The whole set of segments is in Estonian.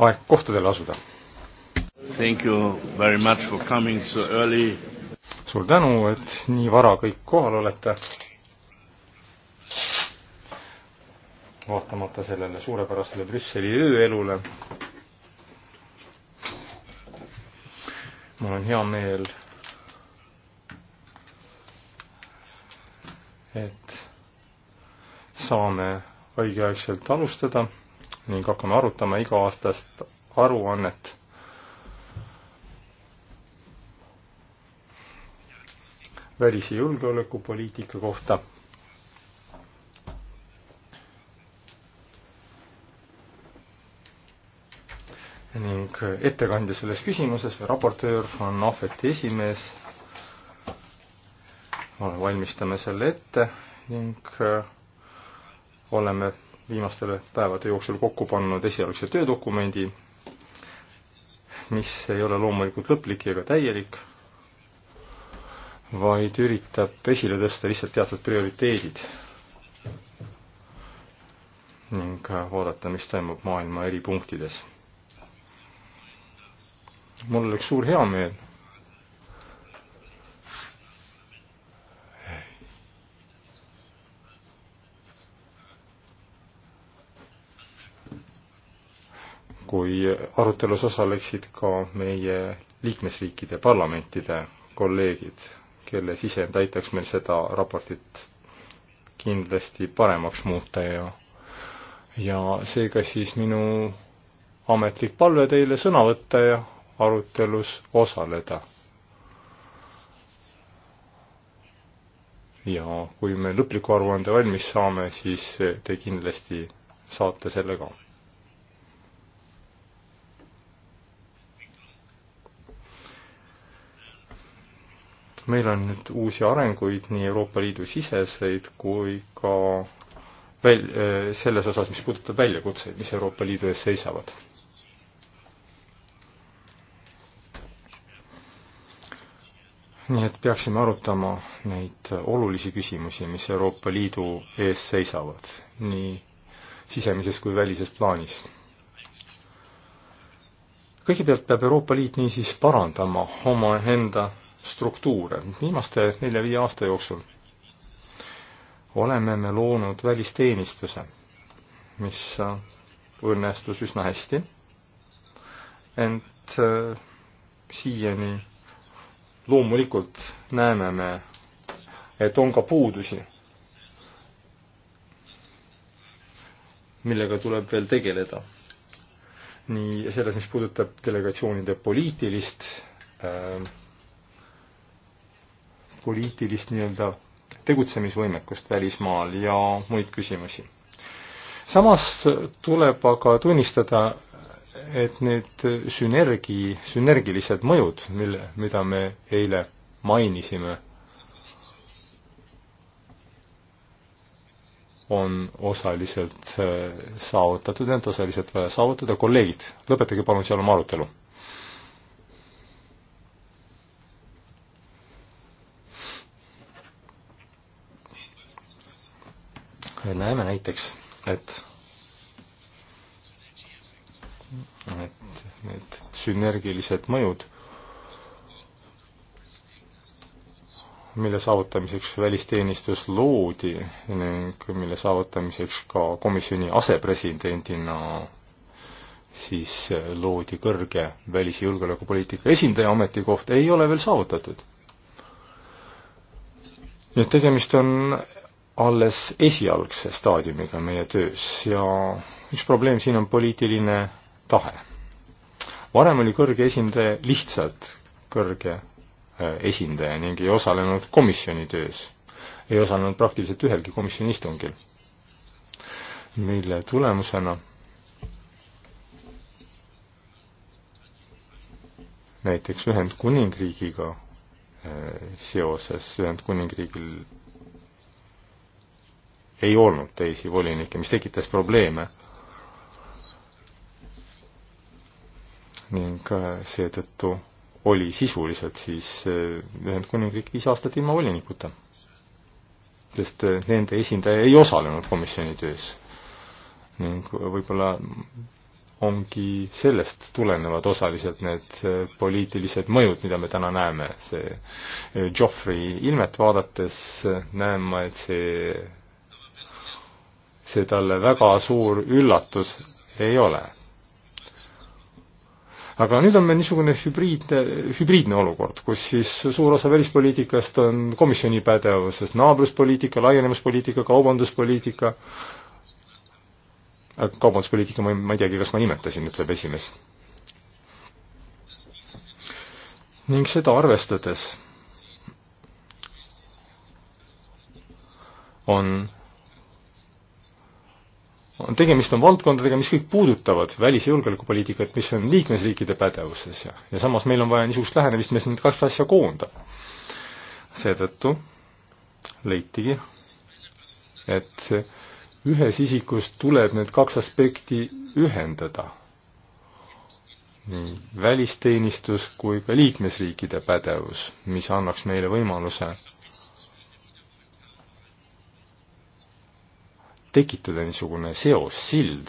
aeg kohtadele asuda. Thank you very much for coming so early. suur tänu, et nii vara kõik kohal olete. vaatamata sellele suurepärasele Brüsseli ööelule. mul on hea meel, et saame õigeaegselt alustada ning hakkame arutama iga-aastast aruannet. välis- ja julgeolekupoliitika kohta. ning ettekandja selles küsimuses või raportöör on Ahveti esimees. valmistame selle ette ning äh, oleme viimaste päevade jooksul kokku pannud esialgse töödokumendi, mis ei ole loomulikult lõplik ega täielik, vaid üritab esile tõsta lihtsalt teatud prioriteedid ning vaadata, mis toimub maailma eri punktides. mul oleks suur heameel kui arutelus osaleksid ka meie liikmesriikide parlamentide kolleegid, kelle sisend aitaks meil seda raportit kindlasti paremaks muuta ja ja seega siis minu ametlik palve teile sõna võtta ja arutelus osaleda. ja kui me lõpliku aruande valmis saame, siis te kindlasti saate selle ka. meil on nüüd uusi arenguid, nii Euroopa Liidu siseseid kui ka väl-, äh, selles osas, mis puudutab väljakutseid, mis Euroopa Liidu ees seisavad. nii et peaksime arutama neid olulisi küsimusi, mis Euroopa Liidu ees seisavad, nii sisemises kui välises plaanis. kõigepealt peab Euroopa Liit niisiis parandama omaenda struktuure. viimaste nelja-viie aasta jooksul oleme me loonud välisteenistuse, mis õnnestus üsna hästi, ent äh, siiani loomulikult näeme me, et on ka puudusi, millega tuleb veel tegeleda. nii selles, mis puudutab delegatsioonide poliitilist äh, poliitilist nii-öelda tegutsemisvõimekust välismaal ja muid küsimusi. samas tuleb aga tunnistada, et need sünergi, sünergilised mõjud, mille, mida me eile mainisime, on osaliselt äh, saavutatud, need osaliselt vaja saavutada, kolleegid, lõpetage palun seal oma arutelu näeme näiteks, et et need sünergilised mõjud, mille saavutamiseks välisteenistus loodi ning mille saavutamiseks ka komisjoni asepresidendina siis loodi kõrge välis- ja julgeolekupoliitika esindaja ametikoht, ei ole veel saavutatud. nii et tegemist on alles esialgse staadiumiga meie töös ja üks probleem siin on poliitiline tahe. varem oli kõrge esindaja lihtsalt kõrge äh, esindaja ning ei osalenud komisjoni töös, ei osalenud praktiliselt ühelgi komisjoni istungil, mille tulemusena näiteks Ühendkuningriigiga äh, seoses Ühendkuningriigil ei olnud teisi volinikke, mis tekitas probleeme. ning äh, seetõttu oli sisuliselt siis äh, Ühendkuningriik viis aastat ilma volinikuta. sest äh, nende esindaja ei osalenud komisjoni töös. ning võib-olla ongi sellest tulenevad osaliselt need poliitilised mõjud, mida me täna näeme. see Joffrey ilmet vaadates näen ma, et see see talle väga suur üllatus ei ole. aga nüüd on meil niisugune hübriidne, hübriidne olukord, kus siis suur osa välispoliitikast on komisjoni pädevuses, naabruspoliitika, laienemispoliitika, kaubanduspoliitika, äh, kaubanduspoliitika ma ei, ma ei teagi, kas ma nimetasin, ütleb esimees. ning seda arvestades on on, tegemist on valdkondadega, mis kõik puudutavad välis- ja julgeolekupoliitikat, mis on liikmesriikide pädevuses ja, ja samas meil on vaja niisugust lähenemist, mis need kaks asja koondab. seetõttu leitigi, et ühes isikus tuleb need kaks aspekti ühendada. nii välisteenistus kui ka liikmesriikide pädevus, mis annaks meile võimaluse tekitada niisugune seos, sild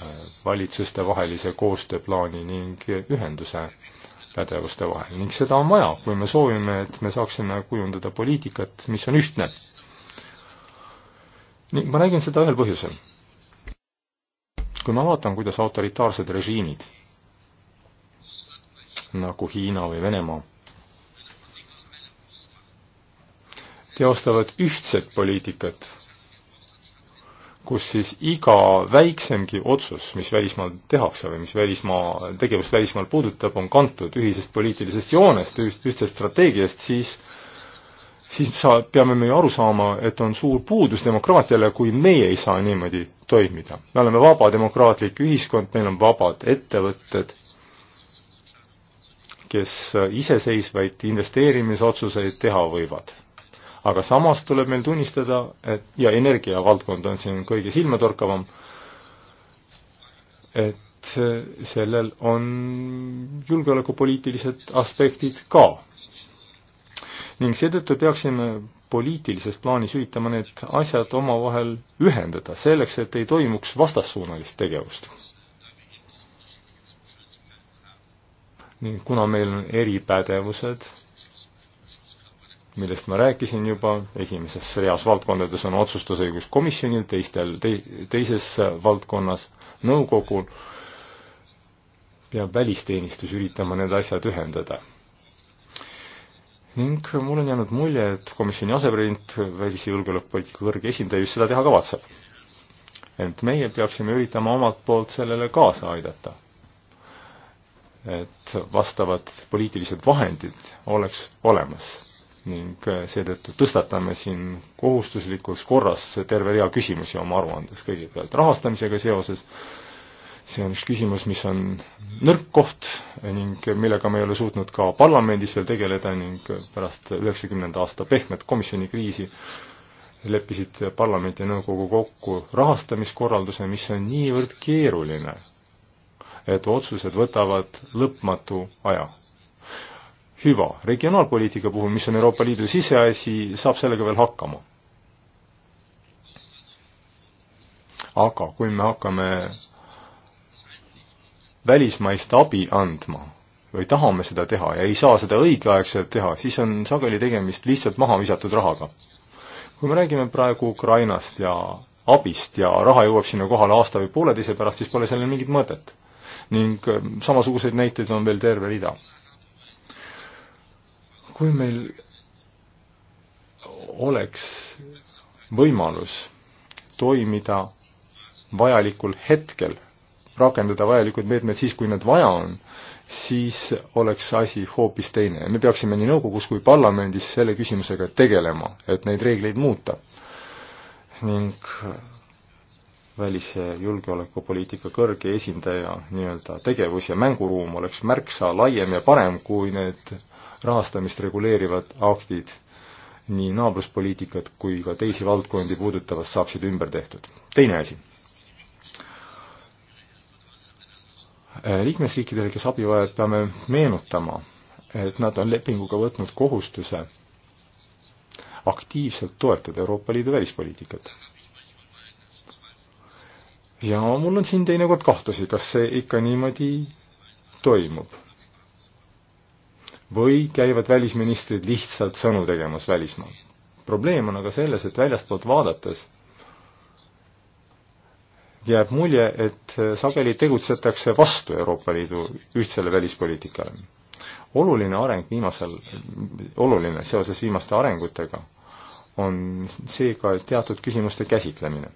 äh, valitsustevahelise koostööplaani ning ühenduse pädevuste vahel ning seda on vaja, kui me soovime, et me saaksime kujundada poliitikat, mis on ühtne. ning ma räägin seda ühel põhjusel. kui ma vaatan, kuidas autoritaarsed režiimid nagu Hiina või Venemaa teostavad ühtset poliitikat kus siis iga väiksemgi otsus, mis välismaal tehakse või mis välismaa, tegevust välismaal puudutab, on kantud ühisest poliitilisest joonest, ühtsest strateegiast, siis siis sa, peame me ju aru saama, et on suur puudus demokraatiale, kui meie ei saa niimoodi toimida. me oleme vaba demokraatlik ühiskond, meil on vabad ettevõtted, kes iseseisvaid investeerimisotsuseid teha võivad aga samas tuleb meil tunnistada, et ja energiavaldkond on siin kõige silmatorkavam, et eh, sellel on julgeolekupoliitilised aspektid ka. ning seetõttu peaksime poliitilises plaanis üritama need asjad omavahel ühendada, selleks et ei toimuks vastassuunalist tegevust. ning kuna meil on eripädevused millest ma rääkisin juba, esimeses reas valdkondades on otsustusõigus komisjonil, teistel te,, teises valdkonnas nõukogul, peab välisteenistus üritama need asjad ühendada. ning mul on jäänud mulje, et komisjoni asepresident, välis- ja julgeolekupoliitika kõrge esindaja just seda teha kavatseb. ent meie peaksime üritama omalt poolt sellele kaasa aidata. et vastavad poliitilised vahendid oleks olemas ning äh, seetõttu tõstatame siin kohustuslikus korras terve rea küsimusi oma aruandes, kõigepealt rahastamisega seoses, see on üks küsimus, mis on nõrk koht ning millega me ei ole suutnud ka parlamendis veel tegeleda ning pärast üheksakümnenda aasta pehmet komisjoni kriisi leppisid parlament ja nõukogu kokku rahastamiskorralduse, mis on niivõrd keeruline, et otsused võtavad lõpmatu aja hüva. regionaalpoliitika puhul, mis on Euroopa Liidu siseasi, saab sellega veel hakkama. aga kui me hakkame välismaist abi andma või tahame seda teha ja ei saa seda õigeaegselt teha, siis on sageli tegemist lihtsalt maha visatud rahaga. kui me räägime praegu Ukrainast ja abist ja raha jõuab sinna kohale aasta või pooleteise pärast, siis pole sellel mingit mõtet. ning äh, samasuguseid näiteid on veel terve rida kui meil oleks võimalus toimida vajalikul hetkel, rakendada vajalikud meetmed siis, kui nad vaja on, siis oleks asi hoopis teine ja me peaksime nii nõukogus kui parlamendis selle küsimusega tegelema, et neid reegleid muuta. ning välis- ja julgeolekupoliitika kõrge esindaja nii-öelda tegevus ja mänguruum oleks märksa laiem ja parem, kui need rahastamist reguleerivad aktid nii naabruspoliitikat kui ka teisi valdkondi puudutavas saaksid ümber tehtud. teine asi. Äh, liikmesriikidele, kes abi vajavad, peame meenutama, et nad on lepinguga võtnud kohustuse aktiivselt toetada Euroopa Liidu välispoliitikat. ja mul on siin teinekord kahtlusi, kas see ikka niimoodi toimub või käivad välisministrid lihtsalt sõnu tegemas välismaal. probleem on aga selles, et väljastpoolt vaadates jääb mulje, et sageli tegutsetakse vastu Euroopa Liidu ühtsele välispoliitikale. oluline areng viimasel, oluline seoses viimaste arengutega on seega teatud küsimuste käsitlemine.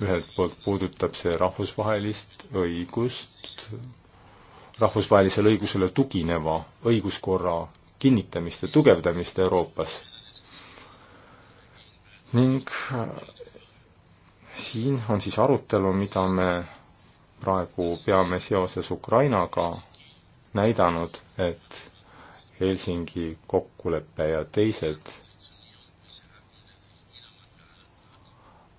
ühelt poolt puudutab see rahvusvahelist õigust, rahvusvahelisele õigusele tugineva õiguskorra kinnitamist ja tugevdamist Euroopas. ning äh, siin on siis arutelu, mida me praegu peame seoses Ukrainaga näidanud, et Helsingi kokkulepe ja teised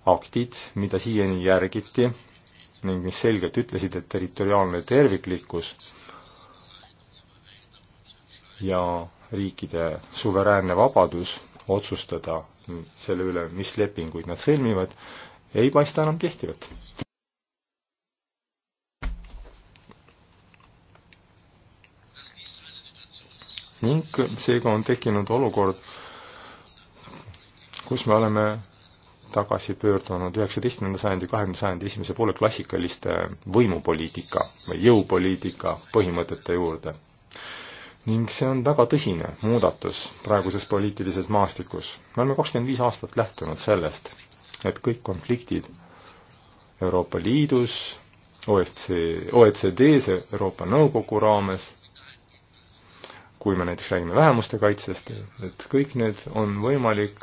aktid, mida siiani järgiti ning mis selgelt ütlesid, et territoriaalne terviklikkus ja riikide suveräänne vabadus otsustada selle üle, mis lepinguid nad sõlmivad, ei paista enam kehtivat. ning seega on tekkinud olukord, kus me oleme tagasi pöördunud üheksateistkümnenda sajandi, kahekümnenda sajandi esimese poole klassikaliste võimupoliitika või jõupoliitika põhimõtete juurde. ning see on väga tõsine muudatus praeguses poliitilises maastikus. me oleme kakskümmend viis aastat lähtunud sellest, et kõik konfliktid Euroopa Liidus, OSC, OECD-s, Euroopa Nõukogu raames, kui me näiteks räägime vähemuste kaitsest, et kõik need on võimalik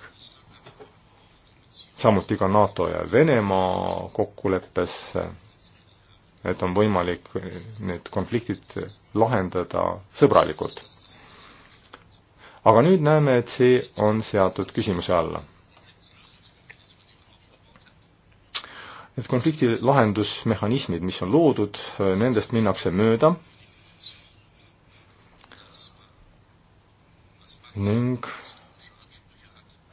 samuti ka NATO ja Venemaa kokkuleppesse, et on võimalik need konfliktid lahendada sõbralikult. aga nüüd näeme, et see on seatud küsimuse alla. et konflikti lahendusmehhanismid, mis on loodud, nendest minnakse mööda ning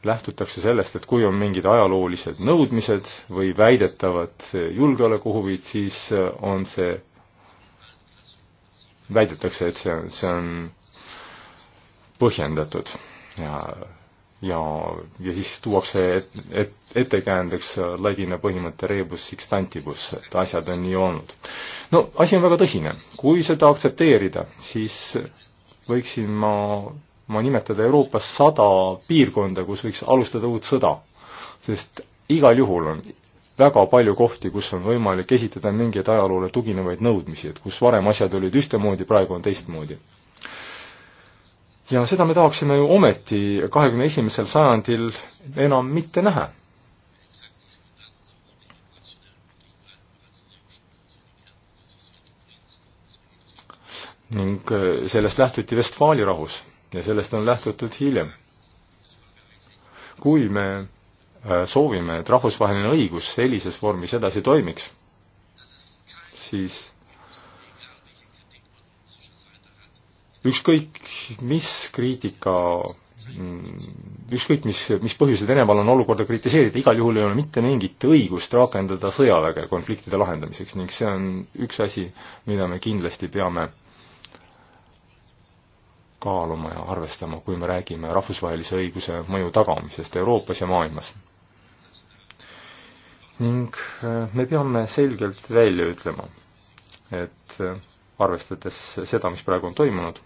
lähtutakse sellest, et kui on mingid ajaloolised nõudmised või väidetavad julgeolekuhuvid, siis äh, on see, väidetakse, et see on, see on põhjendatud ja, ja, ja siis tuuakse et, et, ettekäändeks äh, ladina põhimõte rebus sixtantibus, et asjad on nii olnud. no asi on väga tõsine, kui seda aktsepteerida, siis võiksin ma ma nimetada Euroopas sada piirkonda, kus võiks alustada uut sõda. sest igal juhul on väga palju kohti, kus on võimalik esitada mingeid ajaloole tuginevaid nõudmisi, et kus varem asjad olid ühtemoodi, praegu on teistmoodi. ja seda me tahaksime ju ometi kahekümne esimesel sajandil enam mitte näha ning sellest lähtuti Vestfaali rahus ja sellest on lähtutud hiljem. kui me äh, soovime, et rahvusvaheline õigus sellises vormis edasi toimiks, siis ükskõik mis kriitika mm, ükskõik, mis, mis põhjused Venemaal on olukorda kritiseerida, igal juhul ei ole mitte mingit õigust rakendada sõjaväge konfliktide lahendamiseks ning see on üks asi, mida me kindlasti peame kaaluma ja arvestama, kui me räägime rahvusvahelise õiguse mõju tagamisest Euroopas ja maailmas. ning äh, me peame selgelt välja ütlema, et äh, arvestades seda, mis praegu on toimunud,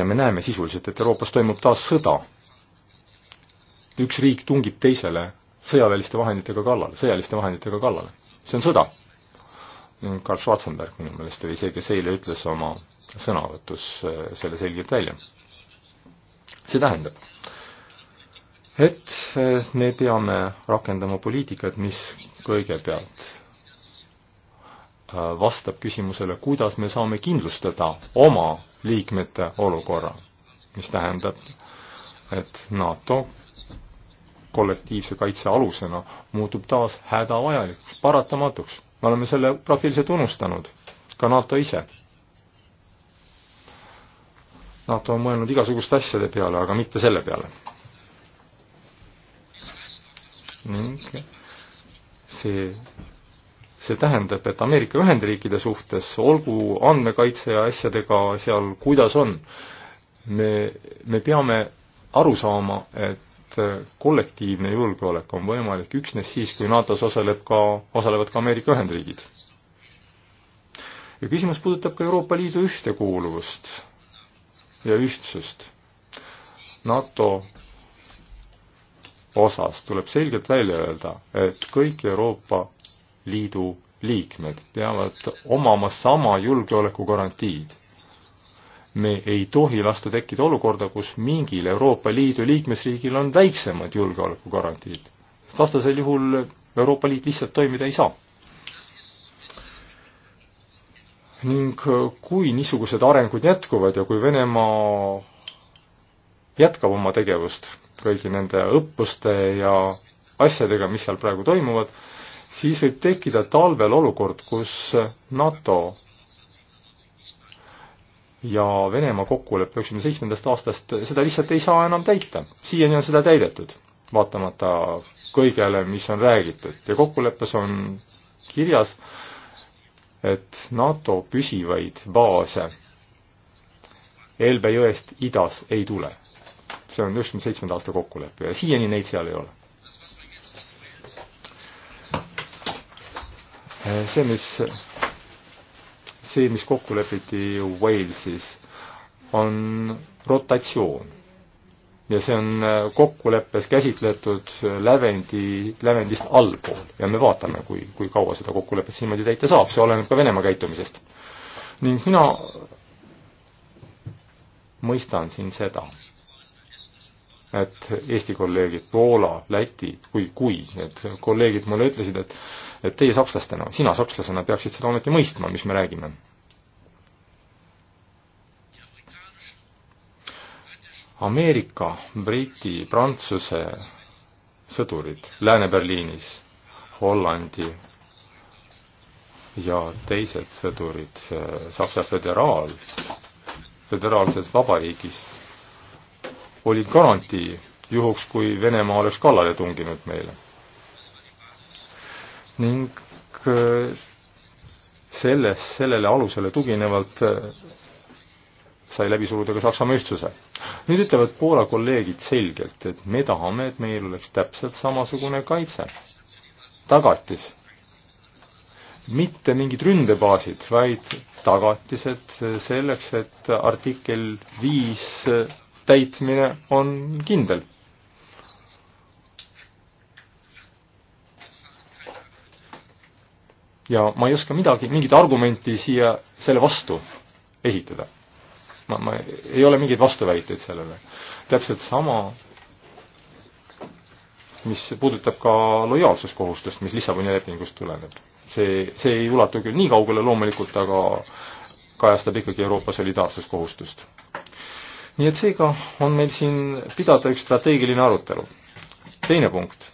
ja me näeme sisuliselt, et Euroopas toimub taas sõda. üks riik tungib teisele sõjaväeliste vahenditega kallale, sõjaliste vahenditega kallale. see on sõda Karl Schwarzenberg minu meelest oli see, kes eile ütles oma sõnavõtus äh, selle selgelt välja. see tähendab, et äh, me peame rakendama poliitikat, mis kõigepealt äh, vastab küsimusele, kuidas me saame kindlustada oma liikmete olukorra, mis tähendab, et NATO kollektiivse kaitse alusena muutub taas hädavajalikuks, paratamatuks me oleme selle praktiliselt unustanud, ka NATO ise. NATO on mõelnud igasuguste asjade peale, aga mitte selle peale. ning see, see tähendab, et Ameerika Ühendriikide suhtes, olgu andmekaitse ja asjadega seal kuidas on, me, me peame aru saama, et et äh, kollektiivne julgeolek on võimalik üksnes siis, kui NATO-s osaleb ka, osalevad ka Ameerika Ühendriigid. ja küsimus puudutab ka Euroopa Liidu ühtekuuluvust ja ühtsust. NATO osas tuleb selgelt välja öelda, et kõik Euroopa Liidu liikmed peavad omama sama julgeolekugarantiid me ei tohi lasta tekkida olukorda, kus mingil Euroopa Liidu liikmesriigil on väiksemad julgeolekugarantiid. sest vastasel juhul Euroopa Liit lihtsalt toimida ei saa. ning kui niisugused arengud jätkuvad ja kui Venemaa jätkab oma tegevust kõigi nende õppuste ja asjadega, mis seal praegu toimuvad, siis võib tekkida talvel olukord, kus NATO ja Venemaa kokkulepe üheksakümne seitsmendast aastast, seda lihtsalt ei saa enam täita. siiani on seda täidetud, vaatamata kõigele, mis on räägitud ja kokkuleppes on kirjas, et NATO püsivaid baase Elbe jõest idas ei tule. see on üheksakümne seitsmenda aasta kokkulepe ja siiani neid seal ei ole. see, mis see, mis kokku lepiti Walesis, on rotatsioon. ja see on äh, kokkuleppes käsitletud äh, lävendi, lävendist allpool ja me vaatame, kui, kui kaua seda kokkulepet niimoodi täita saab, see oleneb ka Venemaa käitumisest. ning mina mõistan siin seda, et Eesti kolleegid, Poola, Läti, kui, kui need kolleegid mulle ütlesid, et et teie sakslastena, sina sakslasena peaksid seda ometi mõistma, mis me räägime. Ameerika, Briti, Prantsuse sõdurid Lääne-Berliinis, Hollandi ja teised sõdurid eh, Saksa föderaal, föderaalses vabariigis olid garantii juhuks, kui Venemaa oleks kallale tunginud meile. ning äh, selles, sellele alusele tuginevalt äh, sai läbi suruda ka Saksamaa ühtsuse. nüüd ütlevad Poola kolleegid selgelt, et me tahame, et meil oleks täpselt samasugune kaitse, tagatis, mitte mingid ründebaasid, vaid tagatised selleks, et artikkel viis 5 täitmine on kindel. ja ma ei oska midagi, mingit argumenti siia selle vastu esitada. ma, ma ei ole mingeid vastuväiteid sellele. täpselt sama, mis puudutab ka lojaalsuskohustust, mis Lissaboni lepingust tuleneb. see, see ei ulatu küll nii kaugele loomulikult, aga kajastab ikkagi Euroopa solidaarsuskohustust nii et seega on meil siin pidada üks strateegiline arutelu. teine punkt.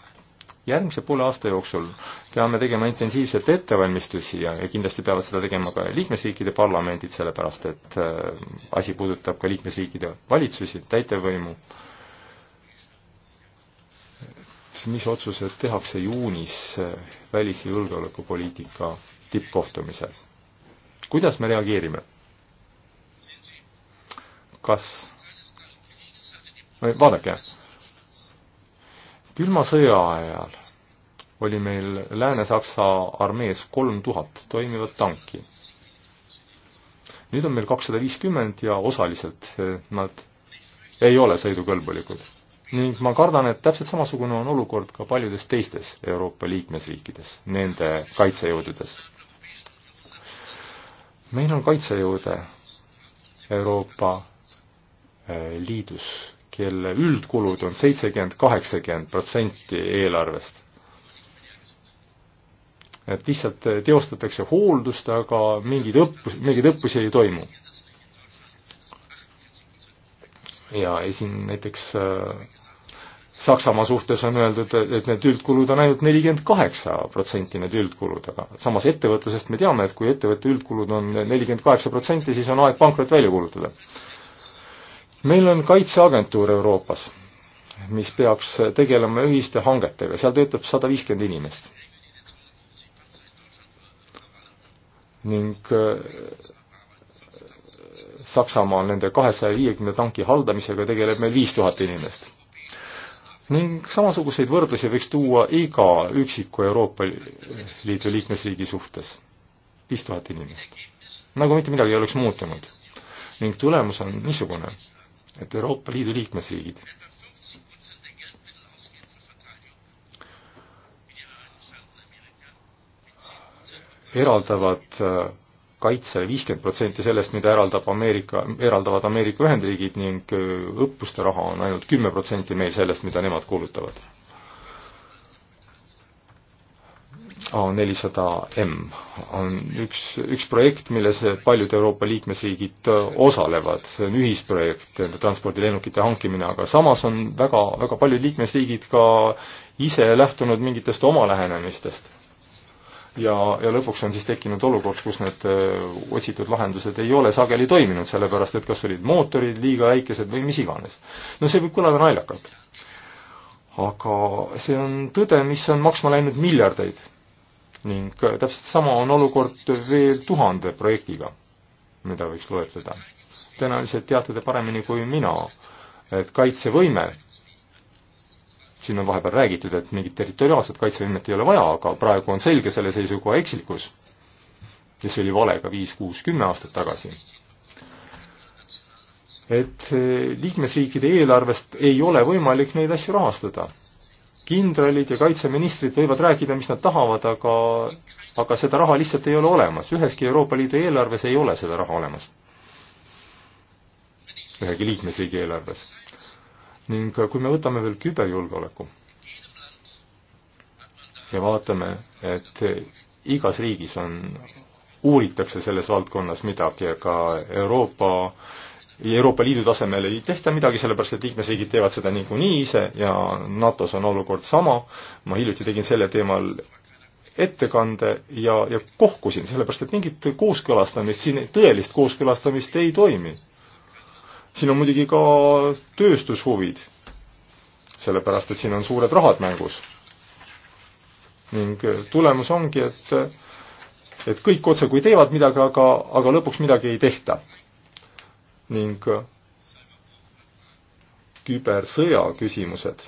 järgmise poole aasta jooksul peame tegema intensiivselt ettevalmistusi ja, ja kindlasti peavad seda tegema ka liikmesriikide parlamendid, sellepärast et äh, asi puudutab ka liikmesriikide valitsusi, täitevvõimu, mis otsused tehakse juunis äh, välis- ja julgeolekupoliitika tippkohtumisel. kuidas me reageerime? kas, või vaadake, külma sõja ajal oli meil Lääne-Saksa armees kolm tuhat toimivat tanki. nüüd on meil kakssada viiskümmend ja osaliselt eh, nad ei ole sõidukõlbulikud ning ma kardan, et täpselt samasugune on olukord ka paljudes teistes Euroopa liikmesriikides, nende kaitsejõududes. meil on kaitsejõude Euroopa liidus, kelle üldkulud on seitsekümmend, kaheksakümmend protsenti eelarvest. et lihtsalt teostatakse hooldust, aga mingeid õppus, mingeid õppusi ei toimu. ja siin näiteks äh, Saksamaa suhtes on öeldud, et need üldkulud on ainult nelikümmend kaheksa protsenti, need üldkulud, aga samas ettevõtlusest me teame, et kui ettevõtte üldkulud on nelikümmend kaheksa protsenti, siis on aeg pankrot välja kuulutada meil on Kaitseagentuur Euroopas, mis peaks tegelema ühiste hangetega, seal töötab sada viiskümmend inimest. ning äh, Saksamaal nende kahesaja viiekümne tanki haldamisega tegeleb meil viis tuhat inimest. ning samasuguseid võrdlusi võiks tuua iga üksiku Euroopa Liidu liikmesriigi suhtes, viis tuhat inimest. nagu mitte midagi ei oleks muutunud. ning tulemus on niisugune et Euroopa Liidu liikmesriigid eraldavad äh, kaitsele viiskümmend protsenti sellest, mida eraldab Ameerika, eraldavad Ameerika Ühendriigid ning äh, õppuste raha on ainult kümme protsenti meil sellest, mida nemad kulutavad A400 M on üks, üks projekt, milles paljud Euroopa liikmesriigid äh, osalevad, see on ühisprojekt, nende transpordilennukite hankimine, aga samas on väga, väga paljud liikmesriigid ka ise lähtunud mingitest oma lähenemistest. ja, ja lõpuks on siis tekkinud olukord, kus need äh, otsitud lahendused ei ole sageli toiminud, sellepärast et kas olid mootorid liiga väikesed või mis iganes. no see võib kõlada naljakalt aga see on tõde, mis on maksma läinud miljardeid ning äh, täpselt sama on olukord veel tuhande projektiga, mida võiks loetleda. tõenäoliselt teate te paremini kui mina, et kaitsevõime, siin on vahepeal räägitud, et mingit territoriaalset kaitsevõimet ei ole vaja, aga praegu on selge selle seisukoha ekslikkus. ja see oli vale ka viis, kuus, kümme aastat tagasi et äh, liikmesriikide eelarvest ei ole võimalik neid asju rahastada kindralid ja kaitseministrid võivad rääkida, mis nad tahavad, aga, aga seda raha lihtsalt ei ole olemas. üheski Euroopa Liidu eelarves ei ole seda raha olemas. ühegi liikmesriigi eelarves. ning äh, kui me võtame veel küberjulgeoleku ja vaatame, et igas riigis on, uuritakse selles valdkonnas midagi, aga Euroopa äh, Euroopa Liidu tasemel ei tehta midagi, sellepärast et liikmesriigid teevad seda niikuinii ise ja NATO-s on olukord sama, ma hiljuti tegin sellel teemal ettekande ja, ja kohkusin, sellepärast et mingit kooskõlastamist siin, tõelist kooskõlastamist ei toimi. siin on muidugi ka tööstushuvid, sellepärast et siin on suured rahad mängus. ning tulemus ongi, et et kõik otsekui teevad midagi, aga, aga lõpuks midagi ei tehta ning äh, kübersõja küsimused,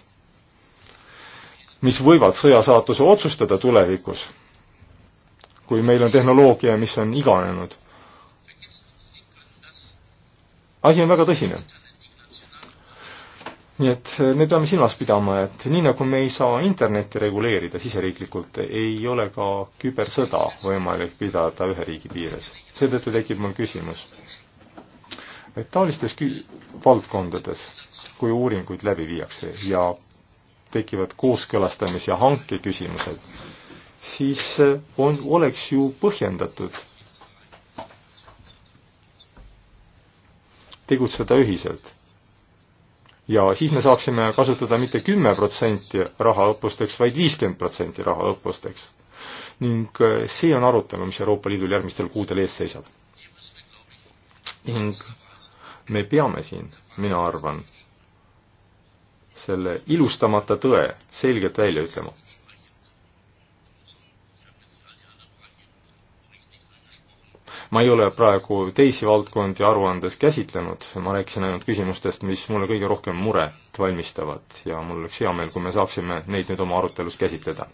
mis võivad sõjasaatuse otsustada tulevikus, kui meil on tehnoloogia, mis on iganenud. asi on väga tõsine nii et äh, me peame silmas pidama, et nii nagu me ei saa internetti reguleerida siseriiklikult, ei ole ka kübersõda võimalik pidada ühe riigi piires. seetõttu tekib mul küsimus, et taolistes valdkondades, kui uuringuid läbi viiakse ja tekivad kooskõlastamis- ja hankeküsimused, siis eh, on, oleks ju põhjendatud tegutseda ühiselt. ja siis me saaksime kasutada mitte kümme protsenti raha õppusteks, vaid viiskümmend protsenti raha õppusteks. ning eh, see on arutelu, mis Euroopa Liidul järgmistel kuudel ees seisab. ning me peame siin, mina arvan, selle ilustamata tõe selgelt välja ütlema. ma ei ole praegu teisi valdkondi aruandes käsitlenud, ma rääkisin ainult küsimustest, mis mulle kõige rohkem muret valmistavad ja mul oleks hea meel, kui me saaksime neid nüüd oma arutelus käsitleda.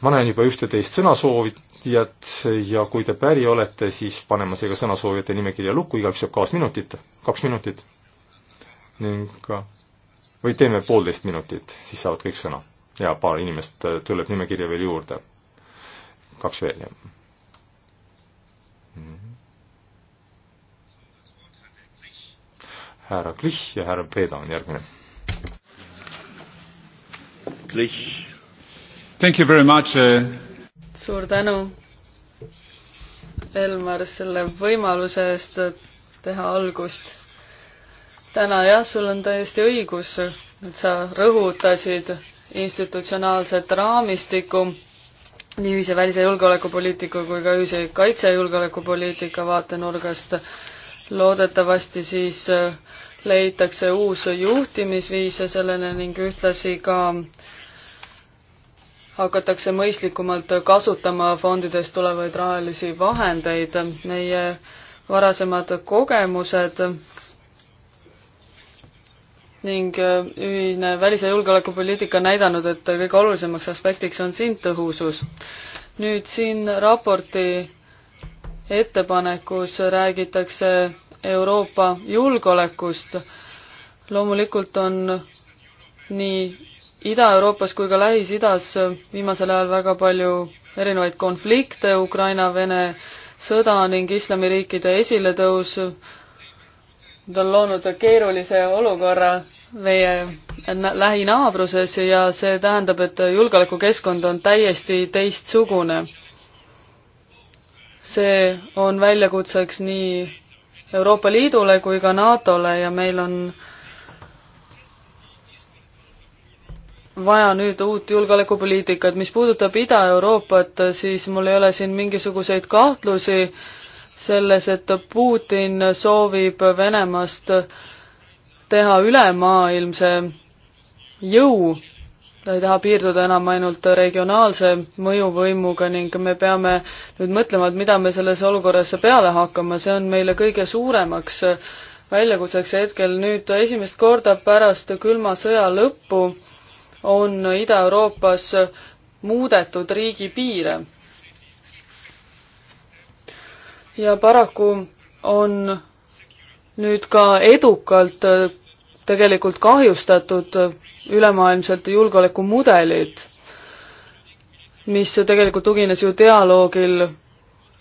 ma näen juba ühte-teist sõnasoovi, sõnasoovijat ja kui te päri olete, siis paneme seega sõnasoovijate nimekirja lukku, igaüks saab kaas minutit, kaks minutit ning või teeme poolteist minutit, siis saavad kõik sõna. ja paar inimest tuleb nimekirja veel juurde. kaks veel, jah. Mhm. härra Klich ja härra Preda on järgmine. Klich. Thank you very much uh, suur tänu, Elmar, selle võimaluse eest teha algust. täna jah, sul on täiesti õigus, et sa rõhutasid institutsionaalset raamistikku nii ühise välise julgeolekupoliitika kui ka ühise kaitsejulgeolekupoliitika vaatenurgast. loodetavasti siis äh, leitakse uus juhtimisviis sellele ning ühtlasi ka äh, hakatakse mõistlikumalt kasutama fondidest tulevaid rahalisi vahendeid. meie varasemad kogemused ning ühine välis- ja julgeolekupoliitika on näidanud, et kõige olulisemaks aspektiks on siin tõhusus. nüüd siin raporti ettepanekus räägitakse Euroopa julgeolekust. loomulikult on nii Ida-Euroopas kui ka Lähis-Idas äh, viimasel ajal väga palju erinevaid konflikte, Ukraina-Vene sõda ning islamiriikide esiletõus. Nad on loonud keerulise olukorra meie lähinaabruses ja see tähendab, et julgeolekukeskkond on täiesti teistsugune. see on väljakutseks nii Euroopa Liidule kui ka NATO-le ja meil on äh, vaja nüüd uut julgeolekupoliitikat, mis puudutab Ida-Euroopat, siis mul ei ole siin mingisuguseid kahtlusi selles, et Putin soovib Venemaast teha ülemaailmse jõu, ta ei taha piirduda enam ainult regionaalse mõjuvõimuga ning me peame nüüd mõtlema, et mida me selles olukorras peale hakkame, see on meile kõige suuremaks väljakutseks hetkel nüüd esimest korda pärast külma sõja lõppu on Ida-Euroopas muudetud riigipiire. ja paraku on nüüd ka edukalt tegelikult kahjustatud ülemaailmselt julgeolekumudelid, mis tegelikult tugines ju dialoogil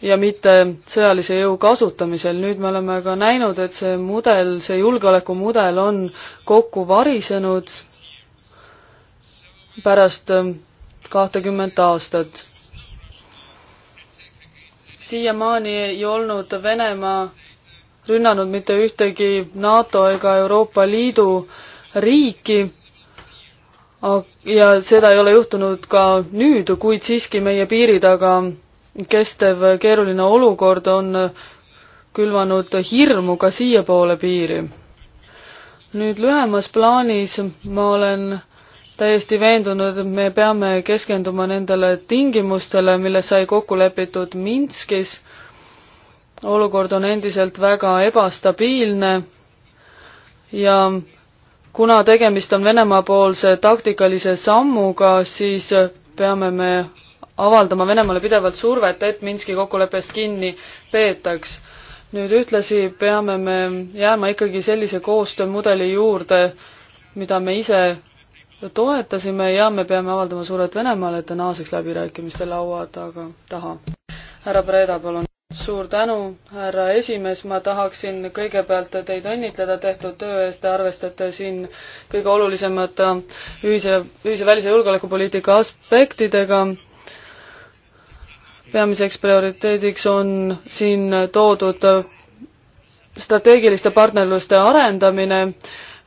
ja mitte sõjalise jõu kasutamisel. nüüd me oleme ka näinud, et see mudel, see julgeolekumudel on kokku varisenud pärast ähm, kahtekümmet aastat. siiamaani ei olnud Venemaa rünnanud mitte ühtegi NATO ega Euroopa Liidu riiki ja seda ei ole juhtunud ka nüüd, kuid siiski meie piiri taga kestev keeruline olukord on külvanud hirmu ka siiapoole piiri. nüüd lühemas plaanis ma olen täiesti veendunud, et me peame keskenduma nendele tingimustele, milles sai kokku lepitud Minskis. olukord on endiselt väga ebastabiilne ja kuna tegemist on Venemaa-poolse taktikalise sammuga, siis peame me avaldama Venemaale pidevalt survet, et Minski kokkuleppest kinni peetaks nüüd ühtlasi peame me jääma ikkagi sellise koostöömudeli juurde, mida me ise toetasime ja me peame avaldama survet Venemaale, et ta naaseks läbirääkimiste laua taga, taha. härra Breda, palun. suur tänu, härra esimees, ma tahaksin kõigepealt teid õnnitleda tehtud töö eest, te arvestate siin kõige olulisemate ühise, ühise välis- ja julgeolekupoliitika aspektidega peamiseks prioriteediks on siin toodud strateegiliste partnerluste arendamine.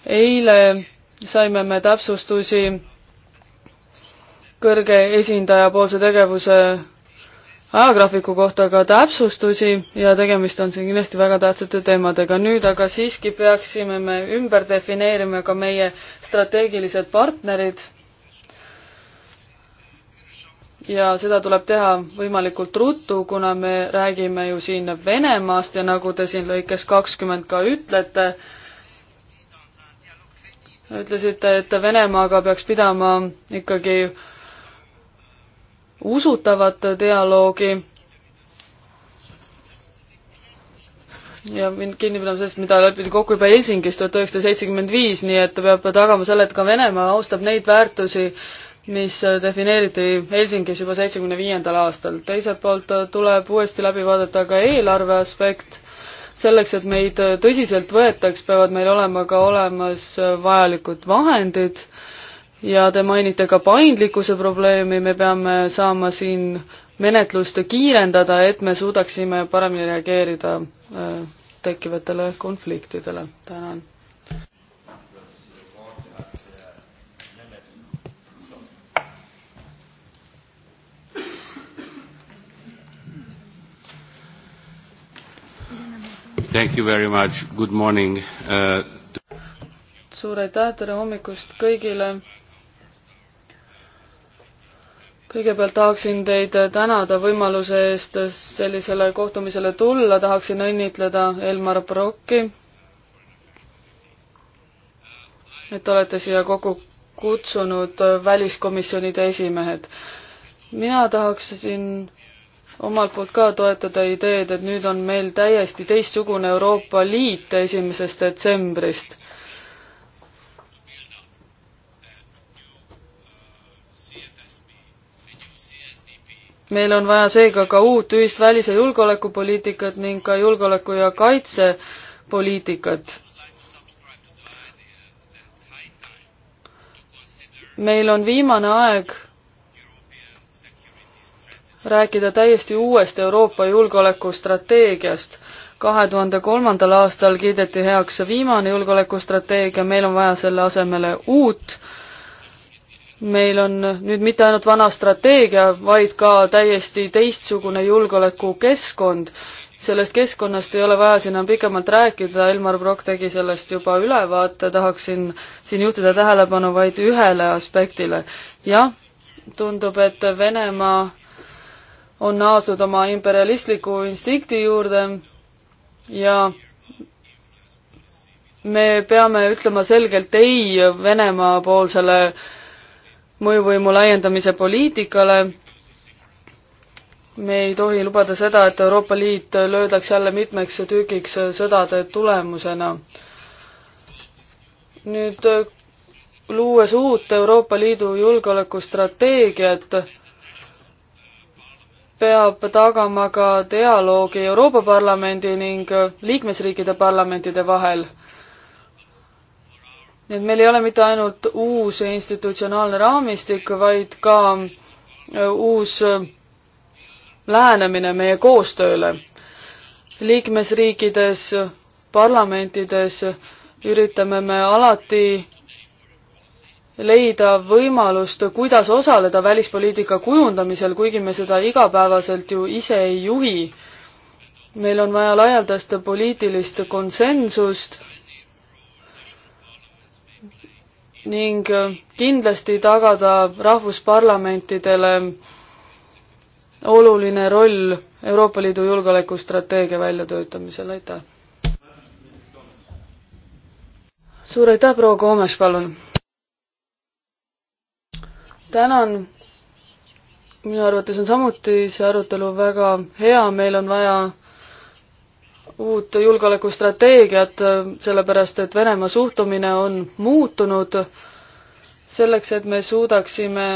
eile saime me täpsustusi kõrge esindaja poolse tegevuse ajagraafiku kohta ka täpsustusi ja tegemist on siin kindlasti väga tähtsate teemadega. nüüd aga siiski peaksime me ümber defineerima ka meie strateegilised partnerid. ja seda tuleb teha võimalikult ruttu, kuna me räägime ju siin Venemaast ja nagu te siin lõikes kakskümmend ka ütlete, ütlesite, et Venemaaga peaks pidama ikkagi usutavat dialoogi ja mind kinni pidama sellest, mida lepiti kokku juba Helsingis tuhat üheksasada seitsekümmend viis, nii et peab tagama selle, et ka Venemaa austab neid väärtusi, mis defineeriti Helsingis juba seitsmekümne viiendal aastal. teiselt poolt tuleb uuesti läbi vaadata ka eelarve aspekt selleks, et meid äh, tõsiselt võetaks, peavad meil olema ka olemas äh, vajalikud vahendid ja te mainite ka paindlikkuse probleemi, me peame saama siin menetlust kiirendada, et me suudaksime paremini reageerida äh, tekkivatele konfliktidele. tänan Thank you very much, good morning uh,. suur aitäh, tere hommikust kõigile. kõigepealt tahaksin teid tänada võimaluse eest sellisele kohtumisele tulla, tahaksin õnnitleda Elmar Brocki, et olete siia kokku kutsunud väliskomisjonide esimehed. mina tahaksin omalt poolt ka toetada ideed, et nüüd on meil täiesti teistsugune Euroopa Liit esimesest detsembrist. meil on vaja seega ka uut ühist välis- ja julgeolekupoliitikat ning ka julgeoleku- ja kaitsepoliitikat meil on viimane aeg rääkida täiesti uuest Euroopa julgeolekustrateegiast. kahe tuhande kolmandal aastal kiideti heaks viimane julgeolekustrateegia, meil on vaja selle asemele uut. meil on nüüd mitte ainult vana strateegia, vaid ka täiesti teistsugune julgeolekukeskkond. sellest keskkonnast ei ole vaja siin enam pikemalt rääkida, Elmar Brok tegi sellest juba ülevaate, tahaksin siin juhtida tähelepanu vaid ühele aspektile. jah, tundub, et Venemaa on naasnud oma imperialistliku instinkti juurde ja me peame ütlema selgelt ei Venemaa poolsele mõjuvõimu laiendamise poliitikale. me ei tohi lubada seda, et Euroopa Liit löödaks jälle mitmeks tükiks sõdade tulemusena. nüüd luues uut Euroopa Liidu julgeolekustrateegiat, peab tagama ka dialoogi Euroopa Parlamendi ning liikmesriikide parlamentide vahel. nii et meil ei ole mitte ainult uus institutsionaalne raamistik, vaid ka äh, uus äh, lähenemine meie koostööle. liikmesriikides, parlamentides üritame me alati leida võimalust, kuidas osaleda välispoliitika kujundamisel, kuigi me seda igapäevaselt ju ise ei juhi. meil on vaja laialdast poliitilist konsensust ning kindlasti tagada rahvusparlamentidele oluline roll Euroopa Liidu julgeolekustrateegia väljatöötamisel, aitäh! suur aitäh, proua Koomes, palun! tänan. minu arvates on samuti see arutelu väga hea, meil on vaja uut julgeolekustrateegiat, sellepärast et Venemaa suhtumine on muutunud selleks, et me suudaksime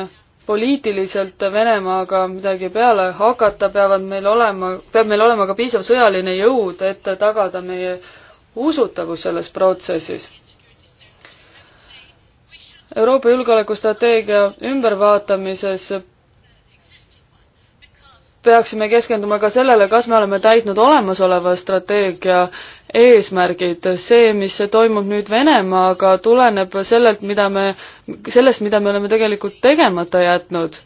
poliitiliselt Venemaaga midagi peale hakata, peavad meil olema, peab meil olema ka piisav sõjaline jõud, et tagada meie usutavus selles protsessis. Euroopa julgeolekustrateegia ümbervaatamises peaksime keskenduma ka sellele, kas me oleme täitnud olemasoleva strateegia eesmärgid. see, mis toimub nüüd Venemaaga, tuleneb sellelt, mida me, sellest, mida me oleme tegelikult tegemata jätnud.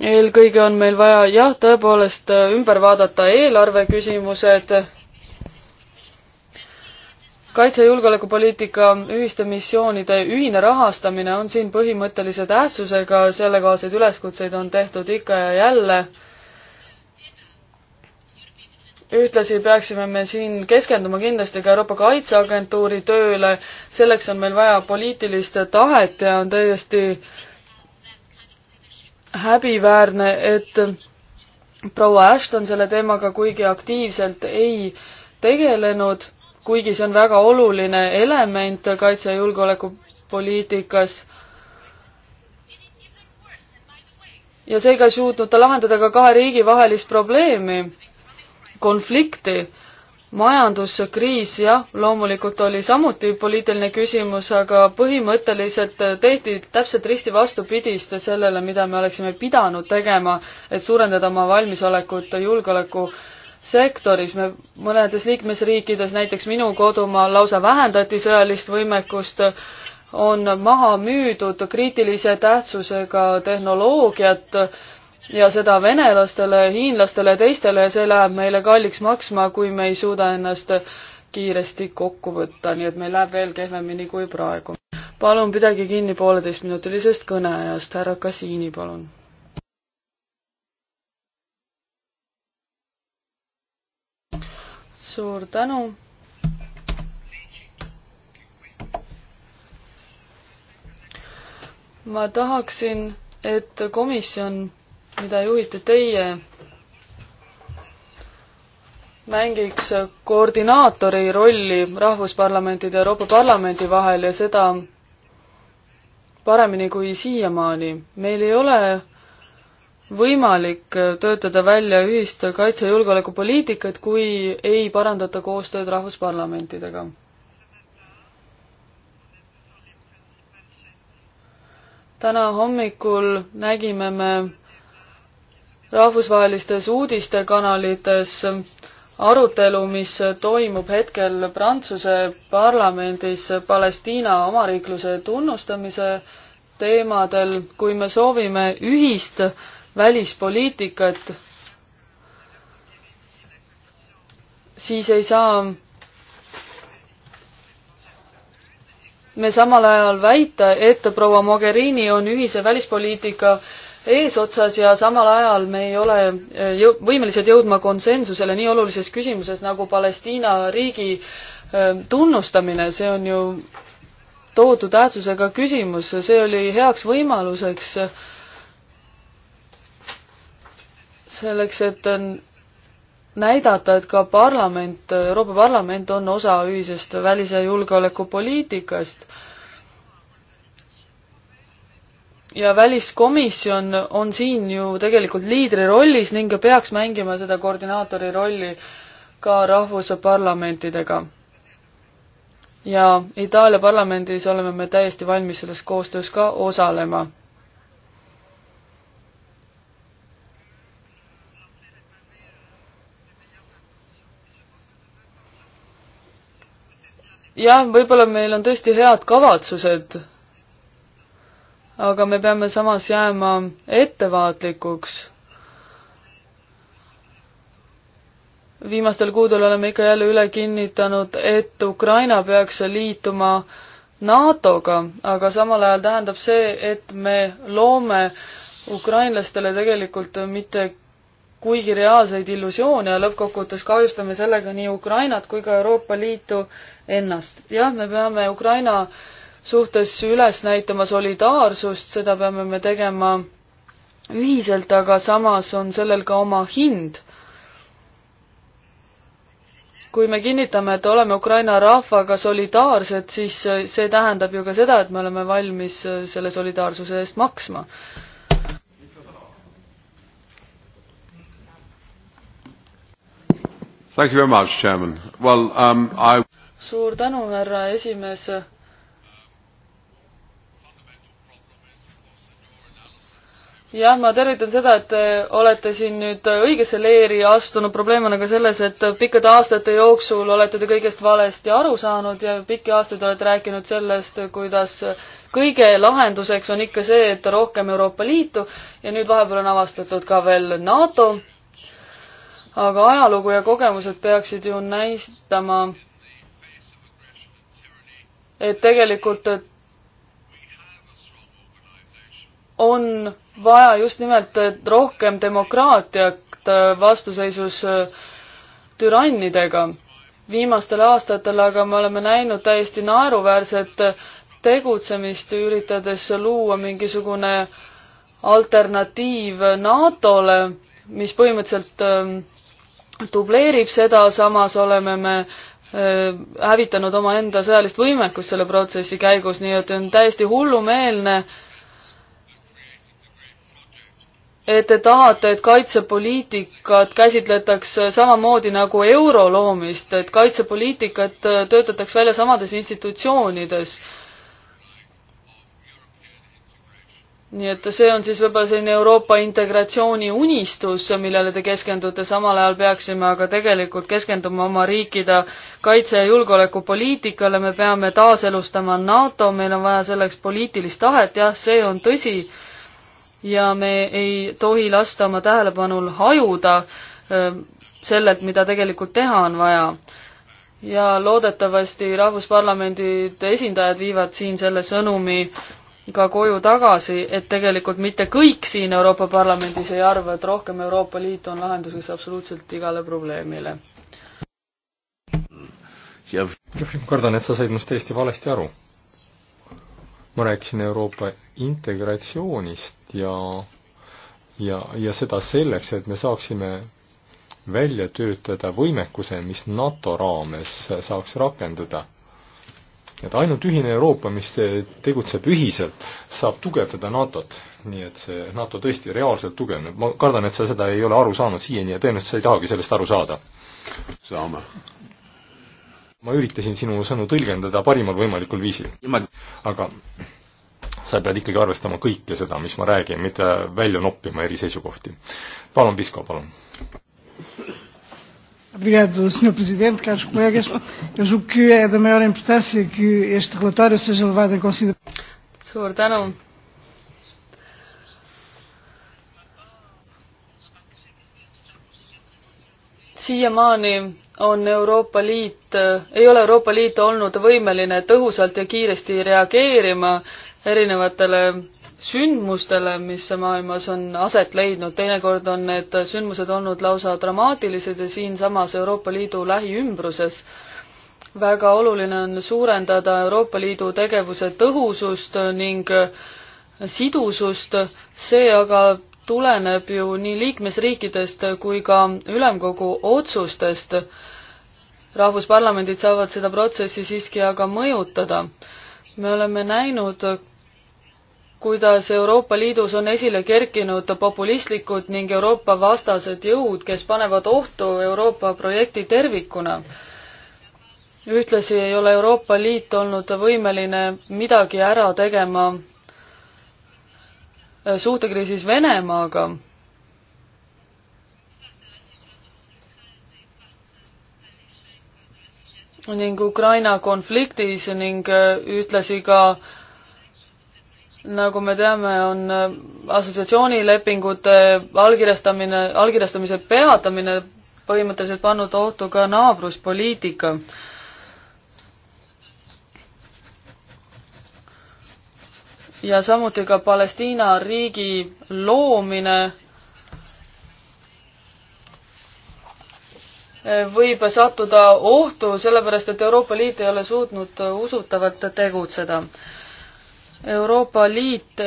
eelkõige on meil vaja jah, tõepoolest ümber vaadata eelarve küsimused kaitse- ja julgeolekupoliitika ühiste missioonide ühine rahastamine on siin põhimõttelise tähtsusega, sellekohaseid üleskutseid on tehtud ikka ja jälle. ühtlasi peaksime me siin keskenduma kindlasti ka Euroopa Kaitseagentuuri tööle, selleks on meil vaja poliitilist tahet ja on täiesti häbiväärne, et proua Ashton selle teemaga kuigi aktiivselt ei tegelenud kuigi see on väga oluline element kaitse- ja julgeolekupoliitikas. ja seega ei suutnud ta lahendada ka kahe riigi vahelist probleemi, konflikti. majanduskriis, jah, loomulikult oli samuti poliitiline küsimus, aga põhimõtteliselt tehti täpselt risti vastupidist sellele, mida me oleksime pidanud tegema, et suurendada oma valmisolekut julgeoleku sektoris, me mõnedes liikmesriikides, näiteks minu kodumaal lausa vähendati sõjalist võimekust, on maha müüdud kriitilise tähtsusega tehnoloogiat ja seda venelastele, hiinlastele ja teistele ja see läheb meile kalliks maksma, kui me ei suuda ennast kiiresti kokku võtta, nii et meil läheb veel kehvemini kui praegu. palun pidage kinni pooleteistminutilisest kõneajast, härra Kasiini, palun suur tänu. ma tahaksin, et komisjon, mida juhite teie, mängiks koordinaatori rolli rahvusparlamentide ja Euroopa Parlamendi vahel ja seda paremini kui siiamaani. meil ei ole võimalik töötada välja ühist kaitse- ja julgeolekupoliitikat, kui ei parandata koostööd rahvusparlamentidega. täna hommikul nägime me rahvusvahelistes uudistekanalites arutelu, mis toimub hetkel Prantsuse parlamendis Palestiina omariikluse tunnustamise teemadel, kui me soovime ühist välispoliitikat, siis ei saa me samal ajal väita, et proua Mogherini on ühise välispoliitika eesotsas ja samal ajal me ei ole eh, jõu-, võimelised jõudma konsensusele nii olulises küsimuses nagu Palestiina riigi eh, tunnustamine, see on ju tohutu tähtsusega küsimus, see oli heaks võimaluseks äh, selleks, et näidata, et ka parlament, Euroopa Parlament on osa ühisest välis- ja julgeolekupoliitikast. ja väliskomisjon on siin ju tegelikult liidri rollis ning peaks mängima seda koordinaatori rolli ka rahvusparlamentidega. ja Itaalia parlamendis oleme me täiesti valmis selles koostöös ka osalema jah, võib-olla meil on tõesti head kavatsused, aga me peame samas jääma ettevaatlikuks. viimastel kuudel oleme ikka jälle üle kinnitanud, et Ukraina peaks liituma NATO-ga, aga samal ajal tähendab see, et me loome ukrainlastele tegelikult mitte kuigi reaalseid illusioone ja lõppkokkuvõttes kahjustame sellega nii Ukrainat kui ka Euroopa Liitu äh, ennast. jah, me peame Ukraina suhtes üles näitama solidaarsust, seda peame me tegema ühiselt, aga samas on sellel ka oma hind. kui me kinnitame, et oleme Ukraina rahvaga solidaarsed, siis see tähendab ju ka seda, et me oleme valmis selle solidaarsuse eest maksma Thank you very much, Chairman. Well, um, I suur tänu, härra esimees. jah, ma tervitan seda, et te olete siin nüüd õigesse leeri astunud, probleem on aga selles, et pikkade aastate jooksul olete te kõigest valesti aru saanud ja pikki aastaid olete rääkinud sellest, kuidas kõige lahenduseks on ikka see, et rohkem Euroopa Liitu ja nüüd vahepeal on avastatud ka veel NATO. aga ajalugu ja kogemused peaksid ju näitama et tegelikult on vaja just nimelt rohkem demokraatiat vastuseisus türannidega. viimastel aastatel aga me oleme näinud täiesti naeruväärset tegutsemist, üritades luua mingisugune alternatiiv NATO-le, mis põhimõtteliselt ähm, dubleerib seda, samas oleme me Äh, hävitanud omaenda sõjalist võimekust selle protsessi käigus, nii et on täiesti hullumeelne, et te tahate, et kaitsepoliitikat käsitletaks samamoodi nagu euro loomist, et kaitsepoliitikat töötataks välja samades institutsioonides nii et see on siis võib-olla selline Euroopa integratsiooni unistus, millele te keskendute, samal ajal peaksime aga tegelikult keskenduma oma riikide kaitse- ja julgeolekupoliitikale, me peame taaselustama NATO, meil on vaja selleks poliitilist tahet, jah, see on tõsi, ja me ei tohi lasta oma tähelepanul hajuda ähm, sellelt, mida tegelikult teha on vaja ja loodetavasti rahvusparlamendid, esindajad viivad siin selle sõnumi ka koju tagasi, et tegelikult mitte kõik siin Euroopa Parlamendis ei arva, et rohkem Euroopa Liit on lahenduseks absoluutselt igale probleemile. kardan, et sa said minust täiesti valesti aru. ma rääkisin Euroopa integratsioonist ja, ja, ja seda selleks, et me saaksime välja töötada võimekuse, mis NATO raames saaks rakenduda et ainult ühine Euroopa, mis tegutseb ühiselt, saab tugevdada NATO-t. nii et see NATO tõesti reaalselt tugevneb. ma kardan, et sa seda ei ole aru saanud siiani ja tõenäoliselt sa ei tahagi sellest aru saada. saame. ma üritasin sinu sõnu tõlgendada parimal võimalikul viisil. aga sa pead ikkagi arvestama kõike seda, mis ma räägin, mitte välja noppima eri seisukohti. palun, Pisko, palun. Obrigado, Sr. Presidente, caros colegas. Eu julgo que é da maior importância que este relatório seja levado em consideração. Suur tänu. siiamaani on Euroopa Liit, ei ole Euroopa Liit olnud võimeline tõhusalt ja kiiresti reageerima erinevatele sündmustele, mis maailmas on aset leidnud, teinekord on need sündmused olnud lausa dramaatilised ja siinsamas Euroopa Liidu lähiümbruses. väga oluline on suurendada Euroopa Liidu tegevuse tõhusust ning sidusust, see aga tuleneb ju nii liikmesriikidest kui ka ülemkogu otsustest. rahvusparlamendid saavad seda protsessi siiski aga mõjutada. me oleme näinud kuidas Euroopa Liidus on esile kerkinud populistlikud ning Euroopa vastased jõud, kes panevad ohtu Euroopa projekti tervikuna. ühtlasi ei ole Euroopa Liit olnud võimeline midagi ära tegema suhtekriisis Venemaaga ning Ukraina konfliktis ning ühtlasi ka nagu me teame, on äh, assotsiatsioonilepingute allkirjastamine, allkirjastamise peatamine põhimõtteliselt pannud ohtu ka naabruspoliitika. ja samuti ka Palestiina riigi loomine võib sattuda ohtu, sellepärast et Euroopa Liit ei ole suutnud usutavalt tegutseda Euroopa Liit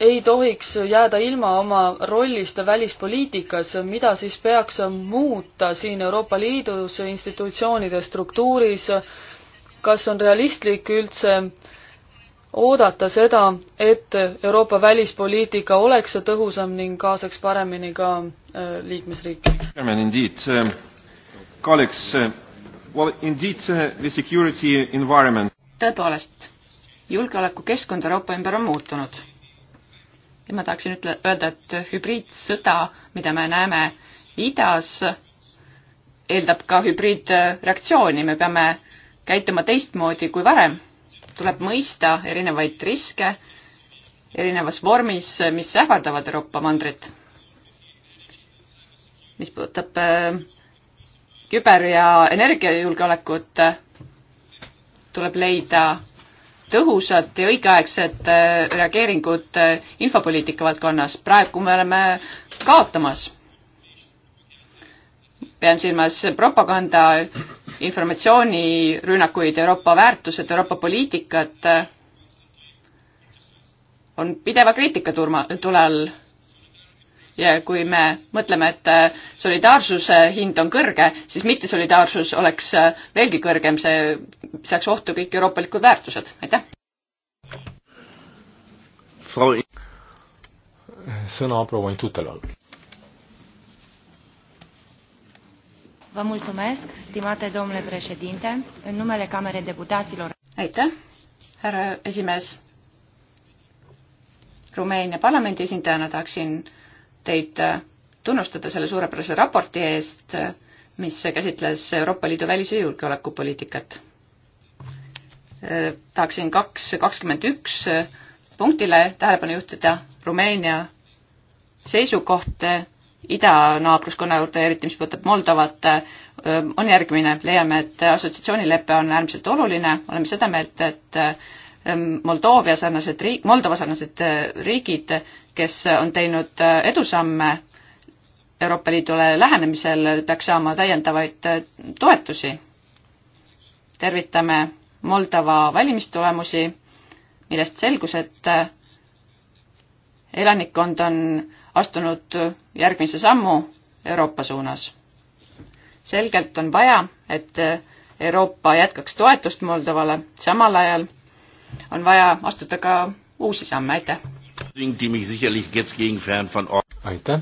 ei tohiks jääda ilma oma rollist välispoliitikas, mida siis peaks muuta siin Euroopa Liidus, institutsioonide struktuuris, kas on realistlik üldse oodata seda, et Euroopa välispoliitika oleks tõhusam ning kaasaks paremini ka äh, liikmesriike? Uh, uh, uh, tõepoolest julgeolekukeskkond Euroopa ümber on muutunud. ja ma tahaksin ütle, öelda, et hübriidsõda, mida me näeme idas, eeldab ka hübriidreaktsiooni, me peame käituma teistmoodi kui varem. tuleb mõista erinevaid riske erinevas vormis, mis ähvardavad Euroopa mandrit. mis puudutab äh, küber- ja energiajulgeolekut, tuleb leida tõhusat ja õigeaegset äh, reageeringut äh, infopoliitika valdkonnas. praegu me oleme kaotamas. pean silmas propaganda, informatsioonirünnakuid, Euroopa väärtused, Euroopa poliitikat äh, on pideva kriitika turma, tule all ja kui me mõtleme, et äh, solidaarsuse hind on kõrge, siis mittesolidaarsus oleks äh, veelgi kõrgem, see seaks ohtu kõik euroopalikud väärtused, aitäh. sõna proua Intutelal. Vă mulțumesc, stimate domnule președinte, în numele Camerei Deputaților. Aitäh, härra esimees. Rumeenia parlamendi esindajana tahaksin teid äh, tunnustada selle suurepärase raporti eest, äh, mis käsitles Euroopa Liidu välis- ja julgeolekupoliitikat. Äh, tahaksin kaks, kakskümmend üks punktile tähelepanu juhtida, Rumeenia seisukoht idanaabruskonna juurde, eriti mis puudutab Moldovat, on järgmine, leiame, et assotsiatsioonilepe on äärmiselt oluline, oleme seda meelt, et Moldoovia sarnased riik, Moldova sarnased riigid kes on teinud äh, edusamme Euroopa Liidule lähenemisel, peaks saama täiendavaid äh, toetusi. tervitame Moldova valimistulemusi, millest selgus, et äh, elanikkond on astunud järgmise sammu Euroopa suunas. selgelt on vaja, et Euroopa jätkaks toetust Moldovale, samal ajal on vaja astuda ka uusi samme, aitäh! aitäh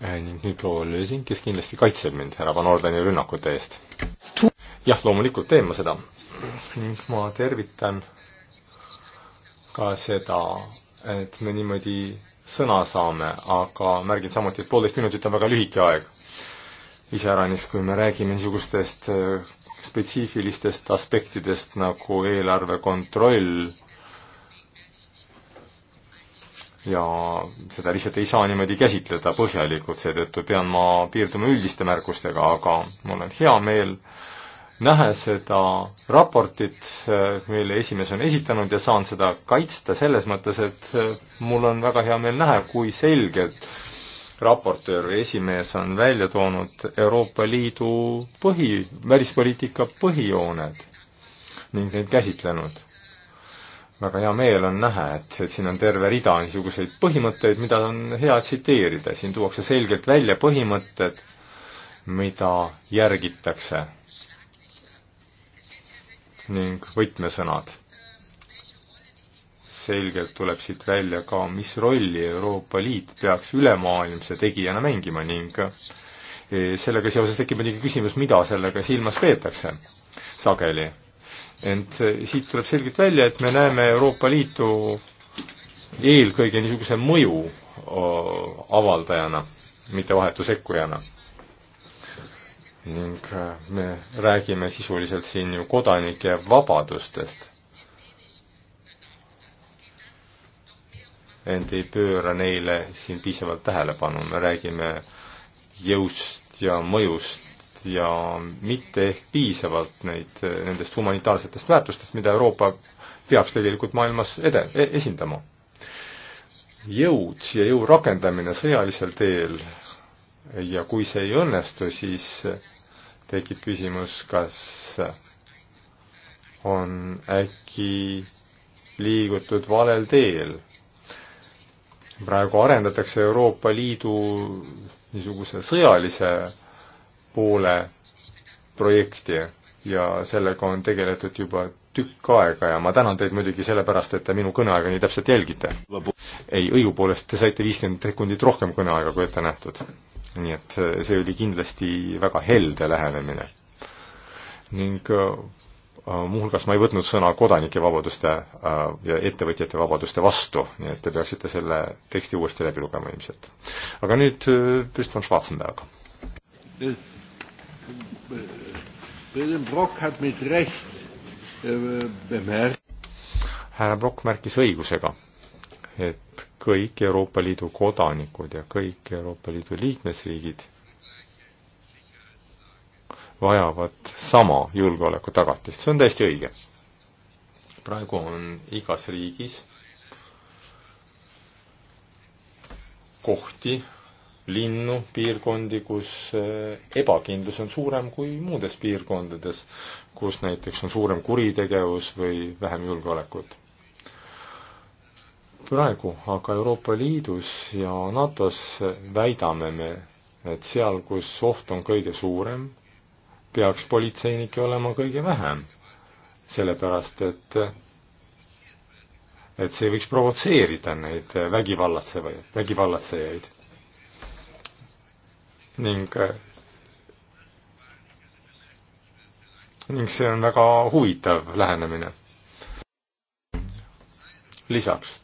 äh, ning nüüd proua Lösing, kes kindlasti kaitseb mind härra Van Ordeni rünnakute eest. jah, loomulikult teen ma seda ning ma tervitan ka seda, et me niimoodi sõna saame, aga märgin samuti, et poolteist minutit on väga lühike aeg. iseäranis, kui me räägime niisugustest äh, spetsiifilistest aspektidest nagu eelarve kontroll ja seda lihtsalt ei saa niimoodi käsitleda põhjalikult, seetõttu pean ma piirduma üldiste märkustega, aga mul on hea meel näha seda raportit, mille esimees on esitanud ja saan seda kaitsta selles mõttes, et mul on väga hea meel näha, kui selgelt raportöör või esimees on välja toonud Euroopa Liidu põhi, välispoliitika põhijooned ning neid käsitlenud väga hea meel on näha, et, et siin on terve rida niisuguseid põhimõtteid, mida on hea tsiteerida, siin tuuakse selgelt välja põhimõtted, mida järgitakse. ning võtmesõnad. selgelt tuleb siit välja ka, mis rolli Euroopa Liit peaks ülemaailmse tegijana mängima ning eh, sellega seoses tekib muidugi küsimus, mida sellega silmas peetakse sageli ent eh, siit tuleb selgelt välja, et me näeme Euroopa Liitu eelkõige niisuguse mõju avaldajana, mitte vahetu sekkujana. ning eh, me räägime sisuliselt siin ju kodanike vabadustest. ent ei pööra neile siin piisavalt tähelepanu, me räägime jõust ja mõjust ja mitte ehk piisavalt neid, nendest humanitaarsetest väärtustest, mida Euroopa peaks tegelikult maailmas ede-, e-, esindama. jõud ja jõu rakendamine sõjalisel teel ja kui see ei õnnestu, siis tekib küsimus, kas on äkki liigutud valel teel. praegu arendatakse Euroopa Liidu niisuguse sõjalise poole projekti ja sellega on tegeletud juba tükk aega ja ma tänan teid muidugi sellepärast, et te minu kõneaega nii täpselt jälgite. ei, õigupoolest te saite viiskümmend sekundit rohkem kõneaega, kui ette nähtud. nii et eh, see oli kindlasti väga helde lähenemine. ning eh, eh, muuhulgas ma ei võtnud sõna kodanike vabaduste ja ettevõtjate vabaduste vastu, nii et te peaksite selle teksti uuesti läbi lugema ilmselt. aga nüüd Tristan Schwarzenberg. Äh, härra Brock märkis õigusega, et kõik Euroopa Liidu kodanikud ja kõik Euroopa Liidu liikmesriigid vajavad sama julgeolekutagatist, see on täiesti õige. praegu on igas riigis kohti, linnu, piirkondi, kus eh, ebakindlus on suurem kui muudes piirkondades, kus näiteks on suurem kuritegevus või vähem julgeolekut. praegu aga Euroopa Liidus ja NATO-s väidame me, et seal, kus oht on kõige suurem, peaks politseinikke olema kõige vähem, sellepärast et et see võiks provotseerida neid vägivallatsevaid, vägivallatsejaid ning äh, ning see on väga huvitav lähenemine. lisaks,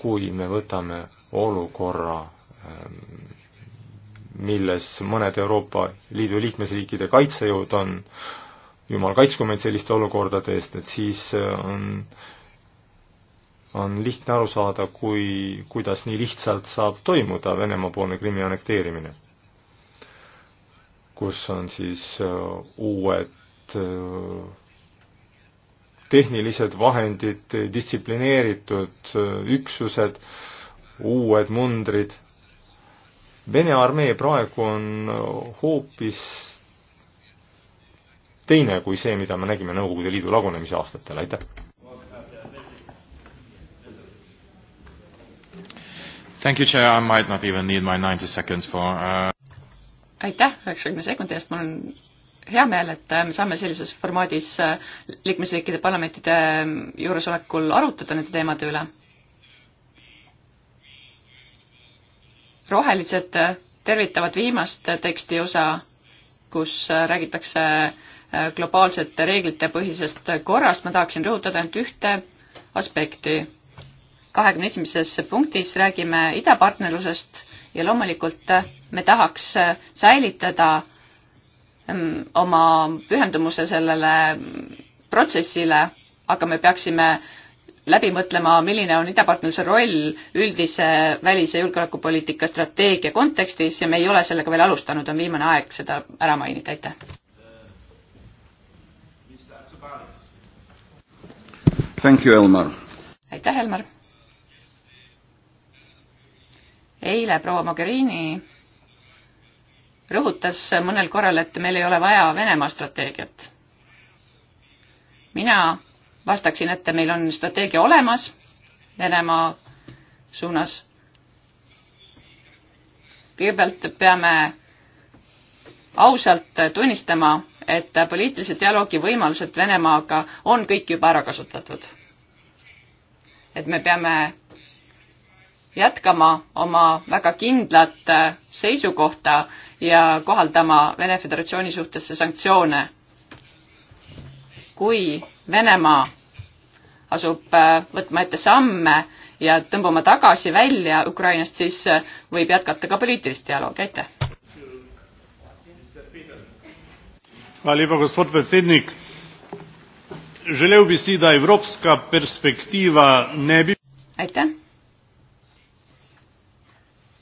kui me võtame olukorra, ähm, milles mõned Euroopa Liidu liikmesriikide kaitsejõud on, jumal kaitsku meid selliste olukordade eest, et siis äh, on äh, on lihtne aru saada, kui, kuidas nii lihtsalt saab toimuda Venemaa-poolne Krimmi annekteerimine, kus on siis äh, uued äh, tehnilised vahendid, distsiplineeritud äh, üksused, uued mundrid. Vene armee praegu on hoopis teine kui see, mida me nägime Nõukogude Liidu lagunemise aastatel, aitäh! Thank you, Chair, I might not even need my ninety seconds for uh... aitäh üheksakümne sekundi eest, mul on hea meel, et äh, me saame sellises formaadis äh, liikmesriikide parlamentide ähm, juuresolekul arutada nende teemade üle. rohelised äh, tervitavad viimast teksti osa, kus räägitakse globaalsete reeglite põhisest korrast, ma tahaksin rõhutada ainult ühte aspekti kahekümne esimeses punktis räägime idapartnerlusest ja loomulikult me tahaks säilitada mm, oma pühendumuse sellele protsessile, aga me peaksime läbi mõtlema, milline on idapartnerluse roll üldise välis- ja julgeolekupoliitika strateegia kontekstis ja me ei ole sellega veel alustanud, on viimane aeg seda ära mainida, aitäh. aitäh, Elmar! aitäh, Elmar! eile proua Mogherini rõhutas mõnel korral, et meil ei ole vaja Venemaa strateegiat. mina vastaksin, et meil on strateegia olemas Venemaa suunas. kõigepealt peame ausalt tunnistama, et poliitilise dialoogi võimalused Venemaaga on kõik juba ära kasutatud. et me peame jätkama oma väga kindlat äh, seisukohta ja kohaldama Vene Föderatsiooni suhtesse sanktsioone. kui Venemaa asub äh, võtma ette samme ja tõmbama tagasi välja Ukrainast, siis äh, võib jätkata ka poliitilist dialoogi, aitäh. Hvala lepa, gospod predsednik. Želel bi si, da evropska perspektiva ne bi. aitäh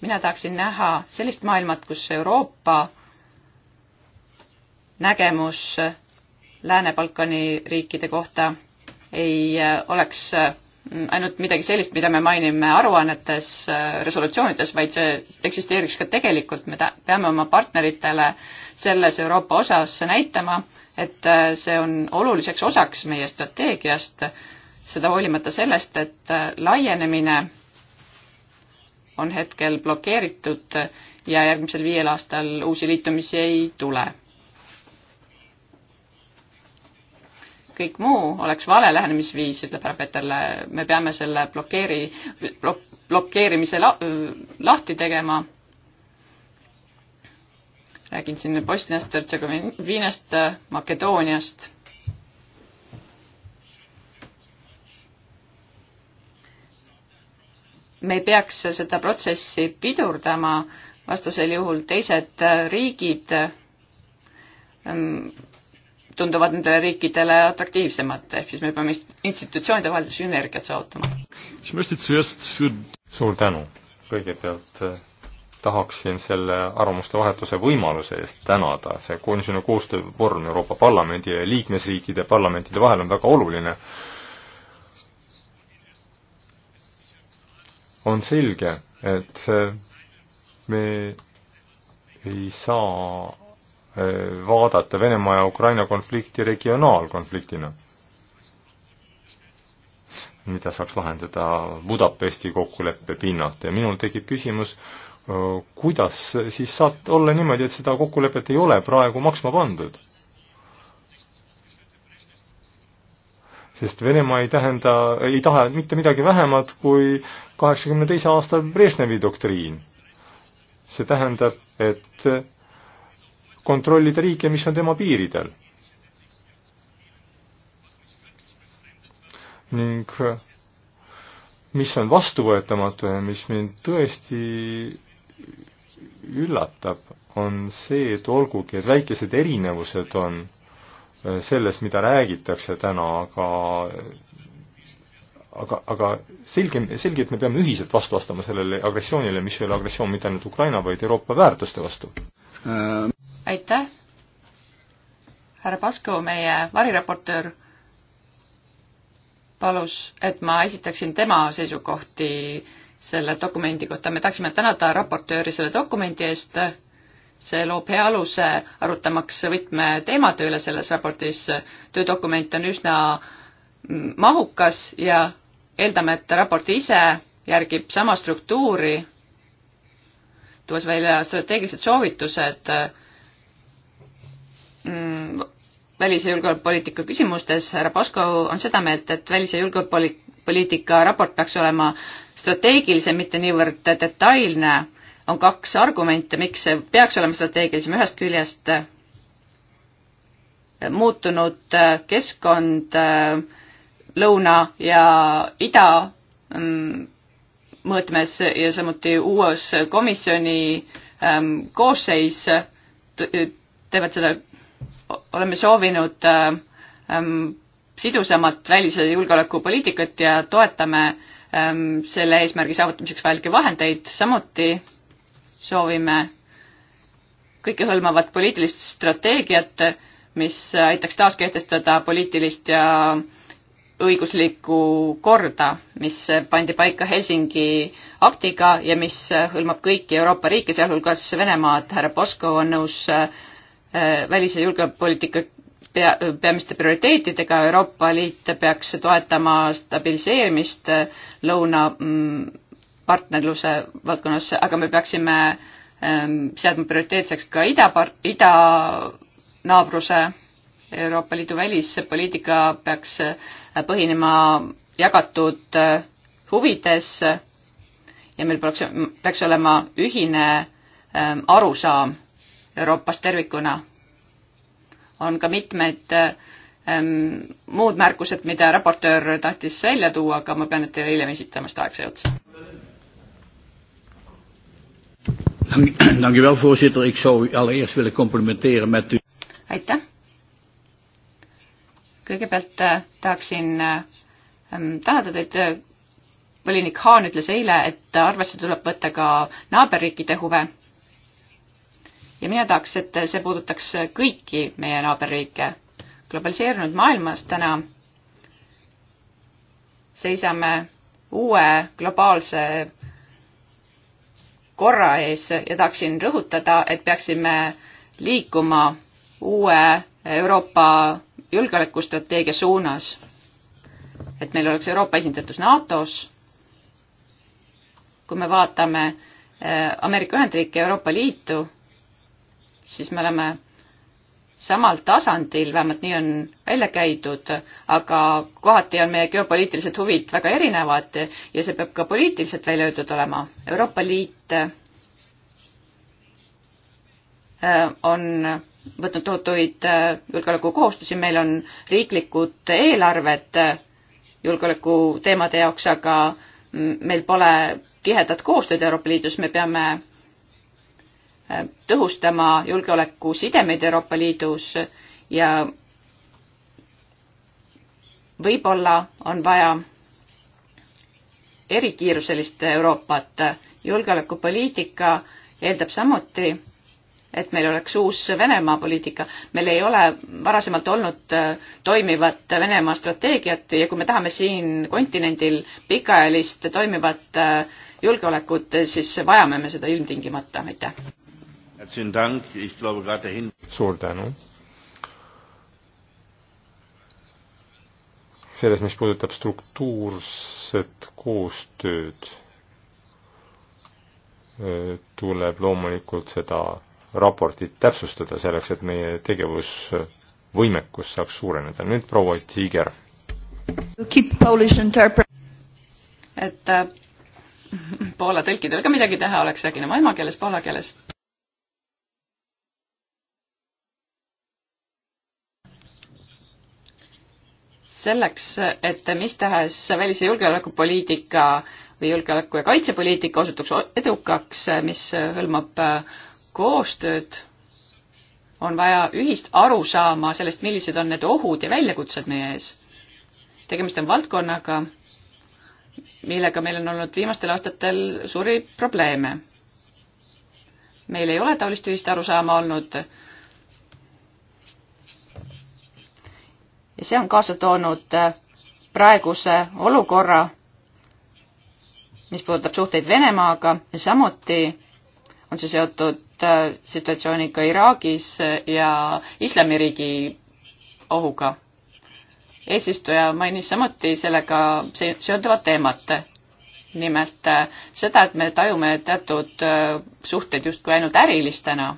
mina tahaksin näha sellist maailmat, kus Euroopa nägemus Lääne-Balkani riikide kohta ei äh, oleks mm, ainult midagi sellist, mida me mainime aruannetes, äh, resolutsioonides, vaid see eksisteeriks ka tegelikult, me ta-, peame oma partneritele selles Euroopa osas näitama, et äh, see on oluliseks osaks meie strateegiast, seda hoolimata sellest, et laienemine on hetkel blokeeritud ja järgmisel viiel aastal uusi liitumisi ei tule. kõik muu oleks vale lähenemisviis, ütleb härra Peterle, me peame selle blokeeri blok,, blokeerimise la, lahti tegema. räägin siin Bosniast, Hertsegoviinast, Makedooniast me ei peaks seda protsessi pidurdama, vastasel juhul teised riigid ähm, tunduvad nendele riikidele atraktiivsemad, ehk siis me peame institutsioonide vahel sünergiat saavutama. suur tänu, kõigepealt äh, tahaksin selle arvamuste vahetuse võimaluse eest tänada, see niisugune koostöövorm Euroopa Parlamendi ja liikmesriikide parlamentide vahel on väga oluline on selge, et eh, me ei saa eh, vaadata Venemaa ja Ukraina konflikti regionaalkonfliktina, mida saaks lahendada Budapesti kokkuleppe pinnalt ja minul tekib küsimus, eh, kuidas siis saab olla niimoodi, et seda kokkulepet ei ole praegu maksma pandud? sest Venemaa ei tähenda, ei taha mitte midagi vähemat kui kaheksakümne teise aasta Brežnevi doktriin. see tähendab, et kontrollida riike, mis on tema piiridel. ning mis on vastuvõetamatu ja mis mind tõesti üllatab, on see, et olgugi, et väikesed erinevused on Äh, selles, mida räägitakse täna, aga aga, aga selge, selge, et me peame ühiselt vastu astuma sellele agressioonile, mis ei ole agressioon mitte ainult Ukraina, vaid Euroopa väärtuste vastu. aitäh! härra Pasko, meie variraportöör palus, et ma esitaksin tema seisukohti selle dokumendi kohta. me tahaksime tänada raportööri selle dokumendi eest see loob hea aluse arutamaks võtmeteemade üle selles raportis. töödokument on üsna mahukas ja eeldame, et raport ise järgib sama struktuuri, tuues välja strateegilised soovitused mm, välis- ja julgeolekupoliitika küsimustes. härra Pasko on seda meelt, et välis- ja julgeolekupoliitika raport peaks olema strateegilisem, mitte niivõrd detailne on kaks argumenti, miks see peaks olema strateegilisem, ühest küljest äh, muutunud äh, keskkond äh, lõuna ja ida mm, mõõtmes ja samuti uus komisjoni ähm, koosseis teevad seda, oleme soovinud ähm, sidusamat välis- ja julgeolekupoliitikat ja toetame ähm, selle eesmärgi saavutamiseks vajalikke vahendeid, samuti soovime kõikehõlmavat poliitilist strateegiat, mis aitaks taaskehtestada poliitilist ja õiguslikku korda, mis pandi paika Helsingi aktiga ja mis hõlmab kõiki Euroopa riike, sealhulgas Venemaad. härra Poskov on nõus äh, välis- ja julgepoliitika pea, peamiste prioriteetidega. Euroopa Liit peaks toetama stabiliseerimist äh, lõuna mm, partnerluse valdkonnas, aga me peaksime ähm, seadma prioriteetseks ka ida, idanaabruse Euroopa Liidu välispoliitika peaks äh, põhinema jagatud äh, huvides ja meil peaks, peaks olema ühine ähm, arusaam Euroopast tervikuna. on ka mitmed ähm, muud märkused, mida raportöör tahtis välja tuua, aga ma pean need teile hiljem esitama, sest aeg sai otsa. Dank u wel, voorzitter. Ik zou u allereerst willen complimenteren met u. aitäh. kõigepealt äh, tahaksin äh, ähm, tänada teid. Äh, volinik Haan ütles eile, et arvesse tuleb võtta ka naaberriikide huve. ja mina tahaks, et see puudutaks kõiki meie naaberriike. globaliseerunud maailmas täna seisame uue globaalse korra ees ja tahaksin rõhutada, et peaksime liikuma uue Euroopa julgeolekustrateegia suunas. et meil oleks Euroopa esindatus NATO-s. kui me vaatame eh, Ameerika Ühendriike ja Euroopa Liitu, siis me oleme samal tasandil, vähemalt nii on välja käidud, aga kohati on meie geopoliitilised huvid väga erinevad ja see peab ka poliitiliselt välja öeldud olema. Euroopa Liit äh, on võtnud tohutuid äh, julgeolekukohustusi, meil on riiklikud eelarved äh, julgeolekuteemade jaoks, aga meil pole tihedat koostööd Euroopa Liidus, me peame tõhustama julgeolekusidemeid Euroopa Liidus ja võib-olla on vaja erikiiruselist Euroopat. julgeolekupoliitika eeldab samuti, et meil oleks uus Venemaa poliitika. meil ei ole varasemalt olnud äh, toimivat Venemaa strateegiat ja kui me tahame siin kontinendil pikaajalist toimivat äh, julgeolekut, siis vajame me seda ilmtingimata, aitäh suur tänu. selles, mis puudutab struktuurset koostööd, tuleb loomulikult seda raportit täpsustada selleks, et meie tegevusvõimekus saaks suureneda. nüüd proua Tiiger. et äh, Poola tõlkidel ka midagi teha oleks, räägin oma emakeeles, poola keeles selleks, et mis tahes välis- ja julgeolekupoliitika või julgeoleku- ja kaitsepoliitika osutuks edukaks, mis hõlmab äh, koostööd, on vaja ühist arusaama sellest, millised on need ohud ja väljakutsed meie ees. tegemist on valdkonnaga, millega meil on olnud viimastel aastatel suuri probleeme. meil ei ole taolist ühist arusaama olnud ja see on kaasa toonud äh, praeguse olukorra, mis puudutab suhteid Venemaaga ja samuti on see seotud äh, situatsiooniga Iraagis äh, ja Islamiriigi ohuga. eesistuja mainis samuti sellega seonduvat teemat, nimelt seda, et me tajume teatud suhted justkui ainult ärilistena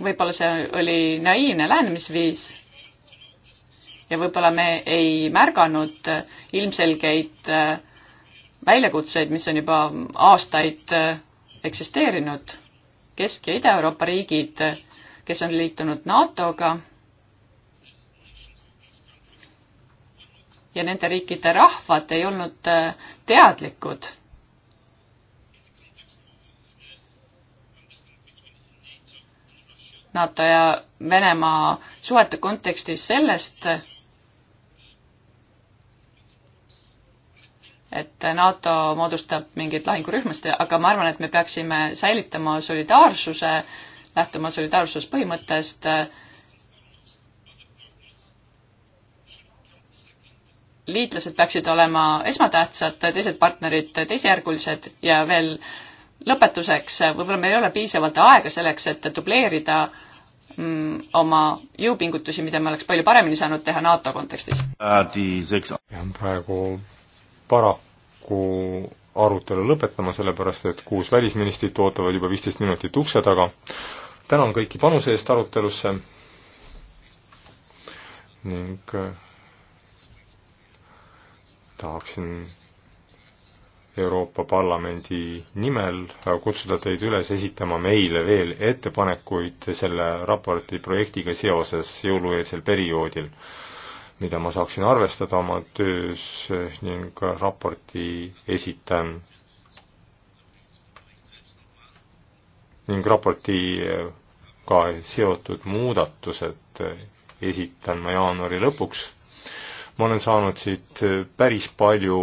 võib-olla see oli naiivne lähenemisviis ja võib-olla me ei märganud ilmselgeid äh, väljakutseid, mis on juba aastaid äh, eksisteerinud. Kesk- ja Ida-Euroopa riigid, äh, kes on liitunud NATO-ga ja nende riikide rahvad ei olnud teadlikud NATO ja Venemaa suhete kontekstis sellest, et NATO moodustab mingeid lahingurühmasid, aga ma arvan, et me peaksime säilitama solidaarsuse, lähtuma solidaarsuspõhimõttest. liitlased peaksid olema esmatähtsad, teised partnerid teisejärgulised ja veel äh, lõpetuseks, võib-olla meil ei ole piisavalt aega selleks, et dubleerida mm, oma jõupingutusi, mida me oleks palju paremini saanud teha NATO kontekstis. praegu paraku arutelu lõpetama, sellepärast et kuus välisministrit ootavad juba viisteist minutit ukse taga. tänan kõiki panuse eest arutelusse ning äh, tahaksin Euroopa Parlamendi nimel kutsuda teid üles esitama meile veel ettepanekuid selle raporti projektiga seoses jõulueelsel perioodil, mida ma saaksin arvestada oma töös ning raporti esitan ning raportiga seotud muudatused esitan ma jaanuari lõpuks ma olen saanud siit äh, päris palju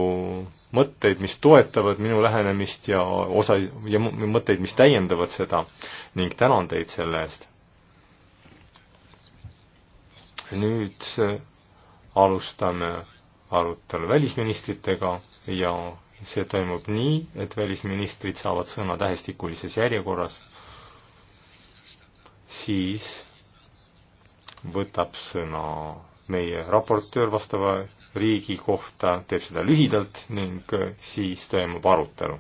mõtteid, mis toetavad minu lähenemist ja osa, ja mõtteid, mis täiendavad seda ning tänan teid selle eest. nüüd äh, alustame arutelu välisministritega ja see toimub nii, et välisministrid saavad sõna tähestikulises järjekorras, siis võtab sõna meie raportöör vastava riigi kohta teeb seda lühidalt ning äh, siis toimub arutelu.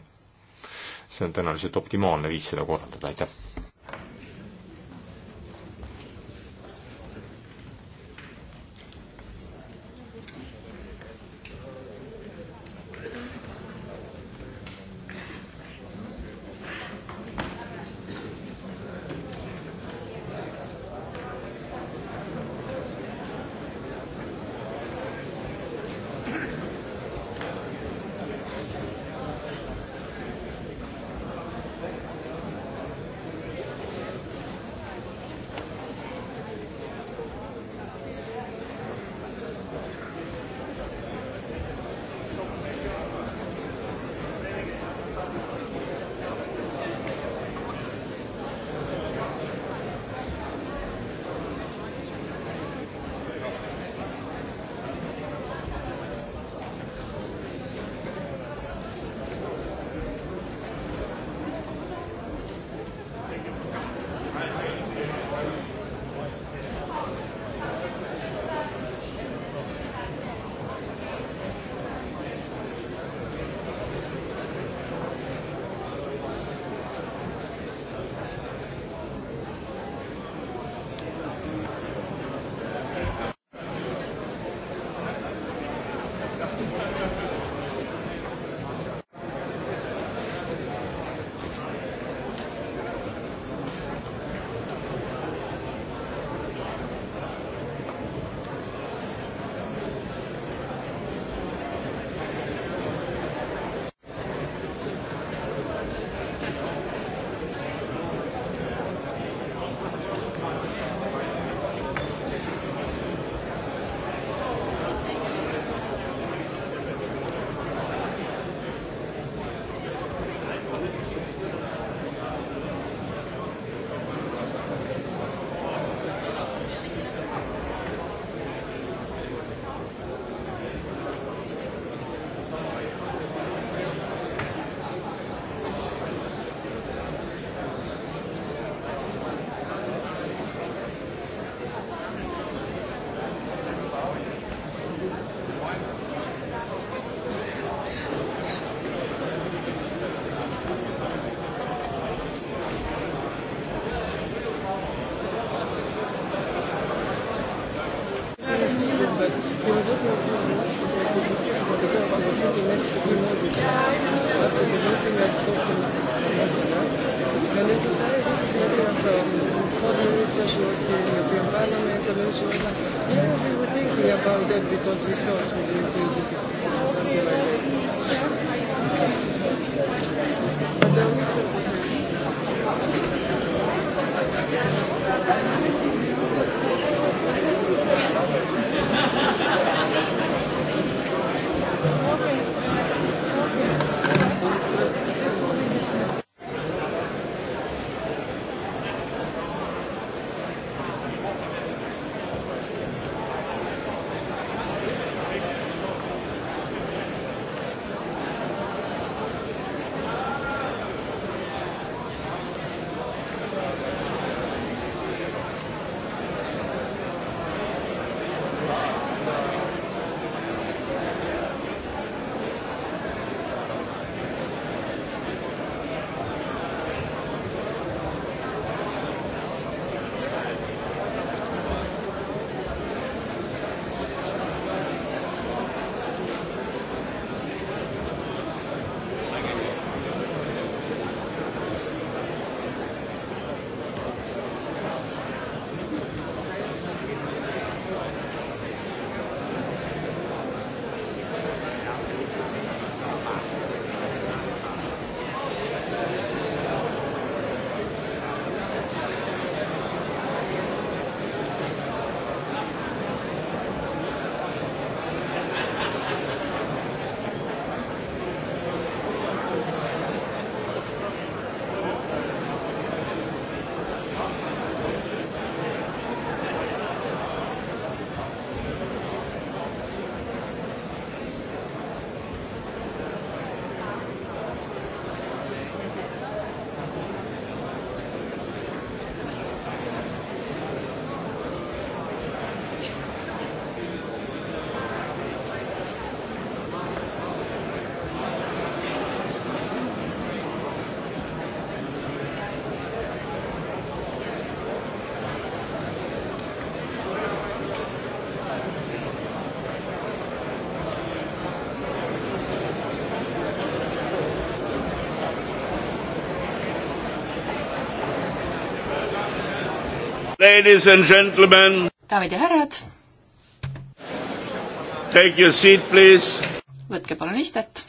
see on tõenäoliselt optimaalne viis seda korraldada, aitäh! Ladies and gentlemen. daamid ja härrad. Take your seat, please. võtke palun istet.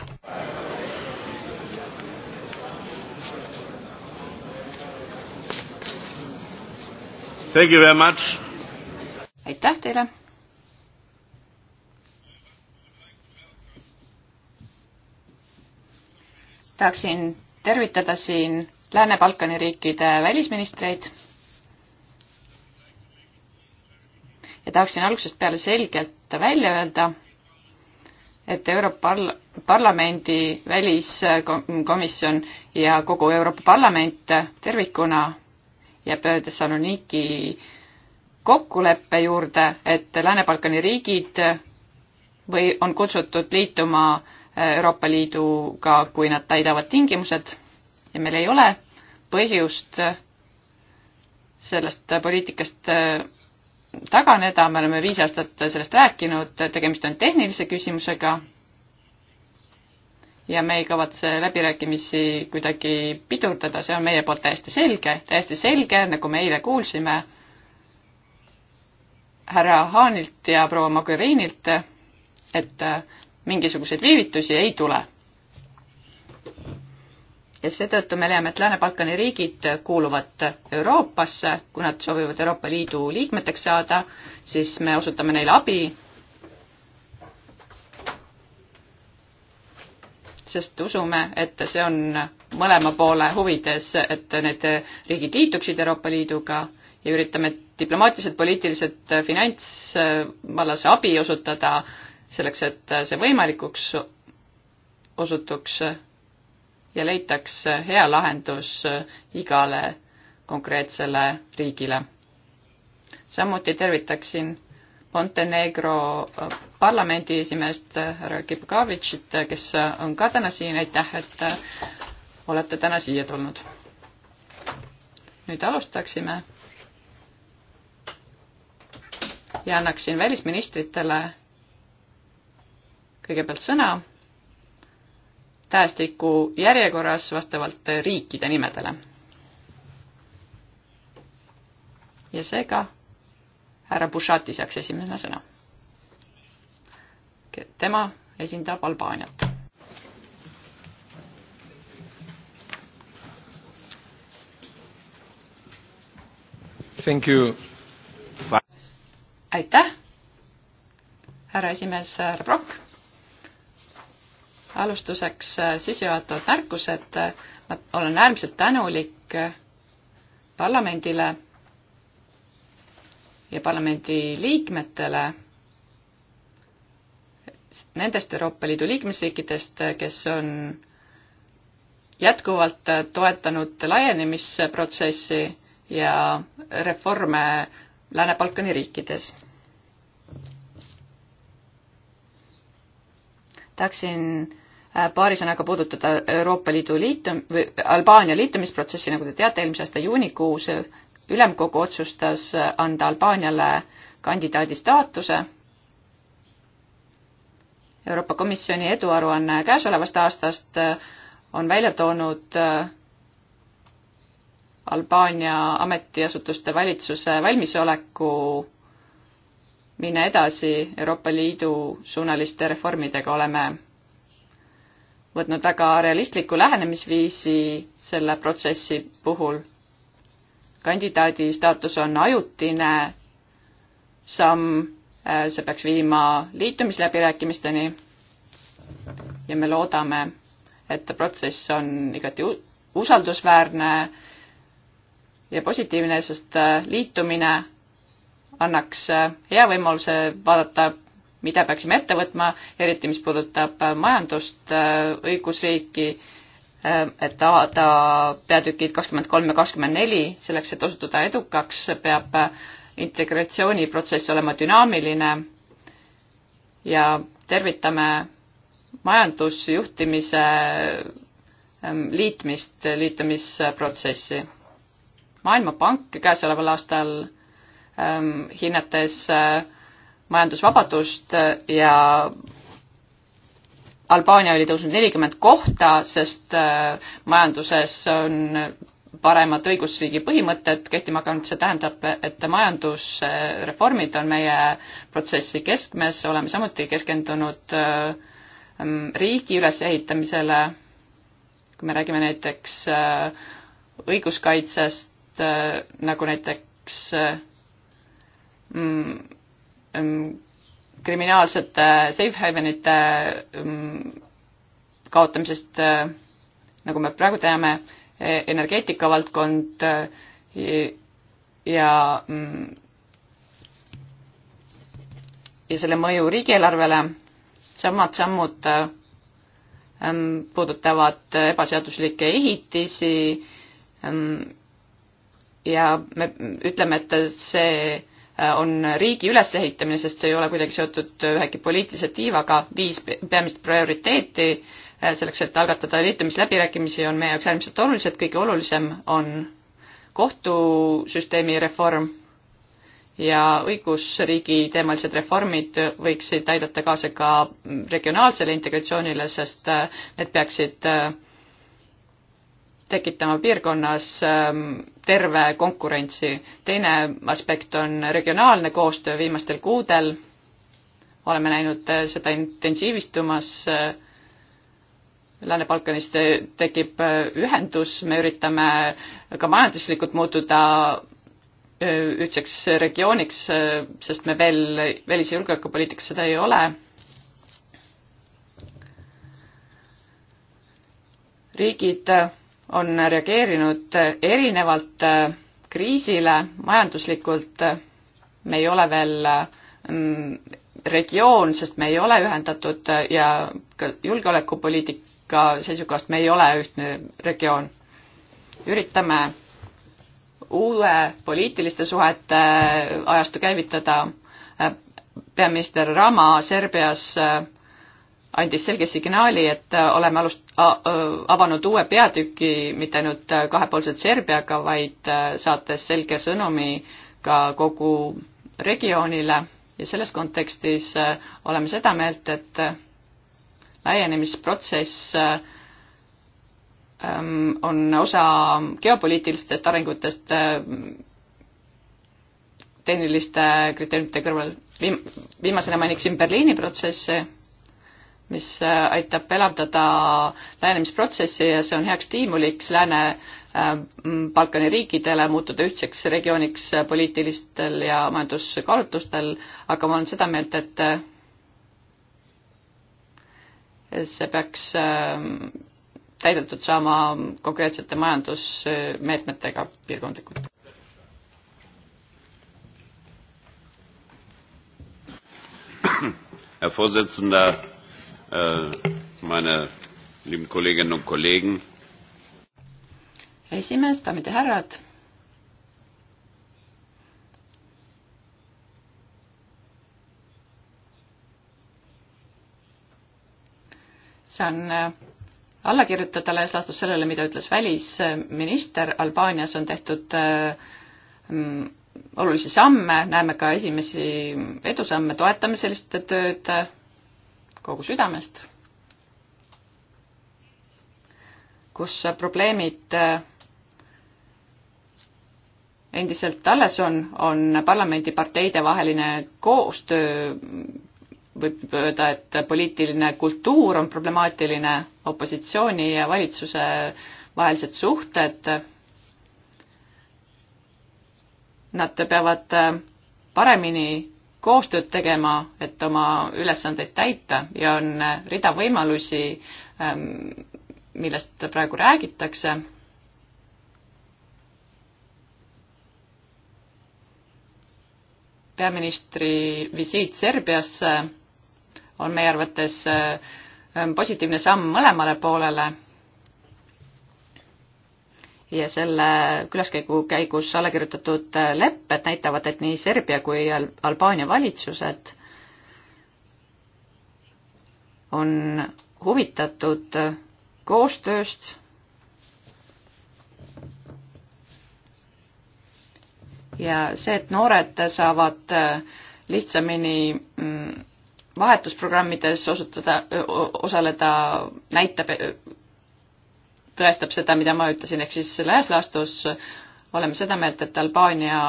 Thank you very much. aitäh teile. tahaksin tervitada siin Lääne-Balkani riikide välisministreid ja tahaksin algusest peale selgelt välja öelda, et Europarl-, parlamendi väliskomisjon ja kogu Euroopa Parlament tervikuna jääb Thessaloniki kokkuleppe juurde, et Lääne-Balkani riigid või on kutsutud liituma Euroopa Liiduga, kui nad täidavad tingimused ja meil ei ole põhjust sellest poliitikast taganeda, me oleme viis aastat sellest rääkinud, tegemist on tehnilise küsimusega ja me ei kavatse läbirääkimisi kuidagi pidurdada, see on meie poolt täiesti selge, täiesti selge, nagu me eile kuulsime härra Haanilt ja proua Mogherinilt, et mingisuguseid viivitusi ei tule ja seetõttu me leiame, et Lääne-Balkani riigid kuuluvad Euroopasse, kui nad soovivad Euroopa Liidu liikmeteks saada, siis me osutame neile abi, sest usume, et see on mõlema poole huvides, et need riigid liituksid Euroopa Liiduga ja üritame diplomaatiliselt, poliitiliselt, finantsvallas abi osutada selleks, et see võimalikuks osutuks ja leitaks hea lahendus igale konkreetsele riigile. samuti tervitaksin Montenegro parlamendi esimeest härra Kipkavitšit, kes on ka täna siin, aitäh, et olete täna siia tulnud. nüüd alustaksime ja annaksin välisministritele kõigepealt sõna tähestiku järjekorras vastavalt riikide nimedele. ja seega härra Bushati saaks esimesena sõna. tema esindab Albaaniat. Thank you. aitäh, härra esimees, härra Brock alustuseks äh, sissejuhatavad märkused. ma olen äärmiselt tänulik äh, parlamendile ja parlamendi liikmetele nendest Euroopa Liidu liikmesriikidest, äh, kes on jätkuvalt toetanud laienemisprotsessi ja reforme Lääne-Balkani riikides tahaksin äh, paari sõnaga puudutada Euroopa Liidu liitum- või Albaania liitumisprotsessi, nagu te teate, eelmise aasta juunikuus ülemkogu otsustas äh, anda Albaaniale kandidaadi staatuse. Euroopa Komisjoni eduaruanne käesolevast aastast äh, on välja toonud Albaania ametiasutuste valitsuse valmisoleku minna edasi Euroopa Liidu suunaliste reformidega, oleme võtnud väga realistliku lähenemisviisi selle protsessi puhul. kandidaadi staatus on ajutine samm, see peaks viima liitumisläbirääkimisteni ja me loodame, et protsess on igati usaldusväärne ja positiivne, sest liitumine annaks äh, hea võimaluse vaadata, mida peaksime ette võtma, eriti mis puudutab äh, majandust, äh, õigusriiki, et avada peatükid kakskümmend kolm ja kakskümmend neli, selleks et osutuda edukaks, peab integratsiooniprotsess olema dünaamiline ja tervitame majandusjuhtimise liitmist, liitumisprotsessi. maailmapank käesoleval aastal Ähm, hinnates äh, majandusvabadust äh, ja Albaania oli tõusnud nelikümmend kohta, sest äh, majanduses on paremad õigusriigi põhimõtted kehtima hakanud, see tähendab, et majandusreformid on meie protsessi keskmes, oleme samuti keskendunud riigi ülesehitamisele, kui me räägime näiteks õiguskaitsest, nagu näiteks Mm, mm, kriminaalsete safe havenite mm, kaotamisest, äh, nagu me praegu teame, e, energeetika valdkond äh, ja ja selle mõju riigieelarvele, samad sammud äh, puudutavad ebaseaduslikke ehitisi ja me ütleme, et see on riigi ülesehitamine, sest see ei ole kuidagi seotud ühegi poliitilise tiivaga, viis peamist prioriteeti äh, selleks, et algatada liitumisläbirääkimisi, on meie jaoks äärmiselt olulised, kõige olulisem on kohtusüsteemi reform ja õigusriigi teemalised reformid võiksid aidata kaasa ka regionaalsele integratsioonile, sest äh, need peaksid äh, tekitama piirkonnas ähm, terve konkurentsi. teine aspekt on regionaalne koostöö viimastel kuudel. oleme näinud äh, seda intensiivistumas. Äh, Lääne-Balkanis tekib äh, ühendus, me üritame ka majanduslikult muutuda ühtseks regiooniks, sest me veel välis- ja julgeolekupoliitikas seda ei ole riigid on reageerinud erinevalt äh, kriisile majanduslikult, me ei ole veel mm, regioon, sest me ei ole ühendatud ja ka julgeolekupoliitika seisukohast me ei ole ühtne regioon. üritame uue poliitiliste suhete äh, ajastu käivitada. Äh, peaminister Rama Serbias äh, andis selge signaali, et äh, oleme alust-, avanud uue peatüki mitte ainult äh, kahepoolselt Serbiaga, vaid äh, saates selge sõnumi ka kogu regioonile ja selles kontekstis oleme seda meelt, et laienemisprotsess ähm, on osa geopoliitilistest arengutest tehniliste kriteeriumite kõrval. Viim-, viimasena mainiksin Berliini protsessi mis aitab elavdada lähenemisprotsessi ja see on heaks stiimuliks Lääne äh, Balkani riikidele muutuda ühtseks regiooniks poliitilistel ja majanduskaalutlustel, aga ma olen seda meelt, et äh, see peaks äh, täidetud saama konkreetsete majandusmeetmetega piirkondlikult. Herr Vorsitzender, Äh, meine lieben Kolleginnen und Kollegen. esimees, daamid ja härrad. see on äh, allakirjutajatele ees laastus sellele, mida ütles välisminister, Albaanias on tehtud äh, mm, olulisi samme, näeme ka esimesi edusamme, toetame sellist tööd kogu südamest, kus probleemid äh, endiselt alles on, on parlamendiparteide vaheline koostöö, võib öelda, et poliitiline kultuur on problemaatiline, opositsiooni ja valitsuse vahelised suhted, nad peavad äh, paremini koostööd tegema, et oma ülesandeid täita ja on rida võimalusi, ähm, millest praegu räägitakse. peaministri visiit Serbiasse on meie arvates äh, positiivne samm mõlemale poolele ja selle külaskäigu käigus alla kirjutatud lepped näitavad, et nii Serbia kui Albaania valitsused on huvitatud koostööst ja see, et noored saavad lihtsamini mm, vahetusprogrammides osutada, osaleda, näitab tõestab seda, mida ma ütlesin, ehk siis laias laastus oleme seda meelt, et Albaania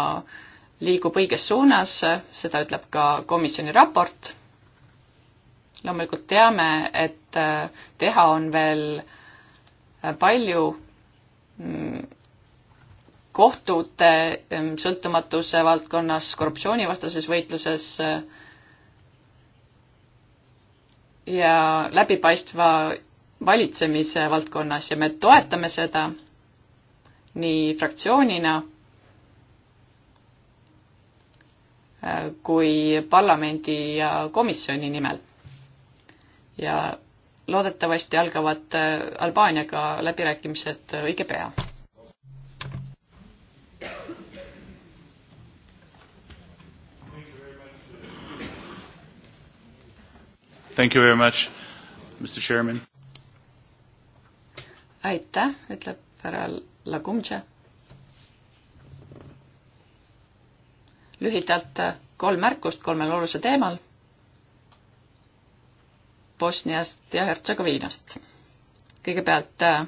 liigub õiges suunas, seda ütleb ka komisjoni raport. loomulikult teame, et äh, teha on veel äh, palju mm, kohtute mm, sõltumatuse valdkonnas, korruptsioonivastases võitluses äh, ja läbipaistva valitsemise valdkonnas ja me toetame seda nii fraktsioonina äh, kui parlamendi ja komisjoni nimel. ja loodetavasti algavad äh, Albaaniaga läbirääkimised äh, õige pea. Thank you very much, Mr Chairman aitäh, ütleb härra Lagumtšev. lühidalt äh, kolm märkust kolmel olulisel teemal. Bosniast ja Hertsegoviinast. kõigepealt, äh,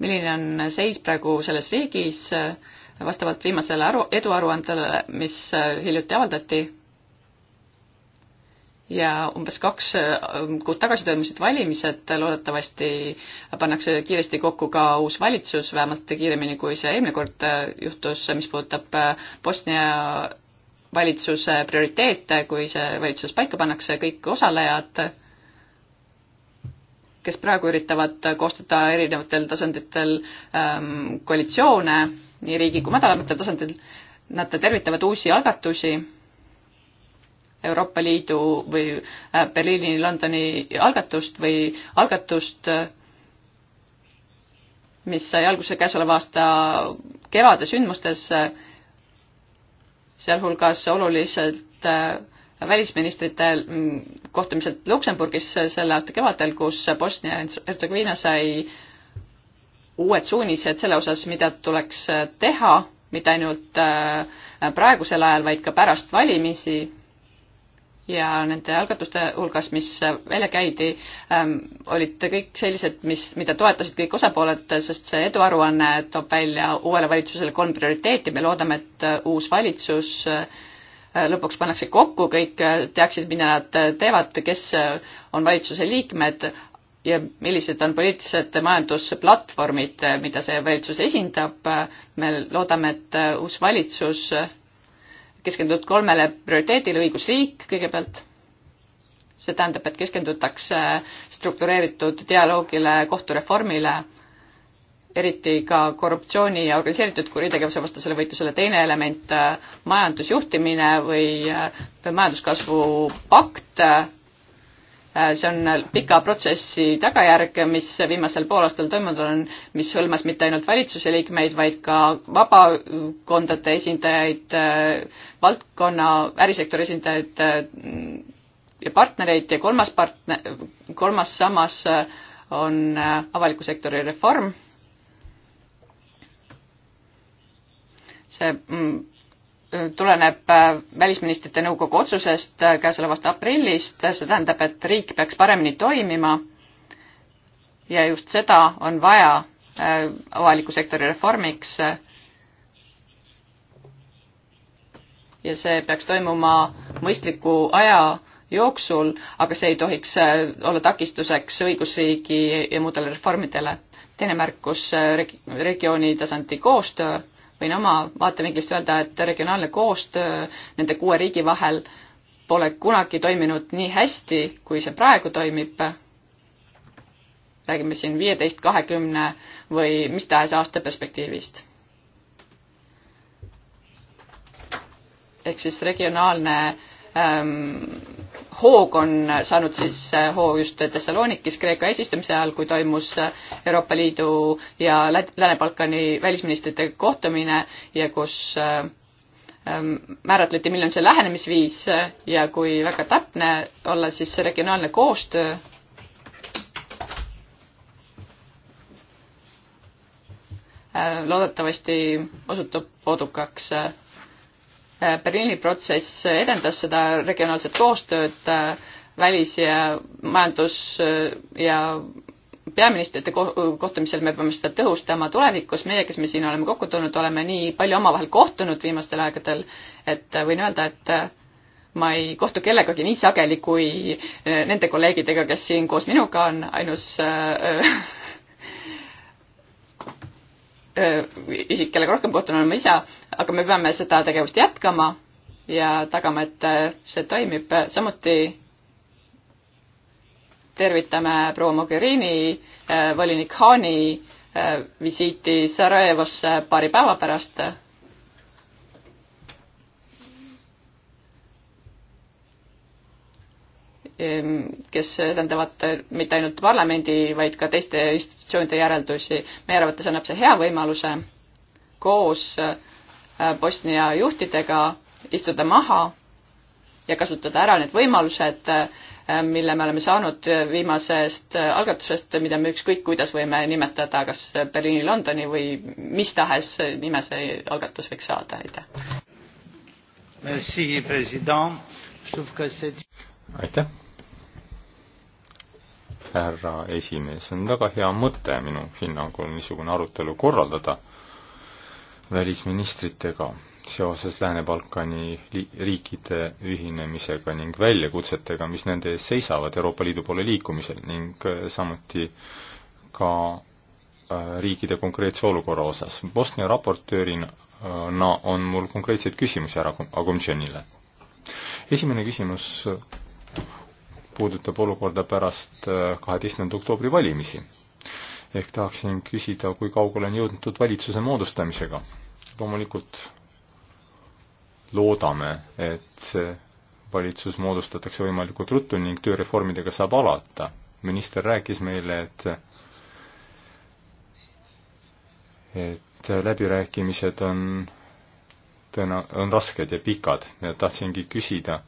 milline on seis praegu selles riigis äh, vastavalt viimasele aru, eduaruandele, mis hiljuti avaldati, ja umbes kaks äh, kuud tagasi toimusid valimised, loodetavasti pannakse kiiresti kokku ka uus valitsus, vähemalt kiiremini, kui see eelmine kord äh, juhtus, mis puudutab äh, Bosnia valitsuse prioriteete, kui see valitsus paika pannakse, kõik osalejad, kes praegu üritavad koostada erinevatel tasanditel ähm, koalitsioone, nii riigi kui madalamatel tasandil, nad tervitavad uusi algatusi Euroopa Liidu või äh, Berliini, Londoni algatust või algatust, äh, mis sai alguse käesoleva aasta kevade sündmustes, äh, sealhulgas oluliselt välisministrite mm, kohtumiselt Luksemburgis selle aasta kevadel, kus Bosnia-Hertsegoviina sai uued suunised selle osas, mida tuleks teha, mitte ainult praegusel ajal, vaid ka pärast valimisi ja nende algatuste hulgas, mis välja käidi ähm,, olid kõik sellised, mis, mida toetasid kõik osapooled, sest see eduaruanne toob välja uuele valitsusele kolm prioriteeti, me loodame, et äh, uus valitsus äh, lõpuks pannakse kokku, kõik äh, teaksid, mida nad äh, teevad, kes on valitsuse liikmed ja millised on poliitilised majandusplatvormid, mida see valitsus esindab. me loodame, et uus valitsus äh, keskendutud kolmele prioriteedile, õigusriik kõigepealt, see tähendab, et keskendutakse struktureeritud dialoogile, kohtureformile, eriti ka korruptsiooni ja organiseeritud kuritegevuse vastasele võitlusele, teine element, majandusjuhtimine või majanduskasvu pakt, Äh, see on äh, pika protsessi tagajärg, mis viimasel poolaastal toimunud on, mis hõlmas mitte ainult valitsuse liikmeid, vaid ka vabakondade esindajaid, äh, valdkonna, ärisektori esindajaid ja partnereid ja kolmas partner, kolmas sammas on avaliku sektori reform. see mm, tuleneb äh, Välisministrite Nõukogu otsusest äh, käesolevast aprillist, see tähendab, et riik peaks paremini toimima ja just seda on vaja äh, avaliku sektori reformiks. ja see peaks toimuma mõistliku aja jooksul, aga see ei tohiks olla takistuseks õigusriigi ja muudele reformidele. teine märkus reg-, regiooni tasandi koostöö võin oma vaatevinklist öelda, et regionaalne koostöö nende kuue riigi vahel pole kunagi toiminud nii hästi, kui see praegu toimib. räägime siin viieteist, kahekümne või mis tahes aasta perspektiivist. ehk siis regionaalne ähm, hoog on saanud siis äh, hoo just Thessalonikis Kreeka eesistumise ajal, kui toimus äh, Euroopa Liidu ja Lääne-Balkani välisministrite kohtumine ja kus äh, ähm, määratleti, milline on see lähenemisviis ja kui väga täpne olla, siis see regionaalne koostöö loodetavasti osutub odukaks Berliini protsess edendas seda regionaalset koostööd äh, välis- ja majandus- ja peaministrite kohtumisel me peame seda tõhustama tulevikus, meie, kes me siin oleme kokku tulnud, oleme nii palju omavahel kohtunud viimastel aegadel, et äh, võin öelda, et äh, ma ei kohtu kellegagi nii sageli kui nende kolleegidega, kes siin koos minuga on, ainus äh, äh, isik, kellega rohkem kohtun, olen ma isa aga me peame seda tegevust jätkama ja tagama, et see toimib, samuti tervitame proua Mogherini, eh, volinik Haani eh, visiiti Sarajevosse paari päeva pärast. Ehm, kes edendavad mitte ainult parlamendi, vaid ka teiste institutsioonide järeldusi. meie arvates annab see hea võimaluse koos äh, Äh, Bosnia juhtidega, istuda maha ja kasutada ära need võimalused, äh, mille me oleme saanud viimasest äh, algatusest, mida me ükskõik kuidas võime nimetada, kas Berliini, Londoni või mis tahes nime see algatus võiks saada, aitäh. aitäh. härra esimees, on väga hea mõte minu hinnangul niisugune arutelu korraldada välisministritega seoses Lääne-Balkani riikide ühinemisega ning väljakutsetega, mis nende ees seisavad Euroopa Liidu poole liikumisel ning äh, samuti ka äh, riikide konkreetse olukorra osas. Bosnia raportöörina äh, on mul konkreetseid küsimusi härra Agumtšenile. esimene küsimus puudutab olukorda pärast kaheteistkümnenda oktoobri valimisi ehk tahaksin küsida, kui kaugele on jõudnud valitsuse moodustamisega. loomulikult loodame, et valitsus moodustatakse võimalikult ruttu ning tööreformidega saab alata. minister rääkis meile, et et läbirääkimised on tõena-, on rasked ja pikad ja tahtsingi küsida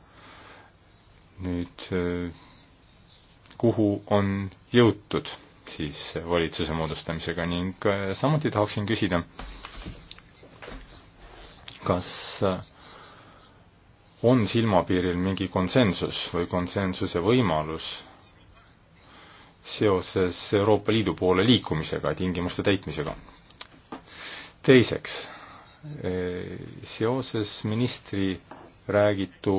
nüüd, kuhu on jõutud siis valitsuse moodustamisega ning äh, samuti tahaksin küsida, kas äh, on silmapiiril mingi konsensus või konsensuse võimalus seoses Euroopa Liidu poole liikumisega, tingimuste täitmisega. teiseks, äh, seoses ministri räägitu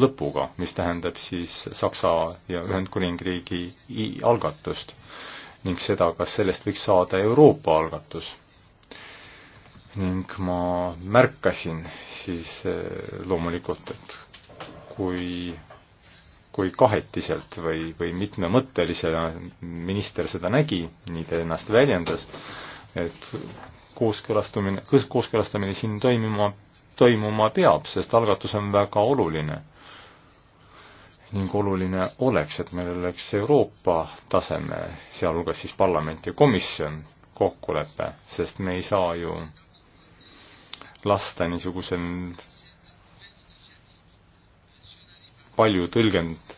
lõpuga, mis tähendab siis Saksa ja Ühendkuningriigi algatust, ning seda, kas sellest võiks saada Euroopa algatus. ning ma märkasin siis eh, loomulikult, et kui kui kahetiselt või, või mitmemõttelisena minister seda nägi, nii ta ennast väljendas, et kooskõlastumine, kooskõlastamine siin toimima, toimuma peab, sest algatus on väga oluline ning oluline oleks, et meil oleks Euroopa taseme, sealhulgas siis parlament ja komisjon, kokkulepe, sest me ei saa ju lasta niisugusel palju tõlgend,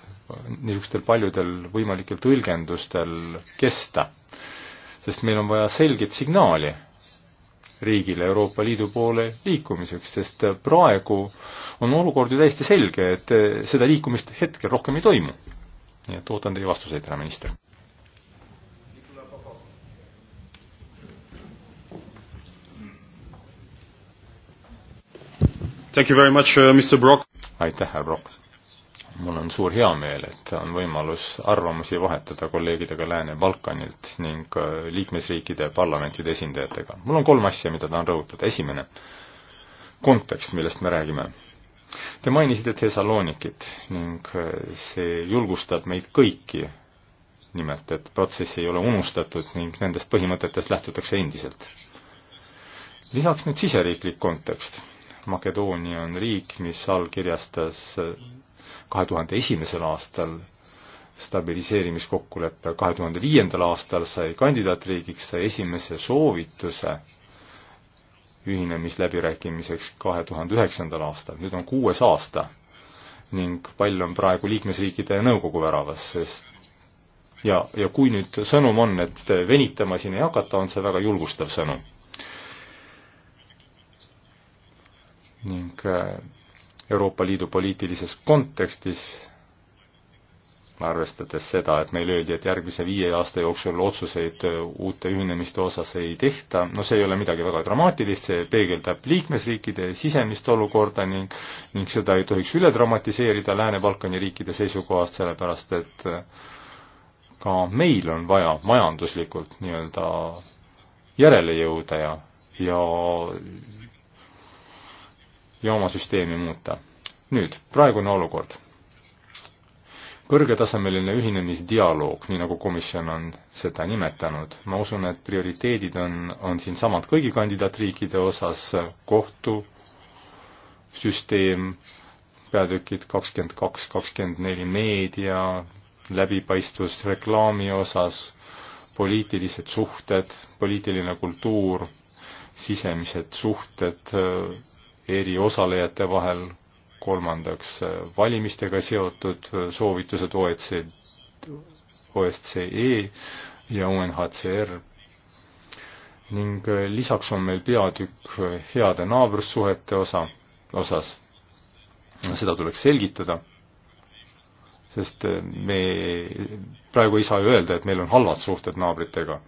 niisugustel paljudel võimalikel tõlgendustel kesta. sest meil on vaja selget signaali riigile Euroopa Liidu poole liikumiseks, sest praegu on olukord ju täiesti selge, et seda liikumist hetkel rohkem ei toimu. nii et ootan teie vastuseid, härra minister. Thank you very much uh,, Mr Brock. aitäh, härra Brock mul on suur heameel, et on võimalus arvamusi vahetada kolleegidega Lääne-Balkanilt ning äh, liikmesriikide parlamentide esindajatega. mul on kolm asja, mida tahan rõhutada. esimene, kontekst, millest me räägime. Te mainisite Thessalonikit ning äh, see julgustab meid kõiki, nimelt, et protsess ei ole unustatud ning nendest põhimõtetest lähtutakse endiselt. lisaks nüüd siseriiklik kontekst Makedoonia on riik, mis allkirjastas äh, kahe tuhande esimesel aastal stabiliseerimiskokkulepe, kahe tuhande viiendal aastal sai kandidaatriigiks, sai esimese soovituse ühinemisläbirääkimiseks kahe tuhande üheksandal aastal, nüüd on kuues aasta ning pall on praegu liikmesriikide nõukogu väravas, sest ja, ja kui nüüd sõnum on, et venitama siin ei hakata, on see väga julgustav sõnum. ning äh, Euroopa Liidu poliitilises kontekstis, arvestades seda, et meile öeldi, et järgmise viie aasta jooksul otsuseid äh, uute ühinemiste osas ei tehta, no see ei ole midagi väga dramaatilist, see peegeldab liikmesriikide sisemist olukorda ning, ning seda ei tohiks üle dramatiseerida Lääne-Balkani riikide seisukohast, sellepärast et äh, ka meil on vaja majanduslikult nii-öelda järele jõuda ja, ja ja oma süsteemi muuta. nüüd, praegune olukord. kõrgetasemeline ühinemisdialoog, nii nagu komisjon on seda nimetanud, ma usun, et prioriteedid on, on siinsamad kõigi kandidaatriikide osas, kohtusüsteem, peatükid kakskümmend kaks, kakskümmend neli meedia, läbipaistvus reklaami osas, poliitilised suhted, poliitiline kultuur, sisemised suhted eri osalejate vahel, kolmandaks äh, valimistega seotud äh, soovitused OECD, OSCE ja UNHCR ning äh, lisaks on meil peatükk heade naabrussuhete osa, osas. seda tuleks selgitada, sest me praegu ei saa ju öelda, et meil on halvad suhted naabritega.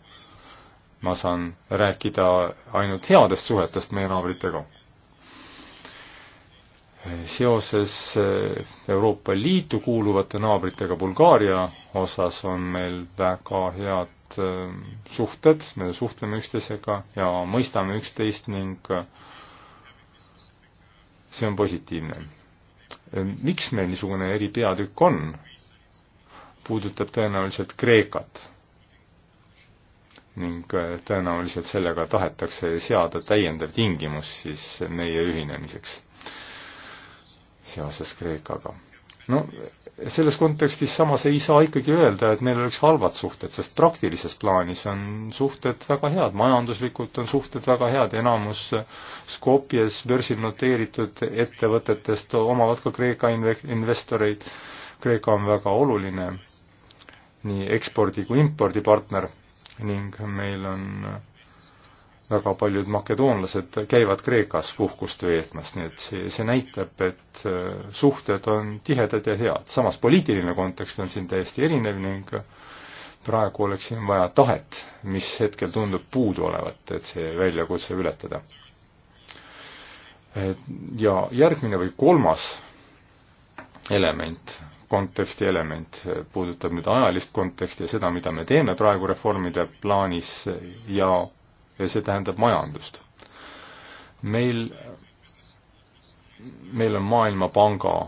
ma saan rääkida ainult headest suhetest meie naabritega seoses eh, Euroopa Liitu kuuluvate naabritega Bulgaaria osas on meil väga head eh, suhted, me suhtleme üksteisega ja mõistame üksteist ning eh, see on positiivne. miks meil niisugune eripeatükk on? puudutab tõenäoliselt Kreekat ning tõenäoliselt sellega tahetakse seada täiendav tingimus siis meie ühinemiseks seoses Kreekaga. no selles kontekstis samas ei saa ikkagi öelda, et meil oleks halvad suhted, sest praktilises plaanis on suhted väga head, majanduslikult on suhted väga head, enamus Skopjes börsil noteeritud ettevõtetest omavad ka Kreeka investoreid. Kreeka on väga oluline nii ekspordi kui impordipartner ning meil on väga paljud makedoonlased käivad Kreekas puhkust veetmas, nii et see, see näitab, et äh, suhted on tihedad ja head. samas poliitiline kontekst on siin täiesti erinev ning praegu oleks siin vaja tahet, mis hetkel tundub puudu olevat, et see väljakutse ületada. ja järgmine või kolmas element, konteksti element, puudutab nüüd ajalist konteksti ja seda, mida me teeme praegu reformide plaanis ja ja see tähendab majandust. meil, meil on Maailmapanga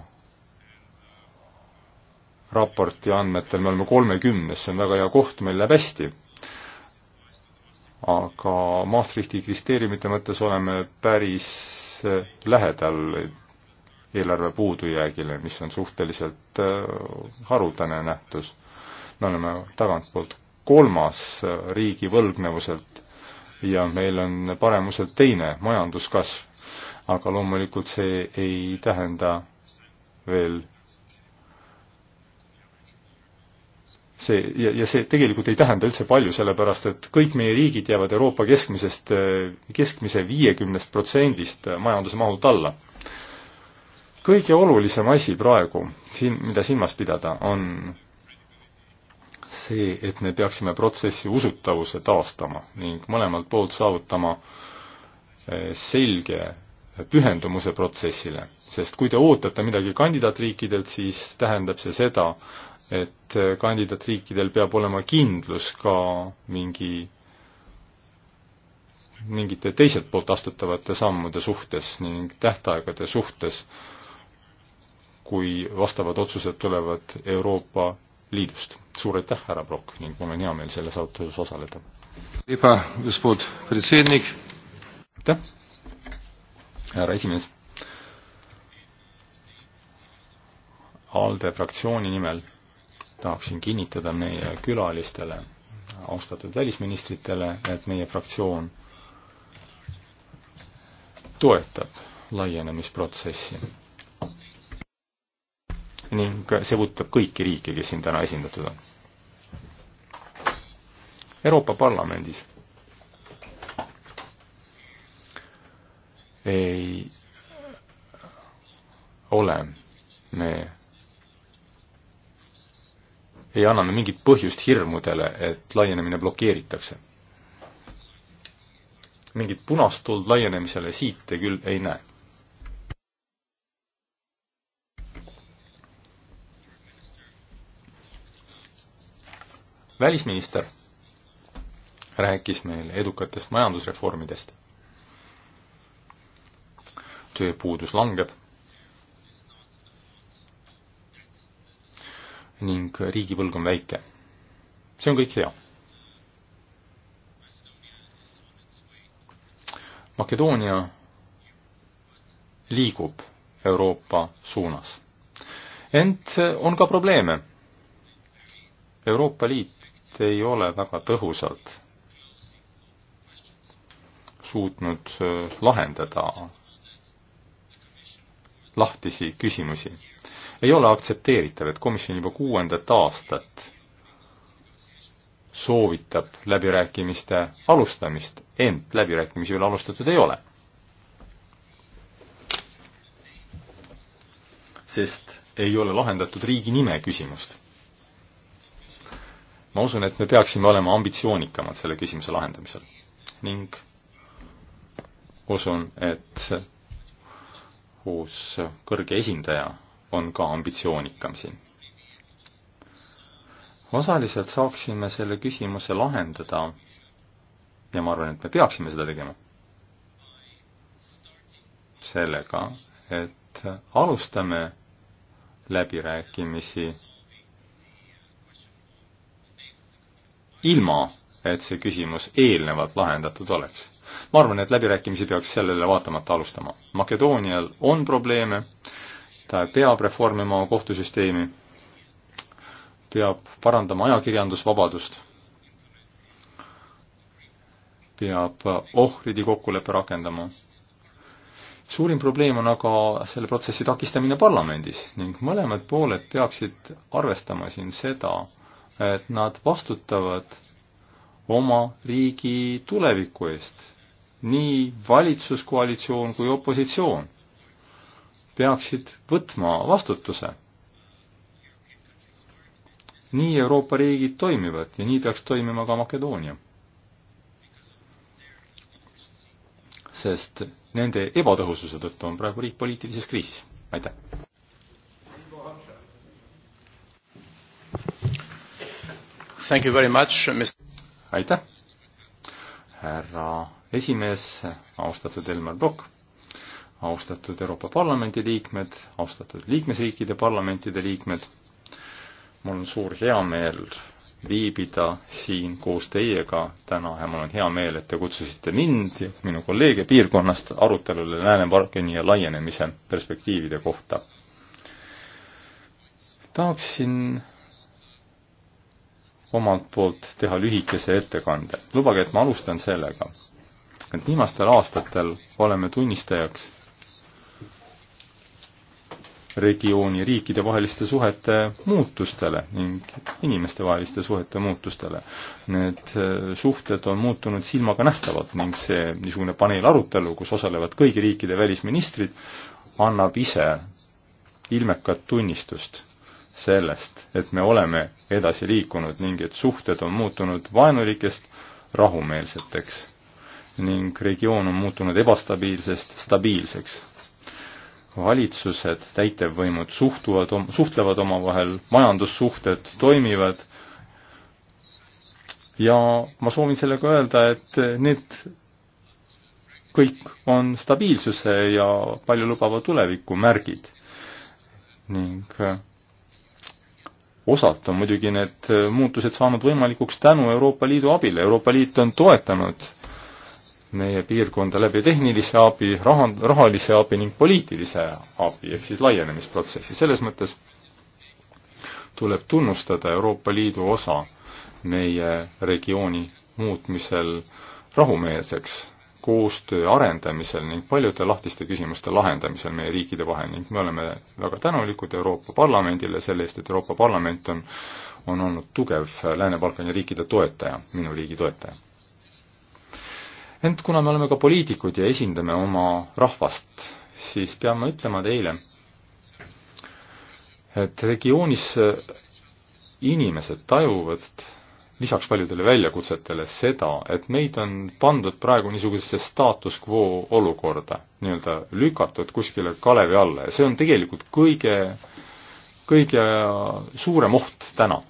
raporti andmetel, me oleme kolmekümnes, see on väga hea koht, meil läheb hästi. aga Maastrichti kriteeriumite mõttes oleme päris lähedal eelarve puudujäägile, mis on suhteliselt äh, haruldane nähtus. me oleme tagantpoolt kolmas riigi võlgnevuselt ja meil on paremuselt teine majanduskasv, aga loomulikult see ei tähenda veel see ja, ja see tegelikult ei tähenda üldse palju, sellepärast et kõik meie riigid jäävad Euroopa keskmisest, keskmise viiekümnest protsendist majanduse mahult alla. kõige olulisem asi praegu siin, mida silmas pidada, on see, et me peaksime protsessi usutavuse taastama ning mõlemalt poolt saavutama eh, selge pühendumuse protsessile, sest kui te ootate midagi kandidaatriikidelt, siis tähendab see seda, et kandidaatriikidel peab olema kindlus ka mingi, mingite teiselt poolt astutavate sammude suhtes ning tähtaegade suhtes, kui vastavad otsused tulevad Euroopa Liidust. suur aitäh, härra Prokk, ning mul on hea meel selles arutelus osaleda. aitäh, härra esimees. ALDE fraktsiooni nimel tahaksin kinnitada meie külalistele, austatud välisministritele, et meie fraktsioon toetab laienemisprotsessi ning see puudutab kõiki riike, kes siin täna esindatud on. Euroopa Parlamendis ei ole me, ei anna me mingit põhjust hirmudele, et laienemine blokeeritakse. mingit punast tuld laienemisele siit te küll ei näe välisminister rääkis meil edukatest majandusreformidest. tööpuudus langeb ning riigivõlg on väike. see on kõik hea. Makedoonia liigub Euroopa suunas. ent on ka probleeme. Euroopa Liit ei ole väga tõhusalt suutnud äh, lahendada lahtisi küsimusi. ei ole aktsepteeritav, et komisjon juba kuuendat aastat soovitab läbirääkimiste alustamist, ent läbirääkimisi veel alustatud ei ole. sest ei ole lahendatud riigi nime küsimust ma usun, et me peaksime olema ambitsioonikamad selle küsimuse lahendamisel ning usun, et uus kõrge esindaja on ka ambitsioonikam siin. osaliselt saaksime selle küsimuse lahendada ja ma arvan, et me peaksime seda tegema sellega, et alustame läbirääkimisi ilma et see küsimus eelnevalt lahendatud oleks. ma arvan, et läbirääkimisi peaks sellele vaatamata alustama. Makedoonial on probleeme, ta peab reformima kohtusüsteemi, peab parandama ajakirjandusvabadust, peab ohvridi kokkuleppe rakendama. suurim probleem on aga selle protsessi takistamine parlamendis ning mõlemad pooled peaksid arvestama siin seda, et nad vastutavad oma riigi tuleviku eest, nii valitsuskoalitsioon kui opositsioon peaksid võtma vastutuse. nii Euroopa riigid toimivad ja nii peaks toimima ka Makedoonia. sest nende ebatõhususe tõttu on praegu riik poliitilises kriisis. aitäh! Thank you very much, Mr. aitäh, härra esimees, austatud Elmar Brok, austatud Euroopa Parlamendi liikmed, austatud liikmesriikide parlamentide liikmed. mul on suur heameel viibida siin koos teiega täna ja mul on hea meel, et te kutsusite mind ja minu kolleege piirkonnast arutelule Lääne-Balkani ja laienemise perspektiivide kohta. tahaksin omalt poolt teha lühikese ettekande. lubage, et ma alustan sellega, et viimastel aastatel oleme tunnistajaks regiooni riikide vaheliste suhete muutustele ning inimeste vaheliste suhete muutustele. Need äh, suhted on muutunud silmaga nähtavalt ning see niisugune paneelarutelu, kus osalevad kõigi riikide välisministrid, annab ise ilmekat tunnistust sellest, et me oleme edasi liikunud ning et suhted on muutunud vaenulikest rahumeelseteks ning regioon on muutunud ebastabiilsest stabiilseks. valitsused, täitevvõimud suhtuvad, suhtlevad omavahel, majandussuhted toimivad ja ma soovin sellega öelda, et need kõik on stabiilsuse ja paljulubava tuleviku märgid ning osalt on muidugi need äh, muutused saanud võimalikuks tänu Euroopa Liidu abile. Euroopa Liit on toetanud meie piirkonda läbi tehnilise abi, raha, rahalise abi ning poliitilise abi ehk siis laienemisprotsessi. selles mõttes tuleb tunnustada Euroopa Liidu osa meie regiooni muutmisel rahumeelseks koostöö arendamisel ning paljude lahtiste küsimuste lahendamisel meie riikide vahel ning me oleme väga tänulikud Euroopa Parlamendile selle eest, et Euroopa Parlament on, on olnud tugev Lääne-Balkani riikide toetaja, minu riigi toetaja. ent kuna me oleme ka poliitikud ja esindame oma rahvast, siis pean ma ütlema teile, et regioonis inimesed tajuvad lisaks paljudele väljakutsetele seda, et meid on pandud praegu niisugusesse staatus quo olukorda, nii-öelda lükatud kuskile kalevi alla ja see on tegelikult kõige, kõige suurem oht täna.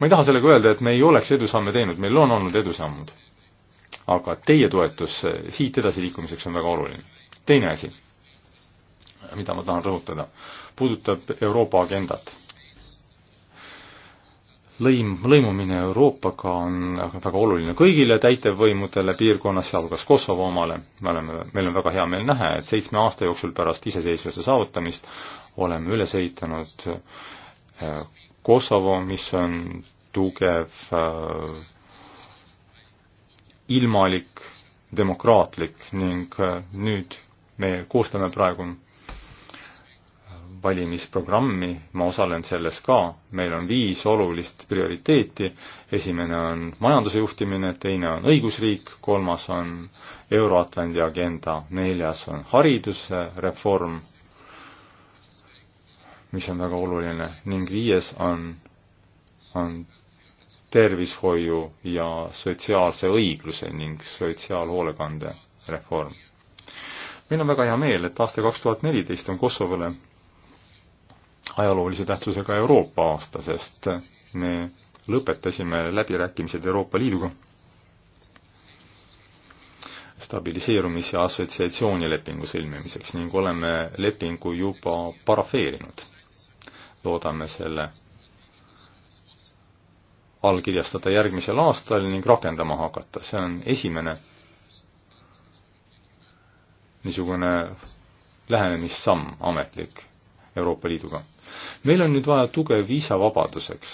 ma ei taha sellega öelda, et me ei oleks edusamme teinud, meil on olnud edusammud. aga teie toetus siit edasiliikumiseks on väga oluline. teine asi, mida ma tahan rõhutada, puudutab Euroopa agendat lõim, lõimumine Euroopaga on väga oluline kõigile täitevvõimudele piirkonnas, sealhulgas Kosovo omale. me oleme, meil on väga hea meel näha, et seitsme aasta jooksul pärast iseseisvuse saavutamist oleme üles ehitanud äh, Kosovo, mis on tugev äh, ilmalik, demokraatlik ning äh, nüüd me koostame praegu valimisprogrammi, ma osalen selles ka, meil on viis olulist prioriteeti, esimene on majanduse juhtimine, teine on õigusriik, kolmas on Euro-Atlandi agenda, neljas on hariduse reform, mis on väga oluline, ning viies on, on tervishoiu ja sotsiaalse õigluse ning sotsiaalhoolekande reform. meil on väga hea meel, et aasta kaks tuhat neliteist on Kosovole ajaloolise tähtsusega Euroopa aasta, sest me lõpetasime läbirääkimised Euroopa Liiduga stabiliseerumis- ja assotsiatsioonilepingu sõlmimiseks ning oleme lepingu juba parafeerinud. loodame selle allkirjastada järgmisel aastal ning rakendama hakata, see on esimene niisugune lähenemissamm ametlik Euroopa Liiduga meil on nüüd vaja tuge viisavabaduseks.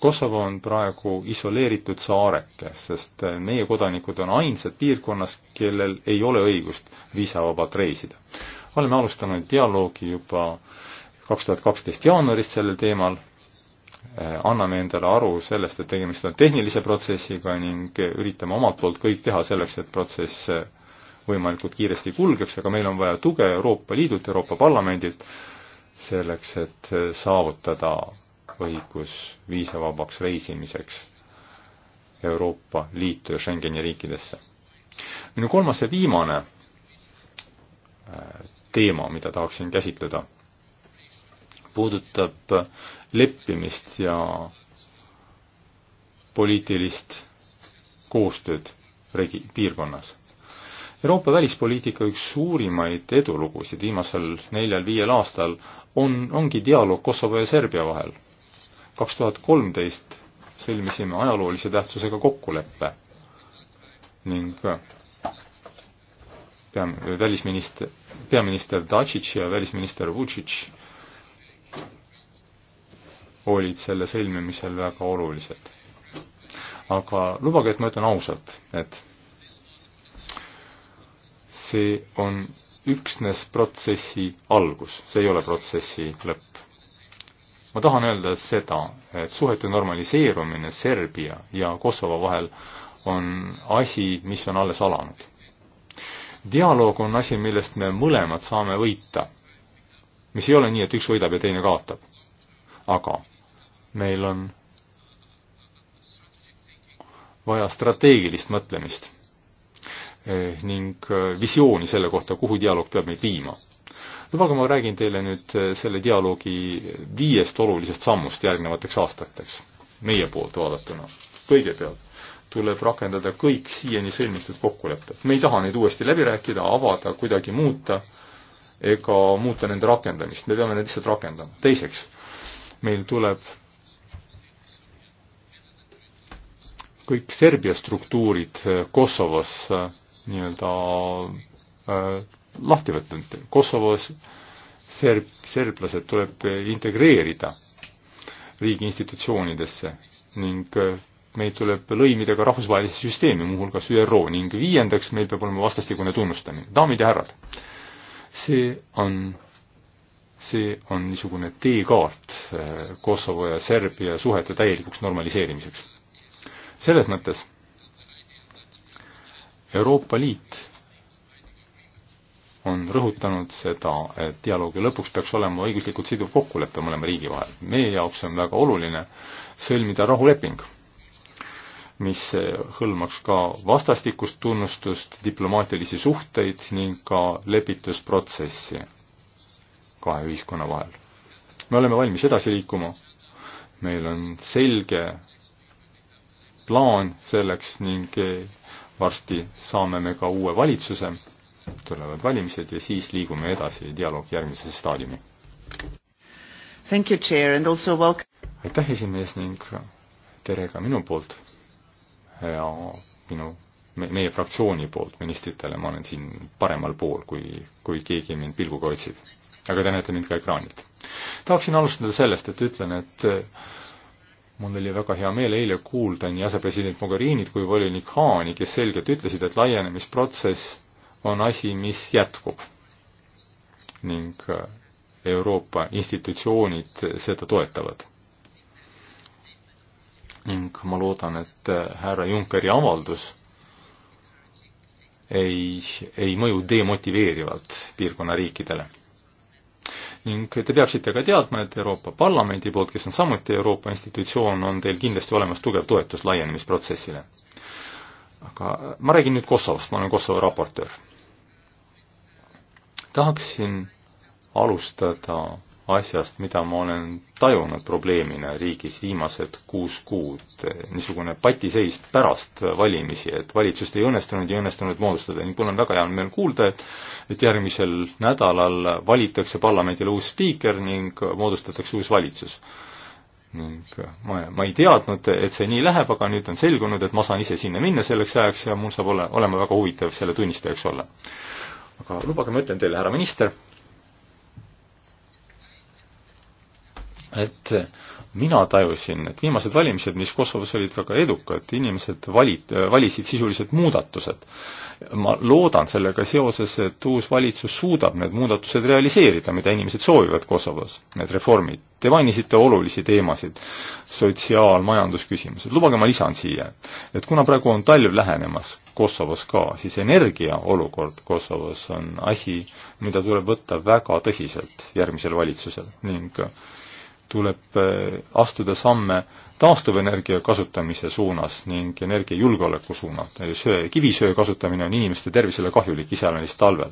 Kosovo on praegu isoleeritud saareke, sest eh, meie kodanikud on ainsad piirkonnas, kellel ei ole õigust viisavabalt reisida. oleme alustanud dialoogi juba kaks tuhat kaksteist jaanuarist sellel teemal, eh, anname endale aru sellest, et tegemist on tehnilise protsessiga ning üritame omalt poolt kõik teha selleks, et protsess eh, võimalikult kiiresti kulgeks, aga meil on vaja tuge Euroopa Liidult, Euroopa Parlamendilt, selleks, et saavutada õigus viisavabaks reisimiseks Euroopa Liitu ja Schengeni riikidesse. minu kolmas ja viimane äh, teema, mida tahaksin käsitleda, puudutab leppimist ja poliitilist koostööd regi-, piirkonnas. Euroopa välispoliitika üks suurimaid edulugusid viimasel neljal-viiel aastal on, ongi dialoog Kosovo ja Serbia vahel. kaks tuhat kolmteist sõlmisime ajaloolise tähtsusega kokkuleppe ning äh, peame, välisminister, peaminister Dacic ja välisminister Vucic olid selle sõlmimisel väga olulised. aga lubage, et ma ütlen ausalt, et see on üksnes protsessi algus, see ei ole protsessi lõpp. ma tahan öelda seda, et suhete normaliseerumine Serbia ja Kosovo vahel on asi, mis on alles alanud. dialoog on asi, millest me mõlemad saame võita, mis ei ole nii, et üks võidab ja teine kaotab. aga meil on vaja strateegilist mõtlemist Eh, ning eh, visiooni selle kohta, kuhu dialoog peab meid viima. lubage, ma räägin teile nüüd eh, selle dialoogi viiest olulisest sammust järgnevateks aastateks, meie poolt vaadatuna. kõigepealt tuleb rakendada kõik siiani sõlmitud kokkulepped. me ei taha neid uuesti läbi rääkida, avada, kuidagi muuta ega muuta nende rakendamist, me peame need lihtsalt rakendama. teiseks, meil tuleb kõik Serbia struktuurid Kosovos nii-öelda äh, lahti võtnud. Kosovos serb, serblased tuleb integreerida riigi institutsioonidesse ning äh, meil tuleb lõimida ka rahvusvahelise süsteemi, muuhulgas ÜRO ning viiendaks, meil peab olema vastastikune tunnustamine. daamid ja härrad, see on, see on niisugune teekaart äh, Kosovo ja Serbia suhete täielikuks normaliseerimiseks. selles mõttes Euroopa Liit on rõhutanud seda, et dialoogi lõpuks peaks olema õiguslikult siduv kokkulepe mõlema riigi vahel. meie jaoks on väga oluline sõlmida rahuleping, mis hõlmaks ka vastastikust tunnustust, diplomaatilisi suhteid ning ka lepitusprotsessi kahe ühiskonna vahel. me oleme valmis edasi liikuma, meil on selge plaan selleks ning varsti saame me ka uue valitsuse, tulevad valimised ja siis liigume edasi dialoogi järgmise staadiumi. aitäh, esimees, ning tere ka minu poolt ja minu me,, meie fraktsiooni poolt ministritele, ma olen siin paremal pool, kui, kui keegi mind pilguga otsib. aga te näete mind ka ekraanilt. tahaksin alustada sellest, et ütlen, et mul oli väga hea meel eile kuulda nii asepresident Mogherinit kui volinik Haani, kes selgelt ütlesid, et laienemisprotsess on asi, mis jätkub. ning äh, Euroopa institutsioonid seda toetavad. ning ma loodan, et äh, härra Junckeri avaldus ei, ei mõju demotiveerivalt piirkonna riikidele ning te peaksite ka teadma, et Euroopa Parlamendi poolt, kes on samuti Euroopa institutsioon, on teil kindlasti olemas tugev toetus laienemisprotsessile. aga ma räägin nüüd Kosovost, ma olen Kosovo raportöör. tahaksin alustada asjast, mida ma olen tajunud probleemina riigis viimased kuus kuud. niisugune patiseis pärast valimisi, et valitsust ei õnnestunud ja õnnestunud moodustada ning mul on väga hea meel kuulda, et et järgmisel nädalal valitakse parlamendile uus spiiker ning moodustatakse uus valitsus. ning ma, ma ei teadnud, et see nii läheb, aga nüüd on selgunud, et ma saan ise sinna minna selleks ajaks ja mul saab ole, olema väga huvitav selle tunnistajaks olla. aga lubage, ma ütlen teile, härra minister et mina tajusin, et viimased valimised, mis Kosovos olid väga edukad, inimesed valid, valisid sisuliselt muudatused. ma loodan sellega seoses, et uus valitsus suudab need muudatused realiseerida, mida inimesed soovivad Kosovos, need reformid. Te mainisite olulisi teemasid, sotsiaal-, majandusküsimused, lubage ma lisan siia, et kuna praegu on talv lähenemas, Kosovos ka, siis energiaolukord Kosovos on asi, mida tuleb võtta väga tõsiselt järgmisel valitsusel ning tuleb eh, astuda samme taastuvenergia kasutamise suunas ning energiajulgeoleku suunalt. söe, kivisöe kasutamine on inimeste tervisele kahjulik, iseäranis talvel.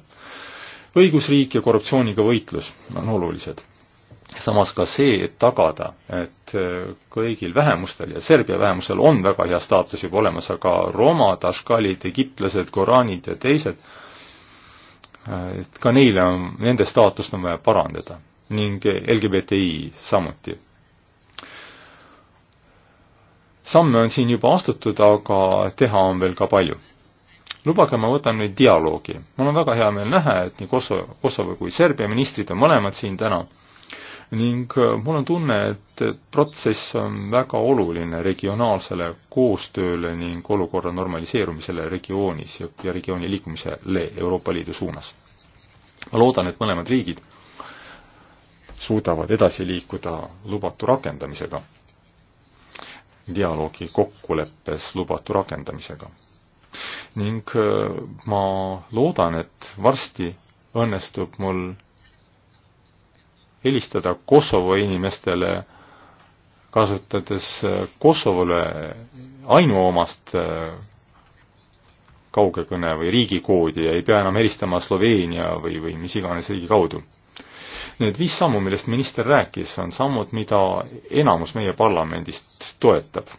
õigusriik ja korruptsiooniga võitlus on olulised. samas ka see, et tagada, et eh, kõigil vähemustel ja Serbia vähemusel on väga hea staatus juba olemas, aga romad, aškalid, egiptlased, koraanid ja teised, eh, et ka neile on, nende staatust on vaja parandada ning LGBTI samuti. samme on siin juba astutud, aga teha on veel ka palju. lubage, ma võtan nüüd dialoogi. mul on väga hea meel näha, et nii Kosovo, Kosovo kui Serbia ministrid on mõlemad siin täna ning äh, mul on tunne, et protsess on väga oluline regionaalsele koostööle ning olukorra normaliseerumisele regioonis ja, ja regiooni liikumisele Euroopa Liidu suunas. ma loodan, et mõlemad riigid suudavad edasi liikuda lubatu rakendamisega, dialoogi kokkuleppes lubatu rakendamisega. ning äh, ma loodan, et varsti õnnestub mul helistada Kosovo inimestele, kasutades äh, Kosovole ainuomast äh, kaugekõne või riigikoodi ja ei pea enam helistama Sloveenia või, või mis iganes riigi kaudu. Need viis sammu, millest minister rääkis, on sammud, mida enamus meie parlamendist toetab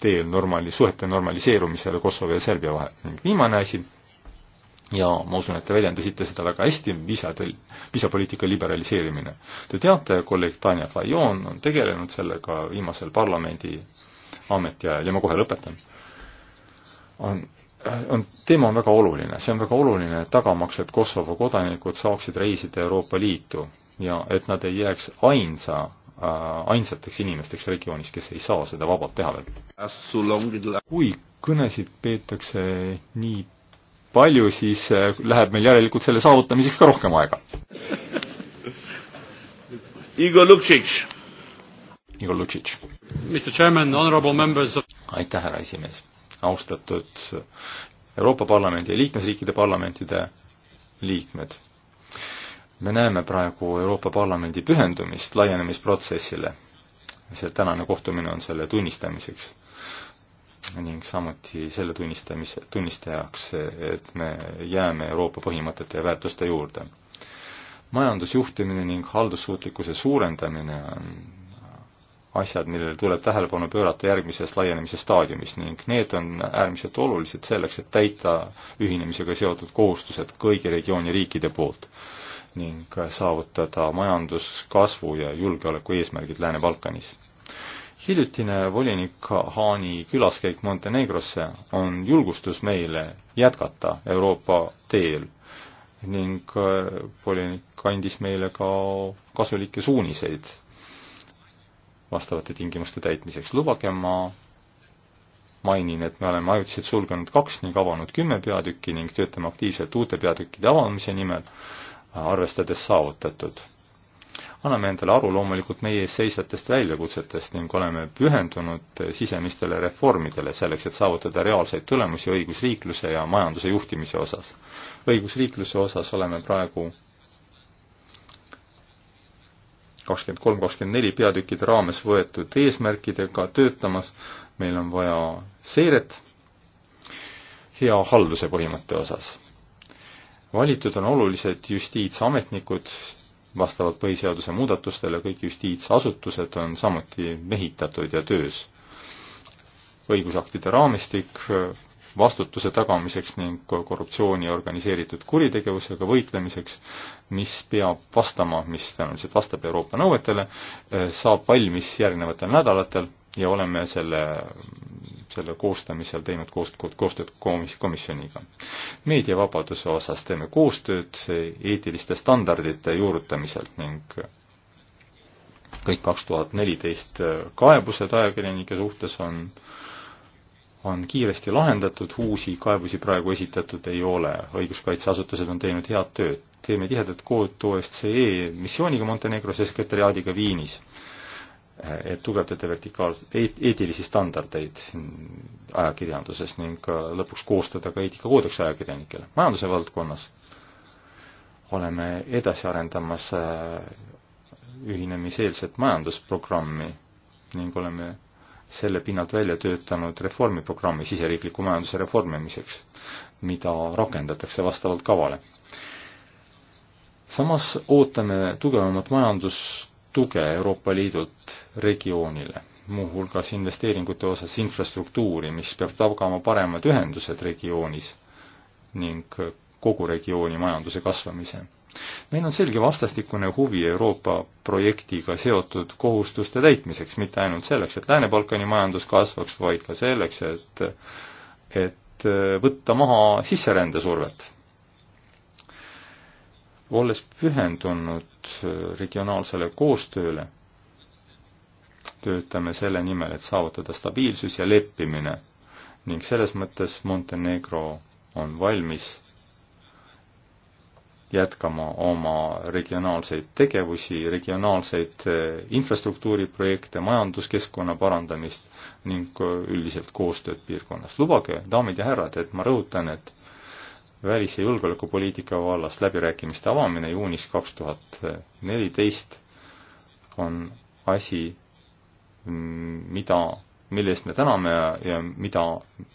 teel normali, suhete normaliseerumisele Kosovo ja Serbia vahel. ning viimane asi, ja ma usun, et te väljendasite seda väga hästi, viisadel, viisapoliitika liberaliseerimine. Te teate, kolleeg Tanja Fajon on tegelenud sellega viimasel parlamendi ametiajal ja ma kohe lõpetan. on on, teema on väga oluline, see on väga oluline, tagamaks, et Kosovo kodanikud saaksid reisida Euroopa Liitu ja et nad ei jääks ainsa äh, ainsateks inimesteks regioonis, kes ei saa seda vabalt teha veel. kui kõnesid peetakse nii palju, siis äh, läheb meil järelikult selle saavutamiseks ka rohkem aega. Igor Lukšitš. Igor Lukšitš. aitäh, härra esimees. austatud Euroopa Parlamendi ja liikmesriikide parlamentide liikmed me näeme praegu Euroopa Parlamendi pühendumist laienemisprotsessile, see tänane kohtumine on selle tunnistamiseks ning samuti selle tunnistamise, tunnistajaks, et me jääme Euroopa põhimõtete ja väärtuste juurde. majandusjuhtimine ning haldussuutlikkuse suurendamine on asjad, millele tuleb tähelepanu pöörata järgmises laienemise staadiumis ning need on äärmiselt olulised selleks, et täita ühinemisega seotud kohustused kõigi regiooni riikide poolt ning saavutada majanduskasvu ja julgeoleku eesmärgid Lääne-Balkanis. hiljutine volinik Haani külaskäik Montenegrosse on julgustus meile jätkata Euroopa teel ning äh, volinik andis meile ka kasulikke suuniseid vastavate tingimuste täitmiseks. lubage, ma mainin, et me oleme ajutiselt sulgenud kaks ning avanud kümme peatükki ning töötame aktiivselt uute peatükkide avamise nimel, arvestades saavutatud. anname endale aru loomulikult meie ees seisvatest väljakutsetest ning oleme pühendunud sisemistele reformidele selleks, et saavutada reaalseid tulemusi õigusriikluse ja majanduse juhtimise osas. õigusriikluse osas oleme praegu kakskümmend kolm, kakskümmend neli peatükkide raames võetud eesmärkidega töötamas, meil on vaja seiret hea halduse põhimõtte osas valitud on olulised justiitsametnikud, vastavalt põhiseaduse muudatustele kõik justiitsasutused on samuti mehitatud ja töös. õigusaktide raamistik vastutuse tagamiseks ning korruptsiooni ja organiseeritud kuritegevusega võitlemiseks, mis peab vastama, mis tõenäoliselt vastab Euroopa nõuetele, saab valmis järgnevatel nädalatel ja oleme selle selle koostamisel teinud koostööd, koostööd komis-, komisjoniga. meediavabaduse osas teeme koostööd eetiliste standardite juurutamisel ning kõik kaks tuhat neliteist kaebused ajakirjanike suhtes on, on kiiresti lahendatud, uusi kaebusi praegu esitatud ei ole, õiguskaitseasutused on teinud head tööd. teeme tihedat kood OSCE missiooniga Montenegro sekretäriaadiga Viinis Äh, et tugevdada vertikaals-, eetilisi standardeid ajakirjanduses ning äh, lõpuks koostada ka eetikakoodeks ajakirjanikele. majanduse valdkonnas oleme edasi arendamas äh, ühinemiseelset majandusprogrammi ning oleme selle pinnalt välja töötanud reformiprogrammi siseriikliku majanduse reformimiseks, mida rakendatakse vastavalt kavale. samas ootame tugevamat majandus tuge Euroopa Liidult regioonile, muuhulgas investeeringute osas infrastruktuuri, mis peab tagama paremad ühendused regioonis ning kogu regiooni majanduse kasvamise. meil on selge vastastikune huvi Euroopa projektiga seotud kohustuste täitmiseks, mitte ainult selleks, et Lääne-Balkani majandus kasvaks, vaid ka selleks, et et võtta maha sisserändesurvet olles pühendunud regionaalsele koostööle, töötame selle nimel, et saavutada stabiilsus ja leppimine ning selles mõttes Montenegro on valmis jätkama oma regionaalseid tegevusi, regionaalseid eh, infrastruktuuriprojekte, majanduskeskkonna parandamist ning eh, üldiselt koostööd piirkonnas. lubage, daamid ja härrad, et ma rõhutan, et välis- ja julgeolekupoliitika vallas läbirääkimiste avamine juunis kaks tuhat neliteist on asi, mida, mille eest me täname ja, ja mida,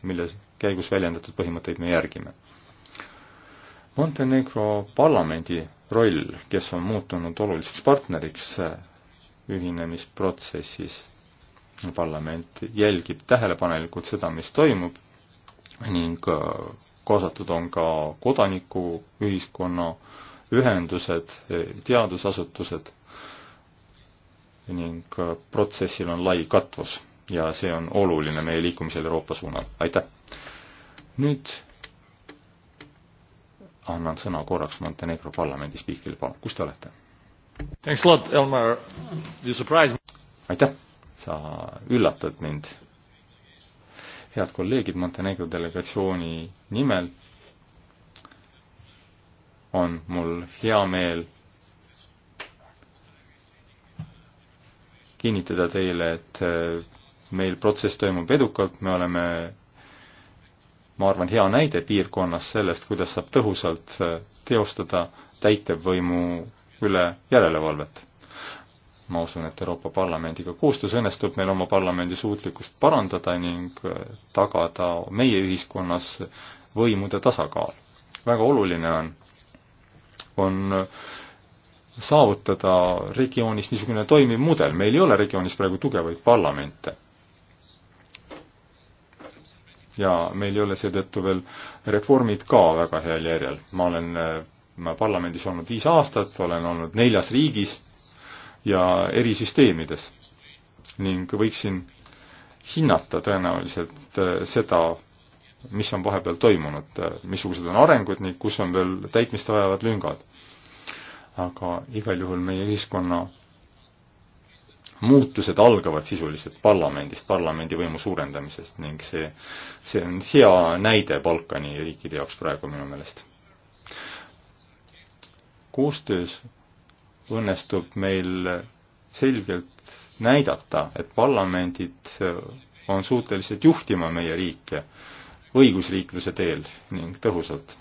mille käigus väljendatud põhimõtteid me järgime. Montenegro parlamendi roll, kes on muutunud oluliseks partneriks ühinemisprotsessis, parlament jälgib tähelepanelikult seda, mis toimub ning äh, kaasatud on ka kodanikuühiskonna ühendused, teadusasutused ning protsessil on lai katvus ja see on oluline meie liikumisel Euroopa suunal, aitäh! nüüd annan sõna korraks Montenegro parlamendi spiikrile, palun, kus te olete? aitäh, sa üllatad mind head kolleegid Montenegro delegatsiooni nimel on mul hea meel kinnitada teile, et äh, meil protsess toimub edukalt, me oleme, ma arvan, hea näide piirkonnas sellest, kuidas saab tõhusalt äh, teostada täitevvõimu üle järelevalvet ma usun, et Euroopa Parlamendiga koostöös õnnestub meil oma parlamendi suutlikkust parandada ning äh, tagada meie ühiskonnas võimude tasakaal. väga oluline on, on äh, saavutada regioonis niisugune toimiv mudel, meil ei ole regioonis praegu tugevaid parlamente. ja meil ei ole seetõttu veel reformid ka väga heal järjel, ma olen äh, ma parlamendis olnud viis aastat, olen olnud neljas riigis ja erisüsteemides. ning võiksin hinnata tõenäoliselt äh, seda, mis on vahepeal toimunud, äh, missugused on arengud ning kus on veel täitmist vajavad lüngad. aga igal juhul meie ühiskonna muutused algavad sisuliselt parlamendist, parlamendi võimu suurendamisest ning see, see on hea näide Balkani riikide jaoks praegu minu meelest. koostöös õnnestub meil selgelt näidata, et parlamendid on suutelised juhtima meie riike õigusriikluse teel ning tõhusalt.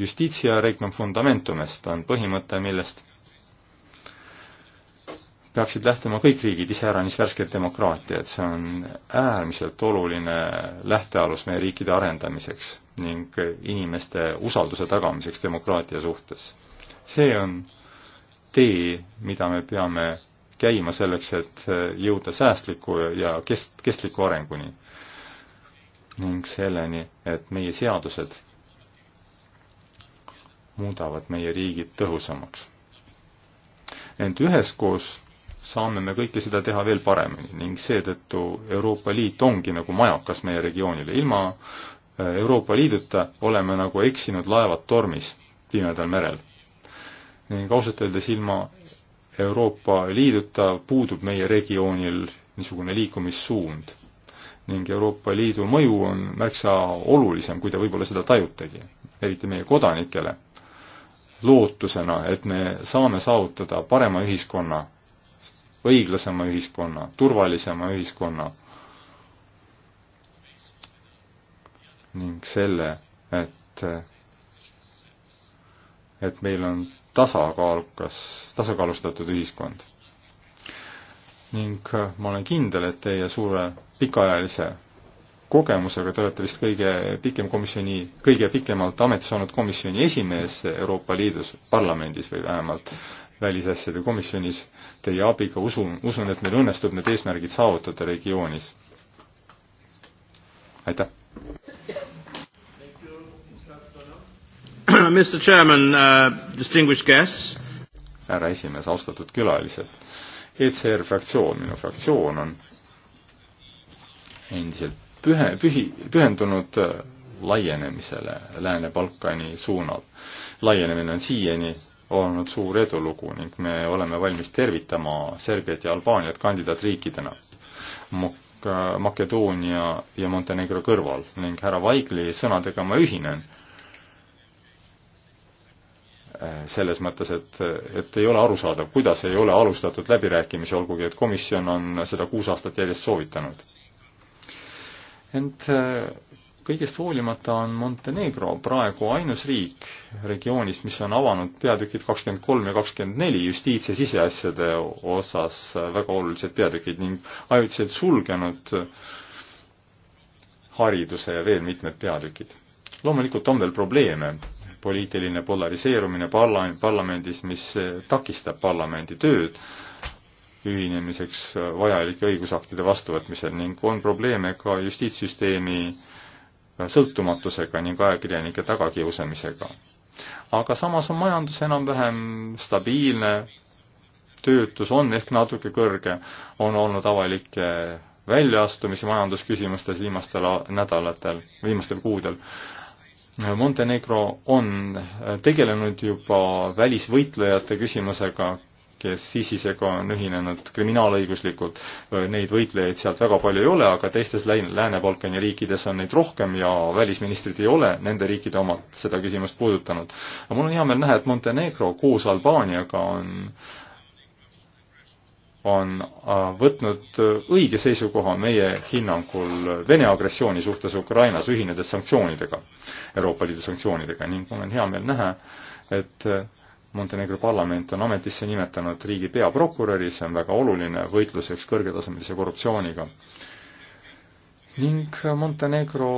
Justitia regnum fundamentumest on põhimõte, millest peaksid lähtuma kõik riigid, iseäranis värsked demokraatiad, see on äärmiselt oluline lähtealus meie riikide arendamiseks ning inimeste usalduse tagamiseks demokraatia suhtes. see on tee, mida me peame käima selleks, et jõuda säästliku ja kest-, kestliku arenguni. ning selleni, et meie seadused muudavad meie riigid tõhusamaks. ent üheskoos saame me kõike seda teha veel paremini ning seetõttu Euroopa Liit ongi nagu majakas meie regioonile. ilma äh, Euroopa Liiduta oleme nagu eksinud laevad tormis pimedal merel. ning ausalt öeldes ilma Euroopa Liiduta puudub meie regioonil niisugune liikumissuund. ning Euroopa Liidu mõju on märksa olulisem, kui te võib-olla seda tajutegi, eriti meie kodanikele, lootusena, et me saame saavutada parema ühiskonna õiglasema ühiskonna, turvalisema ühiskonna ning selle, et, et meil on tasakaalukas, tasakaalustatud ühiskond. ning äh, ma olen kindel, et teie suure pikaajalise kogemusega, te olete vist kõige pikem komisjoni, kõige pikemalt ametis olnud komisjoni esimees Euroopa Liidus, parlamendis või vähemalt äh, välisasjade komisjonis teie abiga, usun, usun, et meil õnnestub need eesmärgid saavutada regioonis. aitäh! Mr Chairman uh,, distinguished guests. härra esimees, austatud külalised. ECR fraktsioon, minu fraktsioon on endiselt pühe, pühi, pühendunud uh, laienemisele Lääne-Balkani suunal. laienemine on siiani olnud suur edulugu ning me oleme valmis tervitama Serbiat ja Albaaniat kandidaatriikidena Mok Makedoonia ja Montenegro kõrval ning härra Vaigli sõnadega ma ühinen selles mõttes, et, et ei ole arusaadav, kuidas ei ole alustatud läbirääkimisi, olgugi et komisjon on seda kuus aastat järjest soovitanud. ent kõigest hoolimata on Montenegro praegu ainus riik regioonis, mis on avanud peatükid kakskümmend kolm ja kakskümmend neli justiits- ja siseasjade osas väga olulised peatükid ning ajutiselt sulgenud hariduse ja veel mitmed peatükid. loomulikult on veel probleeme, poliitiline polariseerumine parla-, parlamendis, mis takistab parlamendi tööd ühinemiseks vajalike õigusaktide vastuvõtmisel ning on probleeme ka justiitssüsteemi äh, sõltumatusega ning ajakirjanike tagakiusamisega. aga samas on majandus enam-vähem stabiilne, töötus on ehk natuke kõrge, on olnud avalikke väljaastumisi majandusküsimustes viimastel nädalatel, viimastel kuudel. Montenegro on tegelenud juba välisvõitlejate küsimusega, kes ISISega on ühinenud kriminaalõiguslikult, neid võitlejaid sealt väga palju ei ole, aga teistes Lääne-Balkani riikides on neid rohkem ja välisministrid ei ole nende riikide omad seda küsimust puudutanud. aga mul on hea meel näha, et Montenegro koos Albaaniaga on on äh, võtnud äh, õige seisukoha meie hinnangul Vene agressiooni suhtes Ukrainas, ühinedes sanktsioonidega, Euroopa Liidu sanktsioonidega ning mul on hea meel näha, et äh, Montenegro parlament on ametisse nimetanud riigi peaprokuröri, see on väga oluline võitluseks kõrgetasemelise korruptsiooniga. ning Montenegro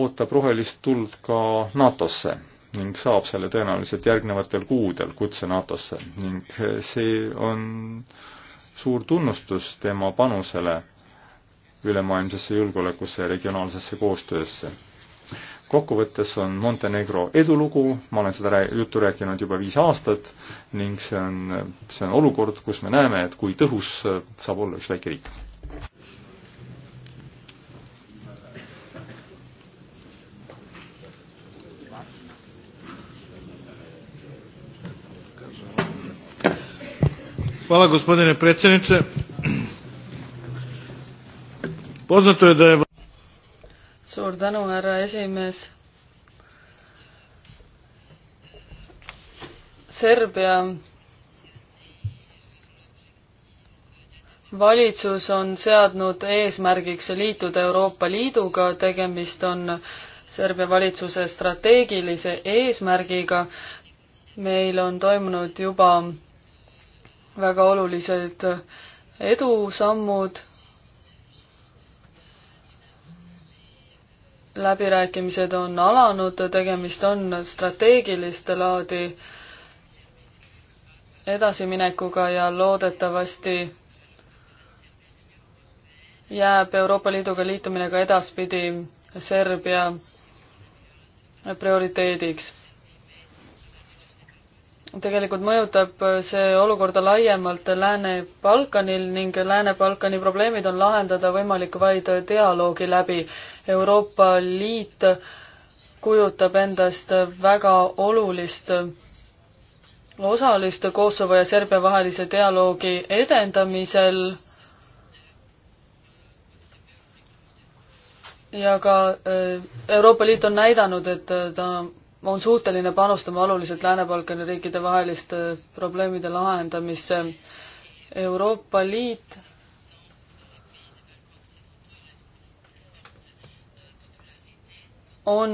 ootab rohelist tuld ka NATO-sse ning saab selle tõenäoliselt järgnevatel kuudel kutse NATO-sse ning see on suur tunnustus tema panusele ülemaailmsesse julgeolekusse ja regionaalsesse koostöösse kokkuvõttes on Montenegro edulugu, ma olen seda juttu rääkinud juba viis aastat ning see on, see on olukord, kus me näeme, et kui tõhus saab olla üks väike riik. Hvala gospodine predsjedniče. Poznato je da je suur tänu, härra esimees. Serbia valitsus on seadnud eesmärgiks liituda Euroopa Liiduga, tegemist on Serbia valitsuse strateegilise eesmärgiga. meil on toimunud juba väga olulised edusammud läbirääkimised on alanud, tegemist on strateegiliste laadi edasiminekuga ja loodetavasti jääb Euroopa Liiduga liitumine ka edaspidi Serbia prioriteediks. tegelikult mõjutab see olukorda laiemalt Lääne-Balkanil ning Lääne-Balkani probleemid on lahendada võimalik vaid dialoogi läbi. Euroopa Liit kujutab endast väga olulist osalist Kosovo ja Serbia vahelise dialoogi edendamisel ja ka äh, Euroopa Liit on näidanud, et äh, ta on suuteline panustama oluliselt Lääne-Balkani riikide vaheliste äh, probleemide lahendamisse. Euroopa Liit on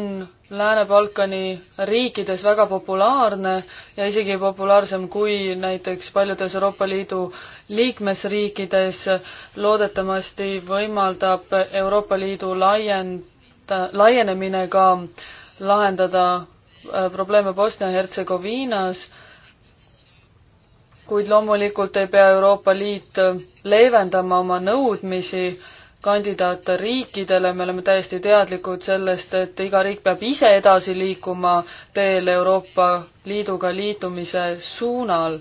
Lääne-Balkani riikides väga populaarne ja isegi populaarsem kui näiteks paljudes Euroopa Liidu liikmesriikides. loodetavasti võimaldab Euroopa Liidu laienda, laienemine ka lahendada äh, probleeme Bosnia-Hertsegoviinas, kuid loomulikult ei pea Euroopa Liit leevendama oma nõudmisi kandidaatriikidele, me oleme täiesti teadlikud sellest, et iga riik peab ise edasi liikuma teel Euroopa Liiduga liitumise suunal.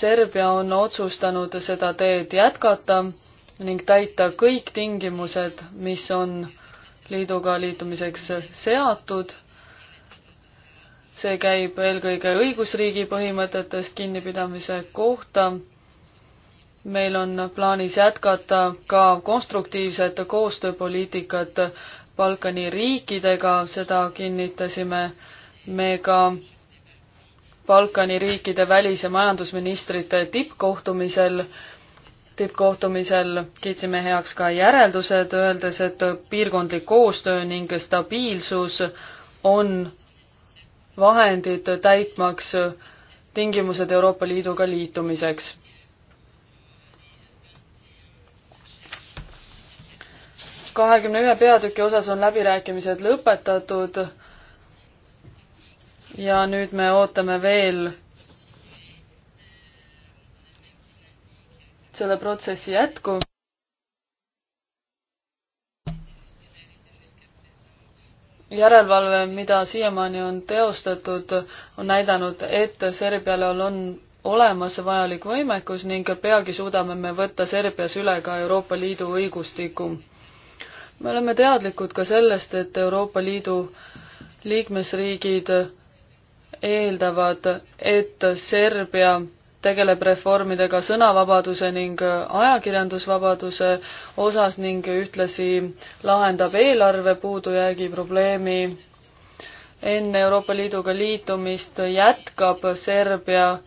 Serbia on otsustanud seda teed jätkata ning täita kõik tingimused, mis on liiduga liitumiseks seatud. see käib eelkõige õigusriigi põhimõtetest kinnipidamise kohta meil on plaanis jätkata ka konstruktiivset koostööpoliitikat Balkani riikidega, seda kinnitasime me ka Balkani riikide välis- ja majandusministrite tippkohtumisel. tippkohtumisel kiitsime heaks ka järeldused, öeldes, et piirkondlik koostöö ning stabiilsus on vahendid täitmaks tingimused Euroopa Liiduga liitumiseks kahekümne ühe peatüki osas on läbirääkimised lõpetatud ja nüüd me ootame veel selle protsessi jätku. järelevalve, mida siiamaani on teostatud, on näidanud, et Serbiale on olemas vajalik võimekus ning peagi suudame me võtta Serbias üle ka Euroopa Liidu õigustiku me oleme teadlikud ka sellest, et Euroopa Liidu liikmesriigid eeldavad, et Serbia tegeleb reformidega sõnavabaduse ning ajakirjandusvabaduse osas ning ühtlasi lahendab eelarve puudujäägi probleemi. enne Euroopa Liiduga liitumist jätkab Serbia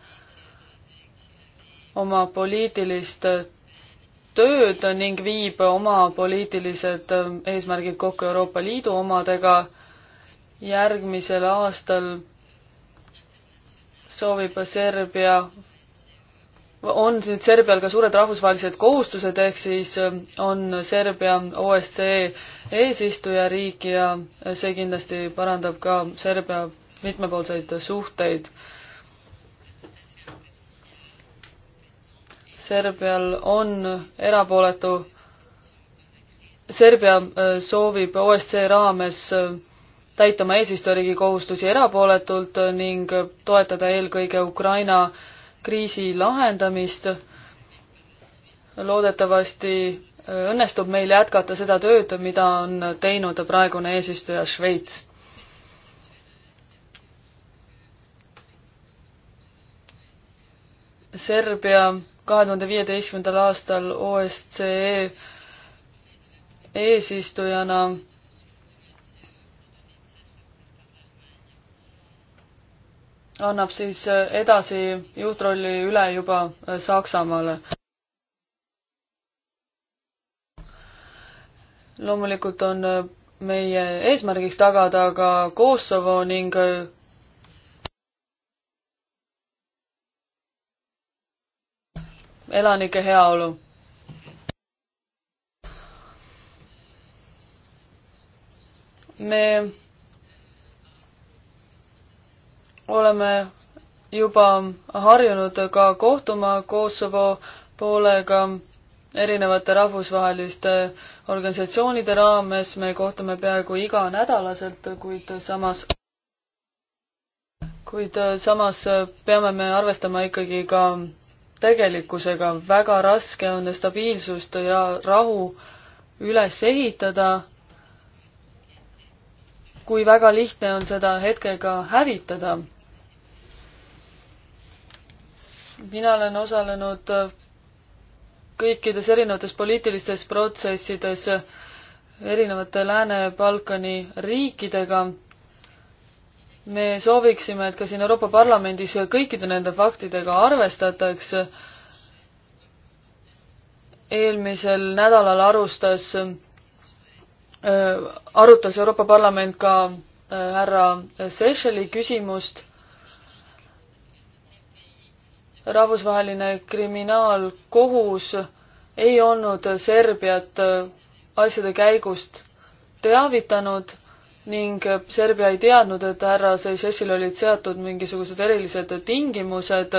oma poliitilist tööd ning viib oma poliitilised ähm, eesmärgid kokku Euroopa Liidu omadega. järgmisel aastal soovib Serbia, on nüüd Serbial ka suured rahvusvahelised kohustused, ehk siis ähm, on Serbia OSCE eesistujariik ja see kindlasti parandab ka Serbia mitmepoolseid suhteid Serbial on erapooletu, Serbia äh, soovib OSCE raames äh, täita oma eesistujariigi kohustusi erapooletult äh, ning toetada eelkõige Ukraina kriisi lahendamist. loodetavasti õnnestub meil jätkata seda tööd, mida on teinud praegune eesistuja Šveits. Serbia kahe tuhande viieteistkümnendal aastal OSCE eesistujana annab siis edasi juhtrolli üle juba Saksamaale. loomulikult on meie eesmärgiks tagada ka Kosovo ning elanike heaolu. me oleme juba harjunud ka kohtuma Kosovo poolega erinevate rahvusvaheliste organisatsioonide raames, me kohtume peaaegu iganädalaselt, kuid samas, kuid samas peame me arvestama ikkagi ka tegelikkusega, väga raske on stabiilsust ja rahu üles ehitada, kui väga lihtne on seda hetkega hävitada. mina olen osalenud kõikides erinevates poliitilistes protsessides erinevate Lääne-Balkani riikidega me sooviksime, et ka siin Euroopa Parlamendis kõikide nende faktidega arvestataks. eelmisel nädalal arustas, äh, arutas Euroopa Parlament ka äh, härra Seychell'i küsimust. rahvusvaheline kriminaalkohus ei olnud Serbiat äh, asjade käigust teavitanud ning Serbia ei teadnud, et härra Seychellesile olid seatud mingisugused erilised tingimused.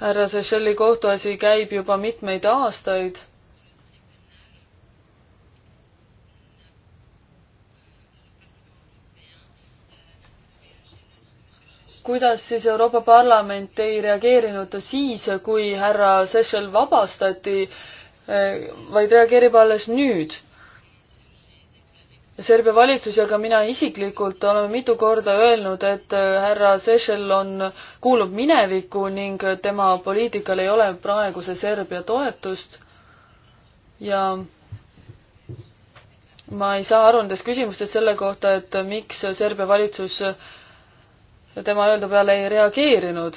härra Seychelli kohtuasi käib juba mitmeid aastaid. kuidas siis Euroopa Parlament ei reageerinud siis, kui härra Seychelles vabastati, vaid reageerib alles nüüd Serbia valitsus ja ka mina isiklikult oleme mitu korda öelnud, et äh, härra Sešel on, kuulub minevikku ning tema poliitikal ei ole praeguse Serbia toetust. ja ma ei saa aru nendest küsimustest selle kohta, et miks Serbia valitsus tema öelda peale ei reageerinud.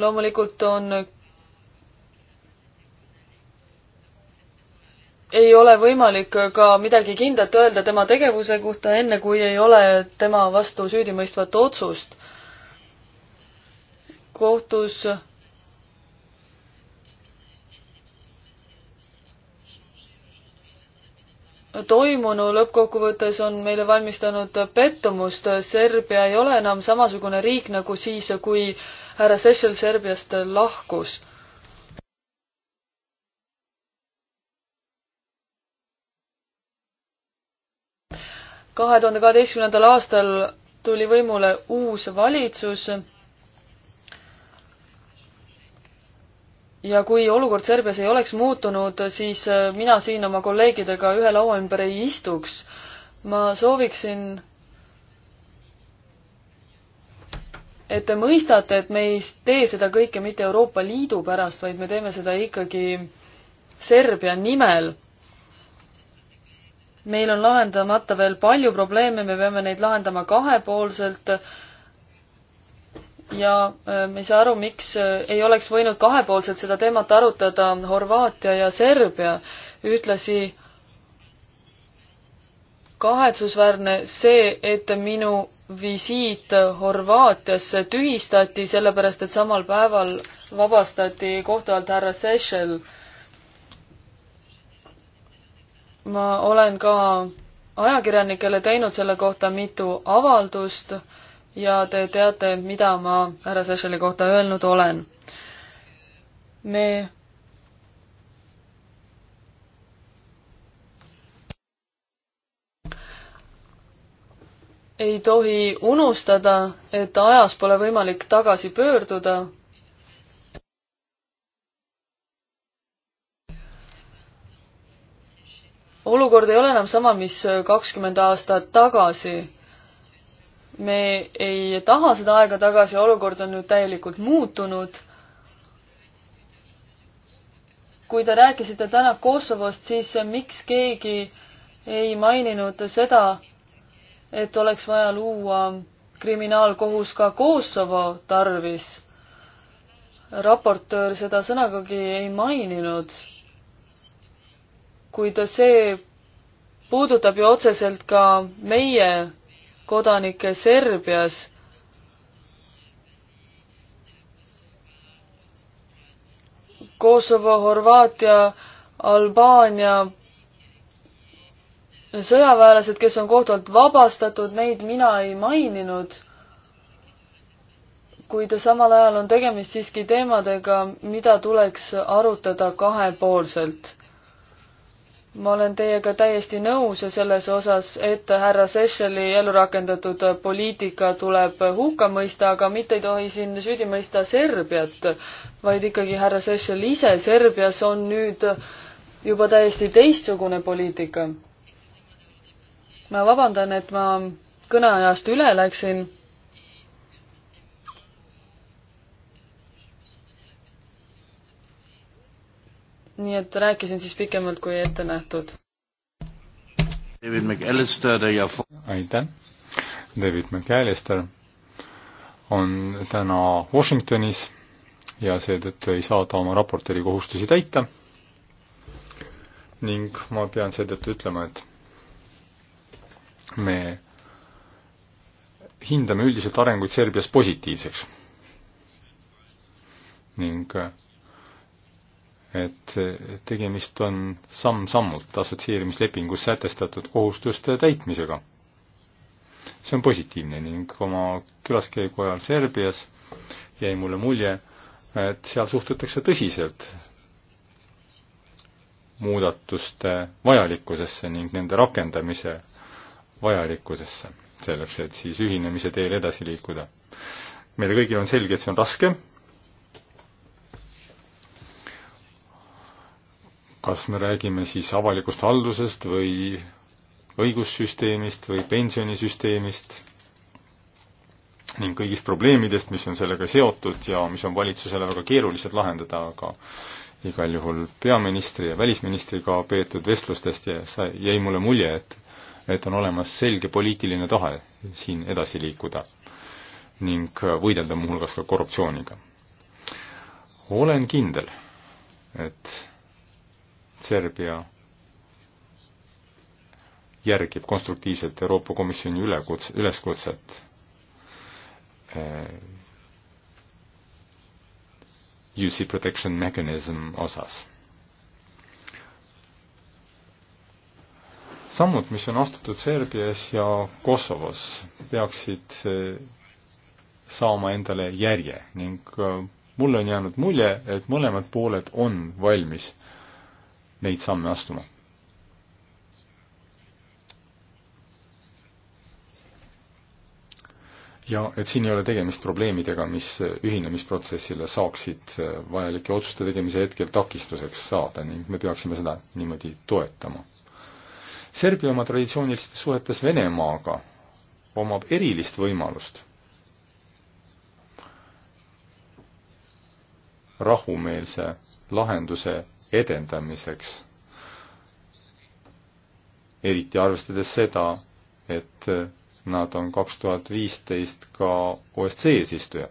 loomulikult on ei ole võimalik ka midagi kindlat öelda tema tegevuse kohta, enne kui ei ole tema vastu süüdimõistvat otsust. kohtus toimunu lõppkokkuvõttes on meile valmistanud pettumust. Serbia ei ole enam samasugune riik nagu siis, kui härra Sešel Serbiast lahkus kahe tuhande kaheteistkümnendal aastal tuli võimule uus valitsus. ja kui olukord Serbias ei oleks muutunud, siis äh, mina siin oma kolleegidega ühe laua ümber ei istuks. ma sooviksin, et te mõistate, et me ei tee seda kõike mitte Euroopa Liidu pärast, vaid me teeme seda ikkagi Serbia nimel meil on lahendamata veel palju probleeme, me peame neid lahendama kahepoolselt. ja äh, me ei saa aru, miks äh, ei oleks võinud kahepoolselt seda teemat arutada Horvaatia ja Serbia. ühtlasi kahetsusväärne see, et minu visiit Horvaatiasse tühistati, sellepärast et samal päeval vabastati kohtu alt härra Seychelles ma olen ka ajakirjanikele teinud selle kohta mitu avaldust ja te teate, mida ma härra Sešeli kohta öelnud olen. me ei tohi unustada, et ajas pole võimalik tagasi pöörduda olukord ei ole enam sama, mis äh, kakskümmend aastat tagasi. me ei taha seda aega tagasi, olukord on nüüd täielikult muutunud. kui te rääkisite täna Kosovost, siis äh, miks keegi ei maininud seda, et oleks vaja luua kriminaalkohus ka Kosovo tarvis? raportöör seda sõnagagi ei maininud kuid see puudutab ju otseselt ka meie kodanikke Serbias. Kosovo, Horvaatia, Albaania sõjaväelased, kes on kohtult vabastatud, neid mina ei maininud kuid samal ajal on tegemist siiski teemadega, mida tuleks arutada kahepoolselt ma olen teiega täiesti nõus selles osas, et härra Seychell'i elurakendatud poliitika tuleb hukka mõista, aga mitte ei tohi siin süüdi mõista Serbiat, vaid ikkagi härra Seychell ise. Serbias on nüüd juba täiesti teistsugune poliitika. ma vabandan, et ma kõneajast üle läksin nii et rääkisin siis pikemalt kui ette nähtud. David McAllister ja aitäh, David McAllister on täna Washingtonis ja seetõttu ei saa ta oma raportööri kohustusi täita. ning ma pean seetõttu ütlema, et me hindame üldiselt arenguid Serbias positiivseks. ning et tegemist on samm-sammult assotsieerimislepingus sätestatud kohustuste täitmisega. see on positiivne ning oma külaskäigu ajal Serbias jäi mulle mulje, et seal suhtutakse tõsiselt muudatuste vajalikkusesse ning nende rakendamise vajalikkusesse, selleks et siis ühinemise teel edasi liikuda. meile kõigile on selge, et see on raske kas me räägime siis avalikust haldusest või õigussüsteemist või pensionisüsteemist ning kõigist probleemidest, mis on sellega seotud ja mis on valitsusele väga keerulised lahendada, aga igal juhul peaministri ja välisministriga peetud vestlustest jäi mulle mulje, et et on olemas selge poliitiline tahe siin edasi liikuda ning võidelda muuhulgas ka korruptsiooniga. olen kindel, et Serbia järgib konstruktiivselt Euroopa Komisjoni ülekutse, üleskutset eh, UC protection mechanism osas. sammud, mis on astutud Serbias ja Kosovos, peaksid eh, saama endale järje ning eh, mulle on jäänud mulje, et mõlemad pooled on valmis äh, neid samme astuma. ja et siin ei ole tegemist probleemidega, mis ühinemisprotsessile saaksid äh, vajalike otsuste tegemise hetkel takistuseks saada ning me peaksime seda niimoodi toetama. Serbia oma traditsioonilistes suhetes Venemaaga omab erilist võimalust rahumeelse lahenduse edendamiseks. eriti arvestades seda, et nad on kaks tuhat viisteist ka OSCE eesistuja.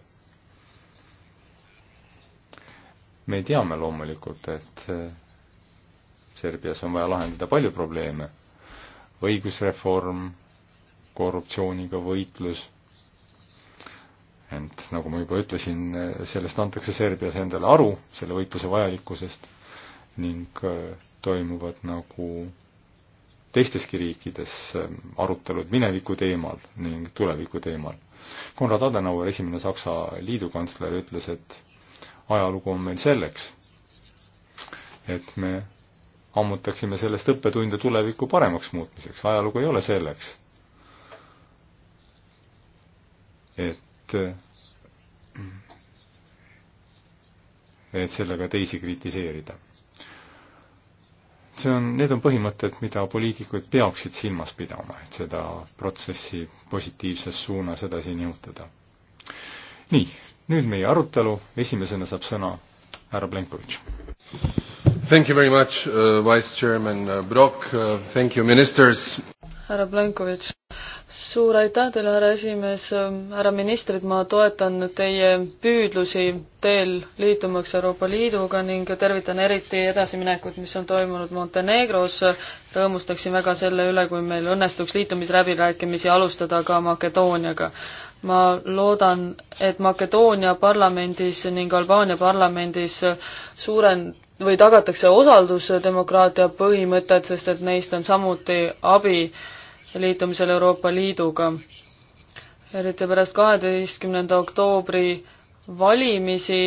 me teame loomulikult, et Serbias on vaja lahendada palju probleeme, õigusreform, korruptsiooniga võitlus ent nagu ma juba ütlesin, sellest antakse Serbias endale aru, selle võitluse vajalikkusest ning äh, toimuvad nagu teisteski riikides ähm, arutelud mineviku teemal ning tuleviku teemal. Konrad Adenauer, esimene Saksa liidukantsler, ütles, et ajalugu on meil selleks, et me ammutaksime sellest õppetunde tuleviku paremaks muutmiseks, ajalugu ei ole selleks, et äh, et sellega teisi kritiseerida see on, need on põhimõtted, mida poliitikud peaksid silmas pidama, et seda protsessi positiivses suunas edasi nihutada. nii, nüüd meie arutelu, esimesena saab sõna härra Plenkovitš. Thank you very much uh,, Vice Chairman uh, Brock uh,, thank you, ministers. härra Plenkovitš suur aitäh teile, härra esimees, härra ministrid, ma toetan teie püüdlusi teel liitumaks Euroopa Liiduga ning tervitan eriti edasiminekut, mis on toimunud Montenegros. rõõmustaksin väga selle üle, kui meil õnnestuks liitumisläbirääkimisi alustada ka Makedooniaga. ma loodan, et Makedoonia parlamendis ning Albaania parlamendis suuren- või tagatakse osaldus demokraatia põhimõtet, sest et neist on samuti abi äh, liitumisel Euroopa Liiduga. eriti pärast kaheteistkümnenda oktoobri valimisi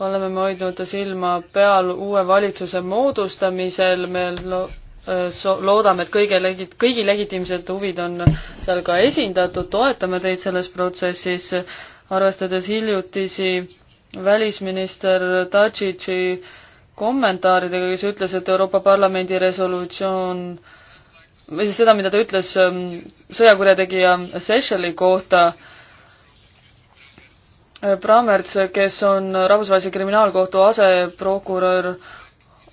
oleme me hoidnud silma peal uue valitsuse moodustamisel, me lo-, äh, loodame, et kõige legi-, kõigi legitiimsed huvid on seal ka esindatud, toetame teid selles protsessis, arvestades hiljutisi välisminister Tadžitši kommentaaridega, kes ütles, et Euroopa Parlamendi resolutsioon äh, või siis seda, mida ta ütles ähm, sõjakurjategija Seychelles'i kohta, äh, Brammerts, kes on Rahvusvahelise Kriminaalkohtu aseprokurör,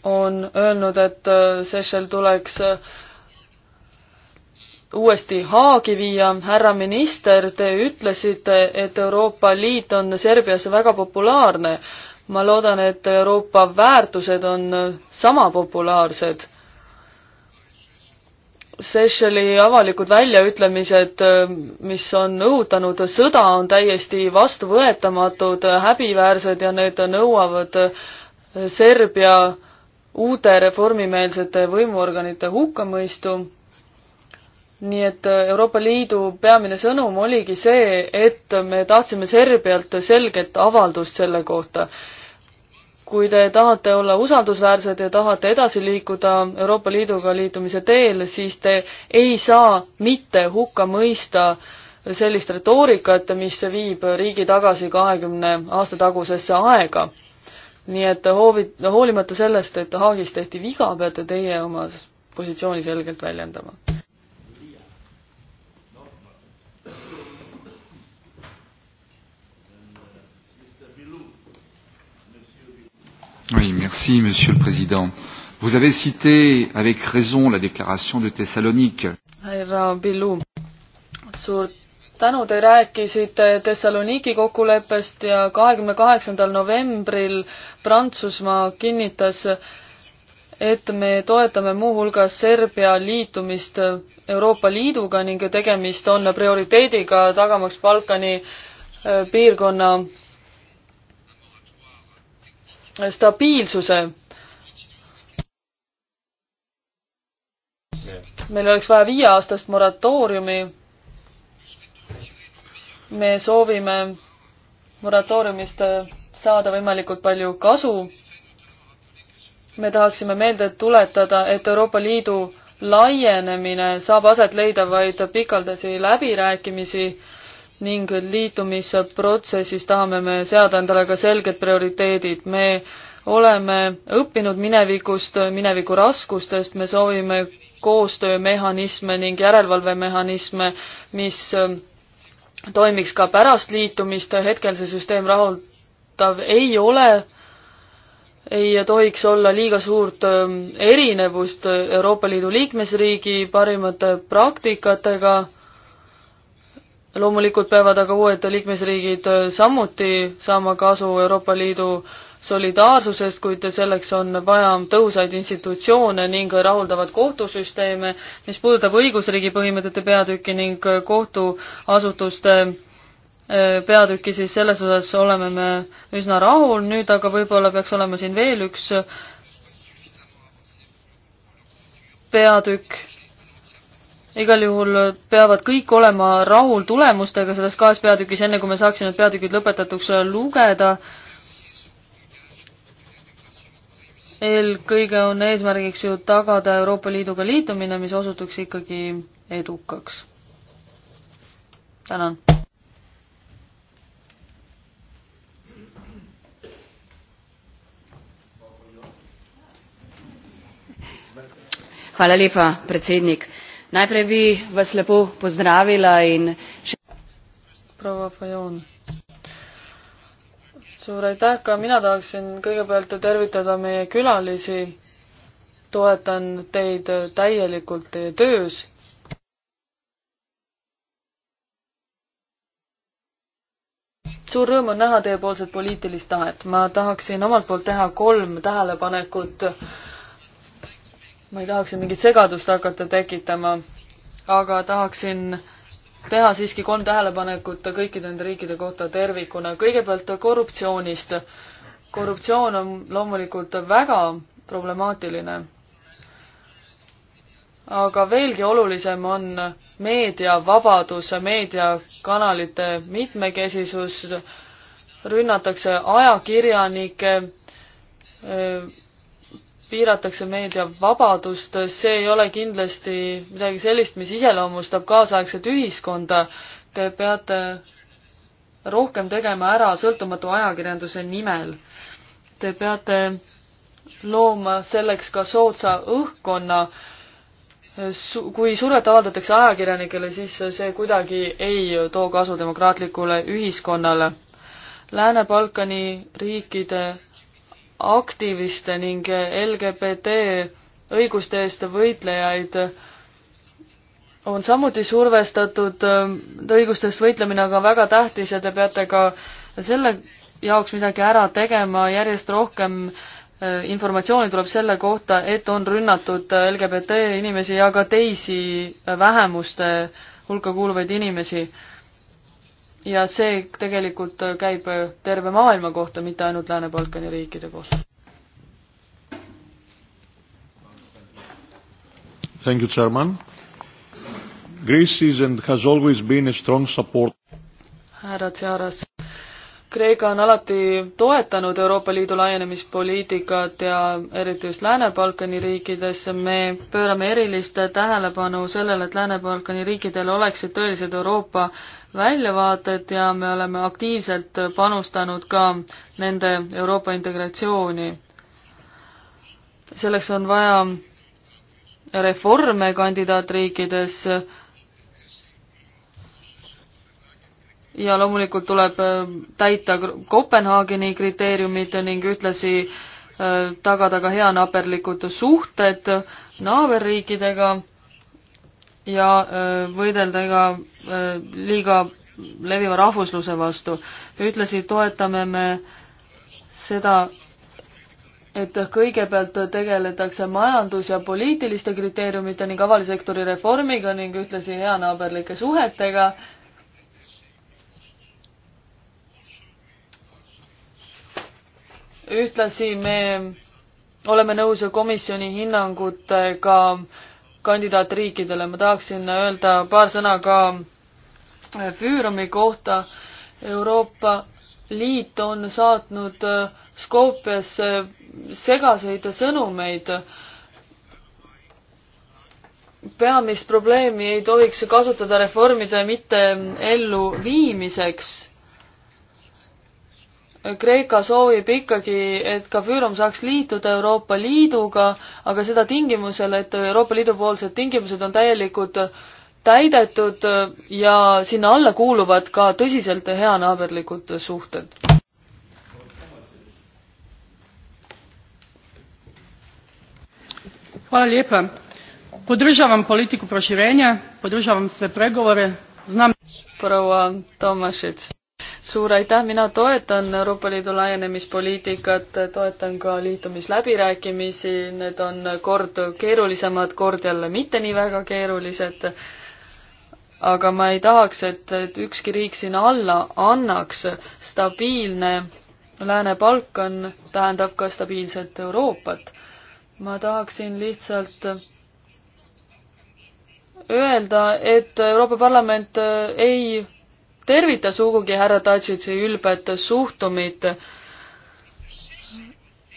on öelnud, et äh, Seychelles tuleks äh, uuesti Haagi viia. härra minister, te ütlesite, et Euroopa Liit on Serbias väga populaarne. ma loodan, et Euroopa väärtused on sama populaarsed Seychelles'i avalikud väljaütlemised, äh, mis on õhutanud sõda, on täiesti vastuvõetamatud, häbiväärsed ja need nõuavad äh, Serbia uute reformimeelsete võimuorganite hukkamõistu. nii et äh, Euroopa Liidu peamine sõnum oligi see, et me tahtsime Serbialt selget avaldust selle kohta kui te tahate olla usaldusväärsed ja tahate edasi liikuda Euroopa Liiduga liitumise teel, siis te ei saa mitte hukka mõista sellist retoorikat, mis viib riigi tagasi kahekümne aasta tagusesse aega. nii et hoovi, hoolimata sellest, et Haagis tehti viga, peate teie oma positsiooni selgelt väljendama Oui, merci, Monsieur le Président. Vous avez cité avec raison la déclaration de Thessalonique. härra Pillu, suur tänu, te rääkisite Thessaloniki kokkuleppest ja kahekümne kaheksandal novembril Prantsusmaa kinnitas, et me toetame muuhulgas Serbia liitumist Euroopa Liiduga ning tegemist on prioriteediga tagamaks Balkani äh, piirkonna stabiilsuse. meil oleks vaja viieaastast moratooriumi. me soovime moratooriumist saada võimalikult palju kasu. me tahaksime meelde tuletada, et Euroopa Liidu laienemine saab aset leida vaid pikaldasi läbirääkimisi äh, ning liitumisprotsessis tahame me seada endale ka selged prioriteedid. me oleme õppinud minevikust, mineviku raskustest, me soovime koostöömehhanisme ning järelevalvemehhanisme, mis ähm, toimiks ka pärast liitumist, hetkel see süsteem rahuldav ei ole, ei tohiks olla liiga suurt ähm, erinevust Euroopa Liidu liikmesriigi parimate praktikatega loomulikult peavad aga uued liikmesriigid äh, samuti saama kasu Euroopa Liidu solidaarsusest, kuid selleks on vaja tõhusaid institutsioone ning rahuldavat kohtusüsteeme, mis puudutab õigusriigi põhimõtete peatükki ning kohtuasutuste äh, peatükki, siis selles osas oleme me üsna rahul, nüüd aga võib-olla peaks olema siin veel üks peatükk igal juhul peavad kõik olema rahul tulemustega selles kahes peatükis, enne kui me saaksime need peatükid lõpetatuks lugeda. eelkõige on eesmärgiks ju tagada Euroopa Liiduga liitumine, mis osutuks ikkagi edukaks. tänan. Hvala lepa, predsednik najprej bi vas lepo pozdravila in še proua Fajon. suur aitäh ka mina tahaksin kõigepealt tervitada meie külalisi. toetan teid täielikult teie töös. suur rõõm on näha teiepoolset poliitilist tahet. ma tahaksin omalt poolt teha kolm tähelepanekut ma ei tahaks siin mingit segadust hakata tekitama, aga tahaksin teha siiski kolm tähelepanekut kõikide nende riikide kohta tervikuna. kõigepealt korruptsioonist. korruptsioon on loomulikult väga problemaatiline. aga veelgi olulisem on meediavabadus, meediakanalite mitmekesisus, rünnatakse ajakirjanikke, piiratakse meediavabadust, see ei ole kindlasti midagi sellist, mis iseloomustab kaasaegset ühiskonda. Te peate rohkem tegema ära sõltumatu ajakirjanduse nimel. Te peate looma selleks ka soodsa õhkkonna. kui survet avaldatakse ajakirjanikele, siis see kuidagi ei too kasu demokraatlikule ühiskonnale. Lääne-Balkani riikide aktiviste ning LGBT õiguste eest võitlejaid on samuti survestatud, äh, õigustest võitlemine on ka väga tähtis ja te peate ka selle jaoks midagi ära tegema, järjest rohkem äh, informatsiooni tuleb selle kohta, et on rünnatud äh, LGBT inimesi ja ka teisi vähemuste hulka kuuluvaid inimesi ja see tegelikult käib terve maailma kohta, mitte ainult Lääne-Balkani riikide kohta. Thank you, chairman. Greece is and has always been a strong support. härra Tsiaras Kreeka on alati toetanud Euroopa Liidu laienemispoliitikat ja eriti just Lääne-Balkani riikides me pöörame erilist tähelepanu sellele, et Lääne-Balkani riikidel oleksid tõelised Euroopa väljavaated ja me oleme aktiivselt panustanud ka nende Euroopa integratsiooni. selleks on vaja reforme kandidaatriikides ja loomulikult tuleb äh, täita Kopenhaageni kriteeriumid ning ühtlasi äh, tagada ka heanaberlikud suhted naaberriikidega ja äh, võidelda ka liiga leviva rahvusluse vastu. ühtlasi toetame me seda, et kõigepealt tegeletakse majandus- ja poliitiliste kriteeriumite ning avalisektori reformiga ning ühtlasi heanaaberlike suhetega ühtlasi me oleme nõus komisjoni hinnangutega kandidaatriikidele, ma tahaksin öelda paar sõna ka Füürumi kohta. Euroopa Liit on saatnud Skopjasse segaseid sõnumeid. peamist probleemi ei tohiks kasutada reformide mitte elluviimiseks Kreeka soovib ikkagi, et ka Füürom saaks liituda Euroopa Liiduga, aga seda tingimusel, et Euroopa Liidu poolsed tingimused on täielikud täidetud ja sinna alla kuuluvad ka tõsiselt heanaaberlikud suhted. Hvala lijepa. Podržavam politiku proširenja, podržavam sve pregovore, znam... Prvo, Tomašić suur aitäh, mina toetan Euroopa Liidu laienemispoliitikat, toetan ka liitumisläbirääkimisi, need on kord keerulisemad, kord jälle mitte nii väga keerulised. aga ma ei tahaks, et, et ükski riik sinna alla annaks, stabiilne Lääne-Balkan tähendab ka stabiilset Euroopat. ma tahaksin lihtsalt öelda, et Euroopa Parlament ei tervita sugugi härra Tadžitsi ülbet suhtumit.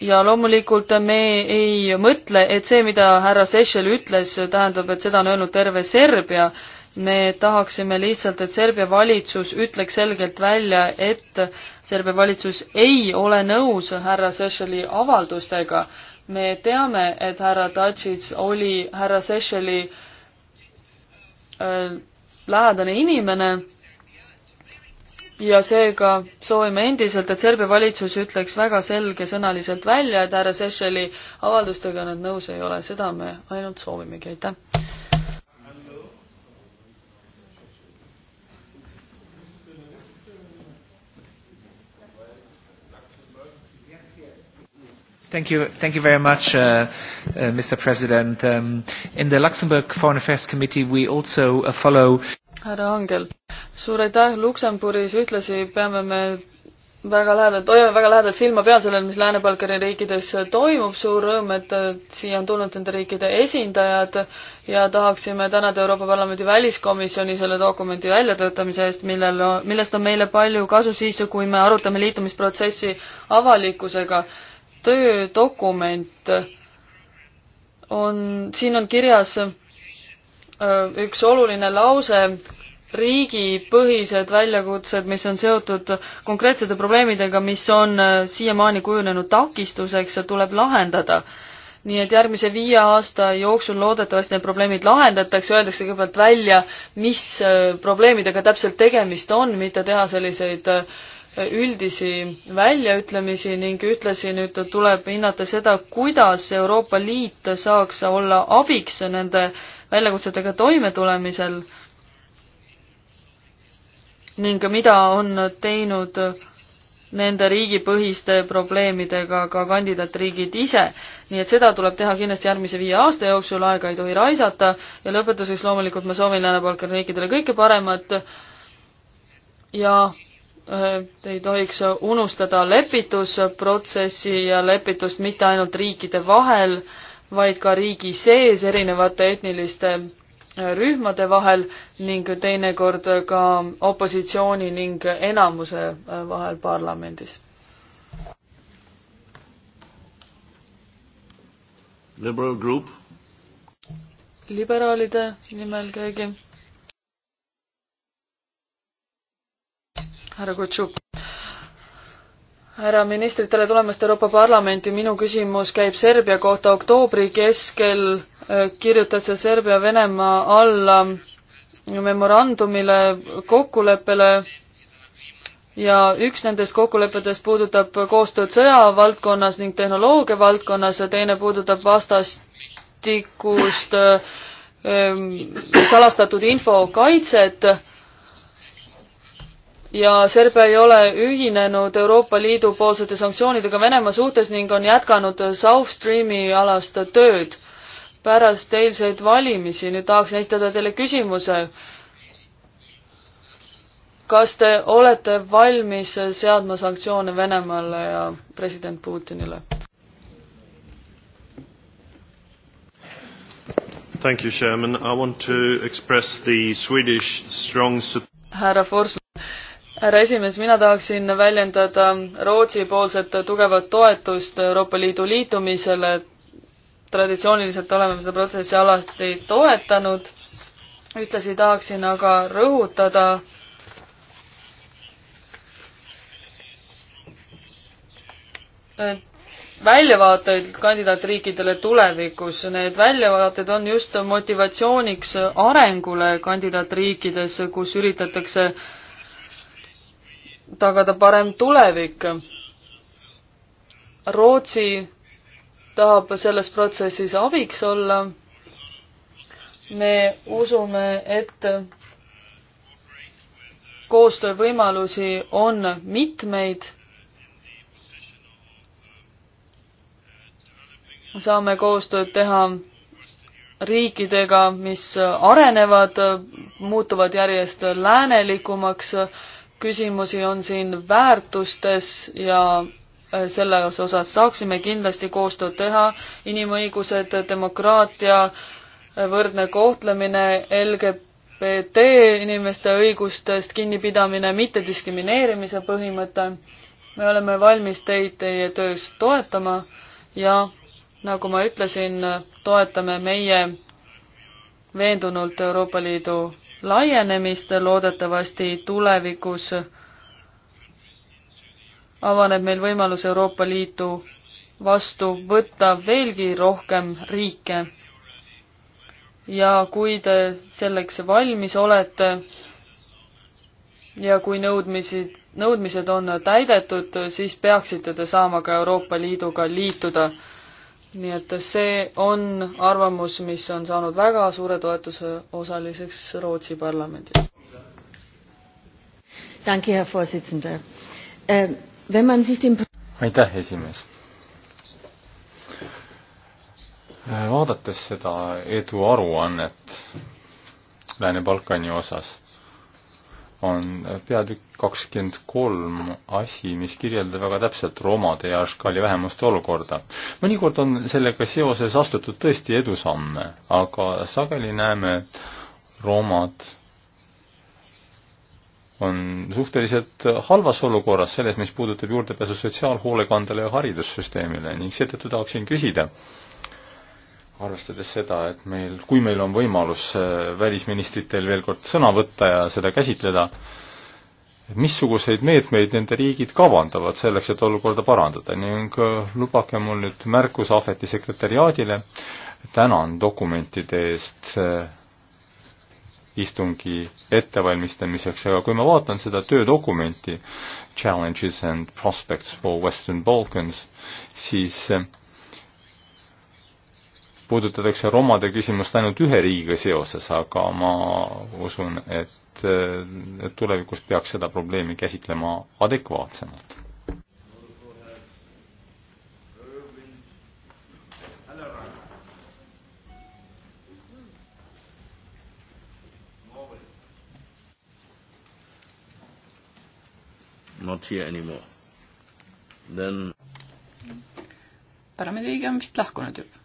ja loomulikult me ei mõtle, et see, mida härra Seychelles ütles, tähendab, et seda on öelnud terve Serbia. me tahaksime lihtsalt, et Serbia valitsus ütleks selgelt välja, et Serbia valitsus ei ole nõus härra Seychelles'i avaldustega. me teame, et härra Tadžits oli härra Seychelles'i äh, lähedane inimene ja seega soovime endiselt, et Serbia valitsus ütleks väga selgesõnaliselt välja, et härra Sešeli avaldustega nad nõus ei ole, seda me ainult soovimegi, aitäh. Thank you, thank you very much, uh, uh, Mr. President. Um, in the Luxembourg Foreign Affairs Committee, we also uh, follow härra Angel. suur aitäh, Luksemburgis ühtlasi peame me väga lähedalt, hoiame väga lähedalt silma peal sellel, mis Lääne-Balkani riikides toimub, suur rõõm, et siia on tulnud nende riikide esindajad ja tahaksime tänada Euroopa Parlamendi väliskomisjoni selle dokumendi väljatöötamise eest, millel, millest on meile palju kasu siis, kui me arutame liitumisprotsessi avalikkusega. töödokument on, siin on kirjas üks oluline lause riigipõhised väljakutsed, mis on seotud konkreetsete probleemidega, mis on äh, siiamaani kujunenud takistuseks ja tuleb lahendada. nii et järgmise viie aasta jooksul loodetavasti need probleemid lahendatakse, öeldakse kõigepealt välja, mis äh, probleemidega täpselt tegemist on, mitte teha selliseid äh, üldisi väljaütlemisi ning ühtlasi nüüd tuleb hinnata seda, kuidas Euroopa Liit saaks olla abiks nende väljakutsetega toimetulemisel ning mida on teinud nende riigipõhiste probleemidega ka kandidaatriigid ise. nii et seda tuleb teha kindlasti järgmise viie aasta jooksul, aega ei tohi raisata ja lõpetuseks loomulikult ma soovin Lääne-Balkani riikidele kõike paremat ja äh, ei tohiks unustada lepitusprotsessi ja lepitust mitte ainult riikide vahel, vaid ka riigi sees erinevate etniliste rühmade vahel ning teinekord ka opositsiooni ning enamuse äh, vahel parlamendis. Liberal group. liberaalide nimel keegi? härra Kutšuk härra minister, tere tulemast Euroopa Parlamenti, minu küsimus käib Serbia kohta. oktoobri keskel äh, kirjutas Serbia Venemaa alla memorandumile, kokkuleppele ja üks nendest kokkulepetest puudutab koostööd sõjavaldkonnas ning tehnoloogia valdkonnas ja teine puudutab vastastikust äh, ähm, salastatud info kaitset ja Serbia ei ole ühinenud Euroopa Liidu poolsete sanktsioonidega Venemaa suhtes ning on jätkanud South Streami alast tööd. pärast eilseid valimisi nüüd tahaksin esitada teile küsimuse. kas te olete valmis seadma sanktsioone Venemaale ja president Putinile? Thank you, Chairman. I want to express the Swedish strong support härra Forsman, härra esimees, mina tahaksin väljendada Rootsi-poolset tugevat toetust Euroopa Liidu liitumisele. traditsiooniliselt oleme seda protsessi alati toetanud. ühtlasi tahaksin aga rõhutada väljavaateid kandidaatriikidele tulevikus, need väljavaated on just motivatsiooniks arengule kandidaatriikides, kus üritatakse tagada parem tulevik. Rootsi tahab selles protsessis abiks olla. me usume, et koostöövõimalusi on mitmeid. saame koostööd teha riikidega, mis arenevad, muutuvad järjest läänelikumaks küsimusi on siin väärtustes ja äh, selles osas saaksime kindlasti koostööd teha, inimõigused, demokraatia, äh, võrdne kohtlemine, LGBT inimeste õigustest kinnipidamine, mittediskrimineerimise põhimõte. me oleme valmis teid teie töös toetama ja nagu ma ütlesin, toetame meie veendunult Euroopa Liidu laienemist, loodetavasti tulevikus avaneb meil võimalus Euroopa Liitu vastu võtta veelgi rohkem riike. ja kui te selleks valmis olete ja kui nõudmised, nõudmised on täidetud, siis peaksite te saama ka Euroopa Liiduga liituda nii et see on arvamus, mis on saanud väga suure toetuse osaliseks Rootsi parlamendis. Ähm, aitäh, esimees. Äh, vaadates seda eduaruannet Lääne-Balkani osas on peatükk kakskümmend kolm asi, mis kirjeldab väga täpselt romade ja škaali vähemuste olukorda. mõnikord on sellega seoses astutud tõesti edusamme, aga sageli näeme, et romad on suhteliselt halvas olukorras selles, mis puudutab juurdepääsu sotsiaalhoolekandele ja haridussüsteemile ning seetõttu tahaksin küsida äh, arvestades seda, et meil, kui meil on võimalus äh, välisministritel veel kord sõna võtta ja seda käsitleda, missuguseid meetmeid nende riigid kavandavad selleks, et olukorda parandada ning äh, lubage mul nüüd märkus Ahveti sekretäriaadile, tänan dokumentide eest äh, istungi ettevalmistamiseks, aga kui ma vaatan seda töödokumenti Challenges and Prospects for Western Balkans, siis puudutatakse romade küsimust ainult ühe riigiga seoses, aga ma usun, et, et tulevikus peaks seda probleemi käsitlema adekvaatsemalt. Not here anymore. Then parlamendiliige on vist lahkunud juba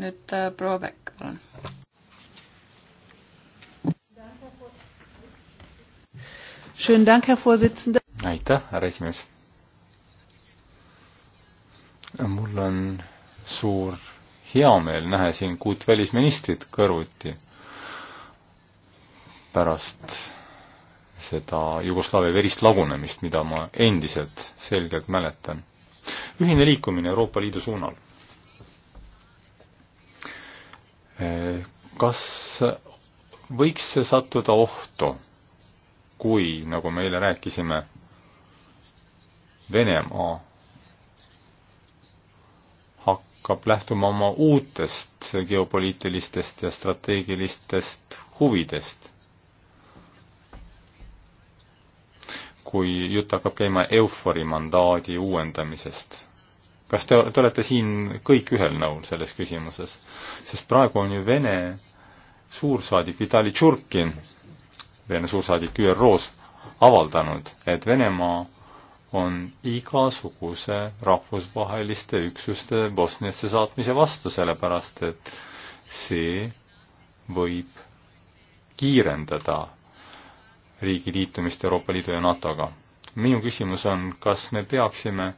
nüüd äh, proua Pekk, palun. aitäh, härra esimees. mul on suur heameel näha siin kuut välisministrit kõrvuti pärast seda Jugoslaavia verist lagunemist, mida ma endiselt selgelt mäletan. ühine liikumine Euroopa Liidu suunal kas võiks see sattuda ohtu, kui, nagu me eile rääkisime, Venemaa hakkab lähtuma oma uutest geopoliitilistest ja strateegilistest huvidest. kui jutt hakkab käima EUFOR-i mandaadi uuendamisest kas te, te olete siin kõik ühel nõul selles küsimuses? sest praegu on ju Vene suursaadik Vitali Tšurkin, Vene suursaadik ÜRO-s, avaldanud, et Venemaa on igasuguse rahvusvaheliste üksuste Bosniasse saatmise vastu, sellepärast et see võib kiirendada riigi liitumist Euroopa Liidu ja NATO-ga. minu küsimus on, kas me peaksime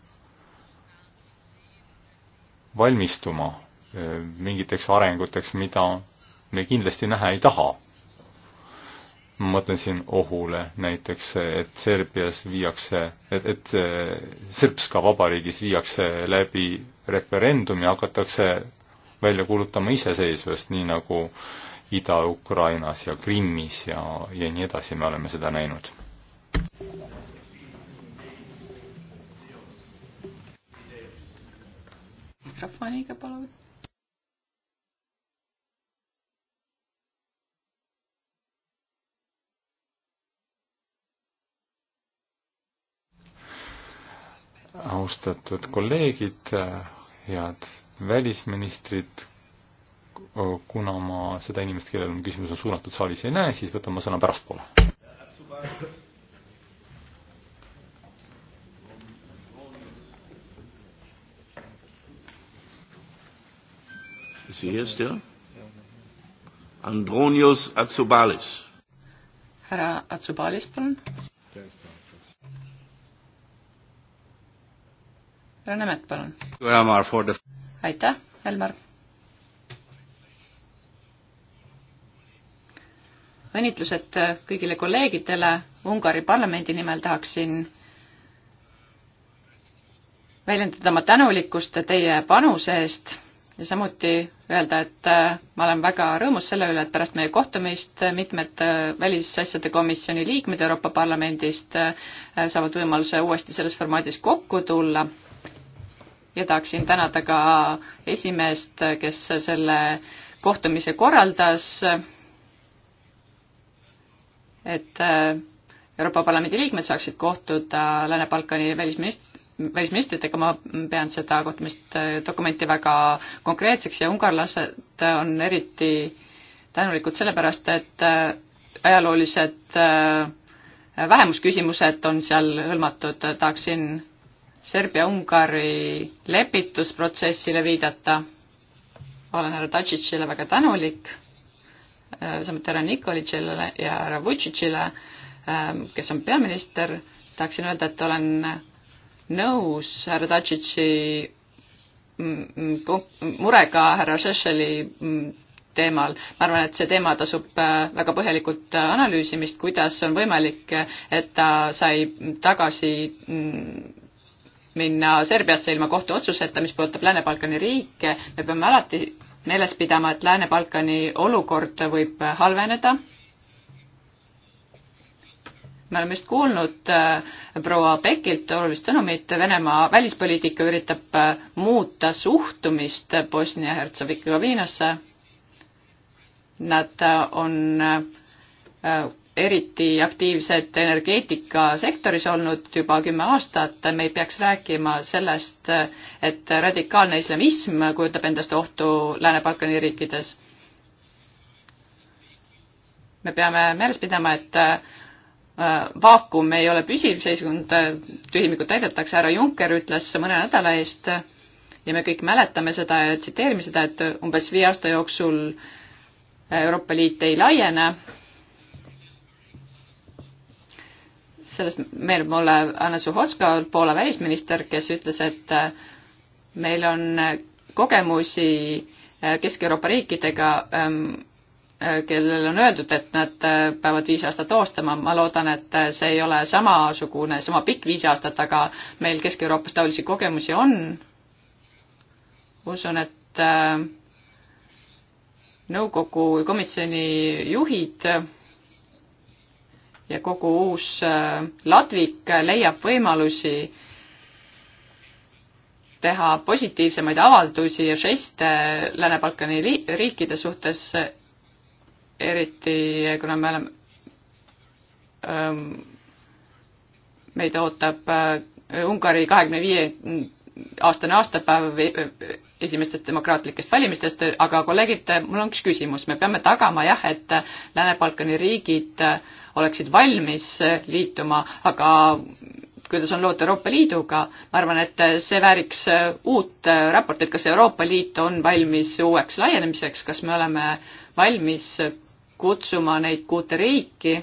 valmistuma eh, mingiteks arenguteks, mida me kindlasti näha ei taha. ma mõtlen siin ohule näiteks, et Serbias viiakse, et, et eh, Srpska vabariigis viiakse läbi referendum ja hakatakse välja kuulutama iseseisvust, nii nagu Ida-Ukrainas ja Krimmis ja, ja nii edasi, me oleme seda näinud mikrofoniga, palun. austatud kolleegid, head välisministrid, kuna ma seda inimest, kellel on küsimus, on suunatud saalis ei näe, siis võtan ma sõna pärastpoole. Is he here still? Andronius Atsubalis. härra Atsubalis, palun. härra Nemet, palun. aitäh, Elmar. õnnitlused kõigile kolleegidele Ungari parlamendi nimel tahaksin väljendada oma tänulikkust teie panuse eest ja samuti öelda, et äh, ma olen väga rõõmus selle üle, et pärast meie kohtumist mitmed äh, välisasjade komisjoni liikmed Euroopa Parlamendist äh, saavad võimaluse uuesti selles formaadis kokku tulla. ja tahaksin tänada ka esimeest, kes selle kohtumise korraldas, et Euroopa Parlamendi liikmed saaksid kohtuda Lääne-Balkani välisminist-, välisministritega, ma pean seda kohtumist, äh, dokumenti väga konkreetseks ja ungarlased äh, on eriti tänulikud sellepärast, et äh, ajaloolised vähemusküsimused on seal hõlmatud, tahaksin Serbia-Ungari lepitusprotsessile viidata, olen härra Tadžitšile väga tänulik, samuti härra Nikolitšile ja härra Vutšitšile, kes on peaminister, tahaksin öelda, et olen nõus härra Tadžitši mm, mm, murega härra Šešeli mm, teemal. ma arvan, et see teema tasub äh, väga põhjalikult äh, analüüsimist, kuidas on võimalik, äh, et ta sai tagasi minna Serbiasse ilma kohtuotsuseta, mis puudutab Lääne-Balkani riike, me peame alati meeles pidama, et Lääne-Balkani olukord võib halveneda me oleme just kuulnud äh, proua Pekilt olulist sõnumit, Venemaa välispoliitika üritab äh, muuta suhtumist Bosnia-Hertsegoviinasse. Nad äh, on eriti aktiivsed energeetikasektoris olnud juba kümme aastat, me ei peaks rääkima sellest, et radikaalne islamism kujutab endast ohtu Lääne-Balkani riikides. me peame meeles pidama, et Äh, vaakum ei ole püsiv seisund, äh, tühimikut täidetakse, härra Juncker ütles mõne nädala eest äh, ja me kõik mäletame seda ja tsiteerime seda, et umbes viie aasta jooksul Euroopa Liit ei laiene. sellest meenub mulle Anna Suhotska, Poola välisminister, kes ütles, et meil on kogemusi Kesk-Euroopa riikidega ähm, kellele on öeldud, et nad äh, peavad viis aastat ootama, ma loodan, et äh, see ei ole samasugune, sama pikk viis aastat, aga meil Kesk-Euroopas taolisi kogemusi on. usun, et äh, nõukogu komisjoni juhid ja kogu uus ladvik leiab võimalusi teha positiivsemaid avaldusi ja žeste Lääne-Balkani riikide suhtes eriti kuna me oleme ähm,, meid ootab äh, Ungari kahekümne viie aastane aastapäev esimestest demokraatlikest valimistest, aga kolleegid, mul on üks küsimus, me peame tagama jah, et Lääne-Balkani riigid oleksid valmis liituma, aga kuidas on lood Euroopa Liiduga, ma arvan, et see vääriks uut raportit, kas Euroopa Liit on valmis uueks laienemiseks, kas me oleme valmis kutsuma neid kuute riiki.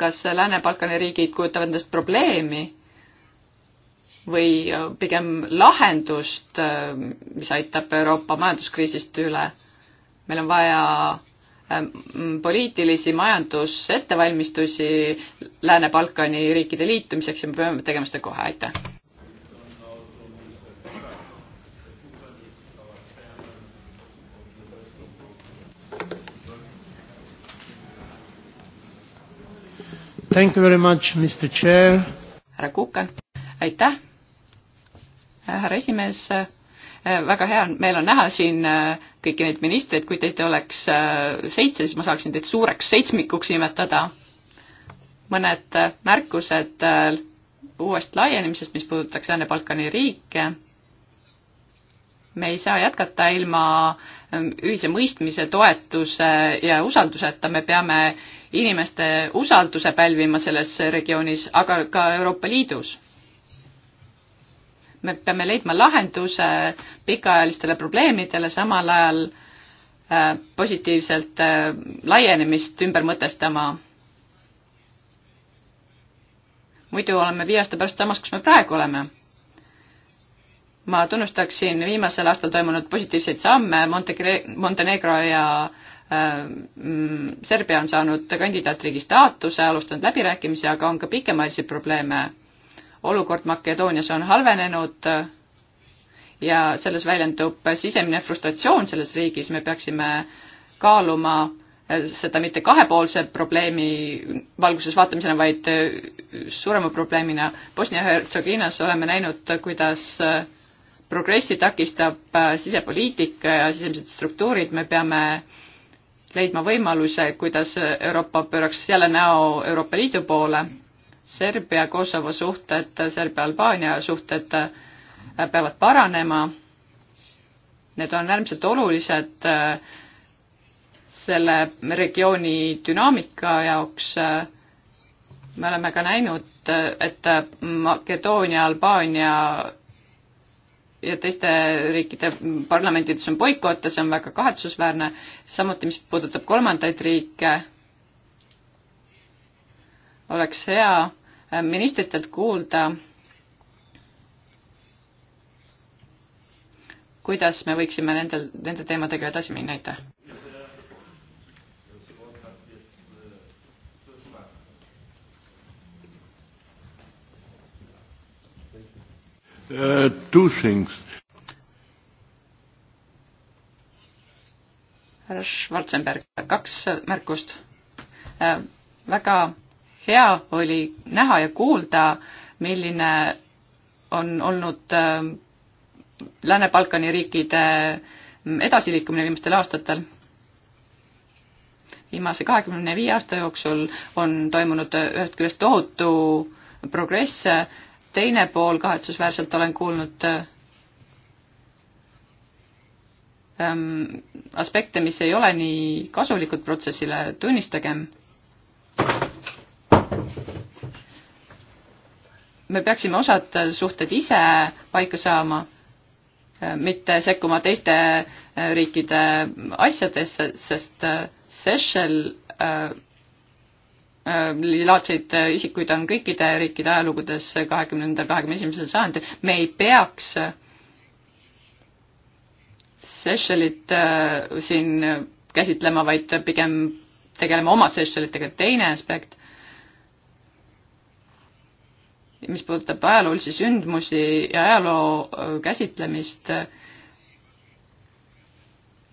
kas Lääne-Balkani riigid kujutavad endast probleemi või äh, pigem lahendust, äh, mis aitab Euroopa majanduskriisist üle? meil on vaja äh, poliitilisi majandusettevalmistusi Lääne-Balkani riikide liitumiseks ja me peame tegema seda kohe, aitäh! Thank you very much, Mr Chair. härra Kuukan, aitäh. härra esimees, väga hea on, meil on näha siin äh, kõiki neid ministreid, kui teid oleks äh, seitse, siis ma saaksin teid suureks seitsmikuks nimetada. mõned äh, märkused uuest laienemisest, mis puudutaks Lääne-Balkani riike me ei saa jätkata ilma ühise mõistmise, toetuse ja usalduseta, me peame inimeste usalduse pälvima selles regioonis, aga ka Euroopa Liidus. me peame leidma lahenduse pikaajalistele probleemidele, samal ajal äh, positiivselt äh, laienemist ümber mõtestama. muidu oleme viie aasta pärast samas, kus me praegu oleme ma tunnustaksin viimasel aastal toimunud positiivseid samme Monte-, Montenegro ja Ähm, mm, Serbia on saanud kandidaatriigi staatuse, alustanud läbirääkimisi, aga on ka pikemaajalisi probleeme. olukord Makedoonias on halvenenud ja selles väljendub sisemine frustratsioon selles riigis, me peaksime kaaluma äh, seda mitte kahepoolse probleemi valguses vaatamisena, vaid äh, suurema probleemina. Bosnia-Hertsegiinas oleme näinud, kuidas äh, progressi takistab sisepoliitika ja sisemised struktuurid, me peame leidma võimaluse, kuidas Euroopa pööraks jälle näo Euroopa Liidu poole. Serbia, Kosovo suhted, Serbia-Albaania suhted äh, peavad paranema. Need on äärmiselt olulised äh, selle regiooni dünaamika jaoks. Äh, me oleme ka näinud, et Makedoonia, Albaania ja teiste riikide parlamendides on boikoot ja see on väga kahetsusväärne, samuti mis puudutab kolmandaid riike, oleks hea äh, ministritelt kuulda, kuidas me võiksime nendel, nende teemadega edasi minna, aitäh! uh, two things. härra Schwarzenberg, kaks märkust äh,. väga hea oli näha ja kuulda, milline on olnud äh, Lääne-Balkani riikide um, edasiliikumine viimastel aastatel. viimase kahekümne viie aasta jooksul on toimunud ühest küljest tohutu progress teine pool, kahetsusväärselt olen kuulnud ähm, aspekte, mis ei ole nii kasulikud protsessile, tunnistagem. me peaksime osad suhted ise paika saama, äh, mitte sekkuma teiste äh, riikide asjadesse, sest äh, Seychelles äh, laadseid isikuid on kõikide riikide ajalugudes kahekümnendal, kahekümne esimesel sajandil, me ei peaks Seychellit äh, siin käsitlema, vaid pigem tegelema oma Seychellitega, teine aspekt, mis puudutab ajaloolisi sündmusi ja ajaloo äh, käsitlemist,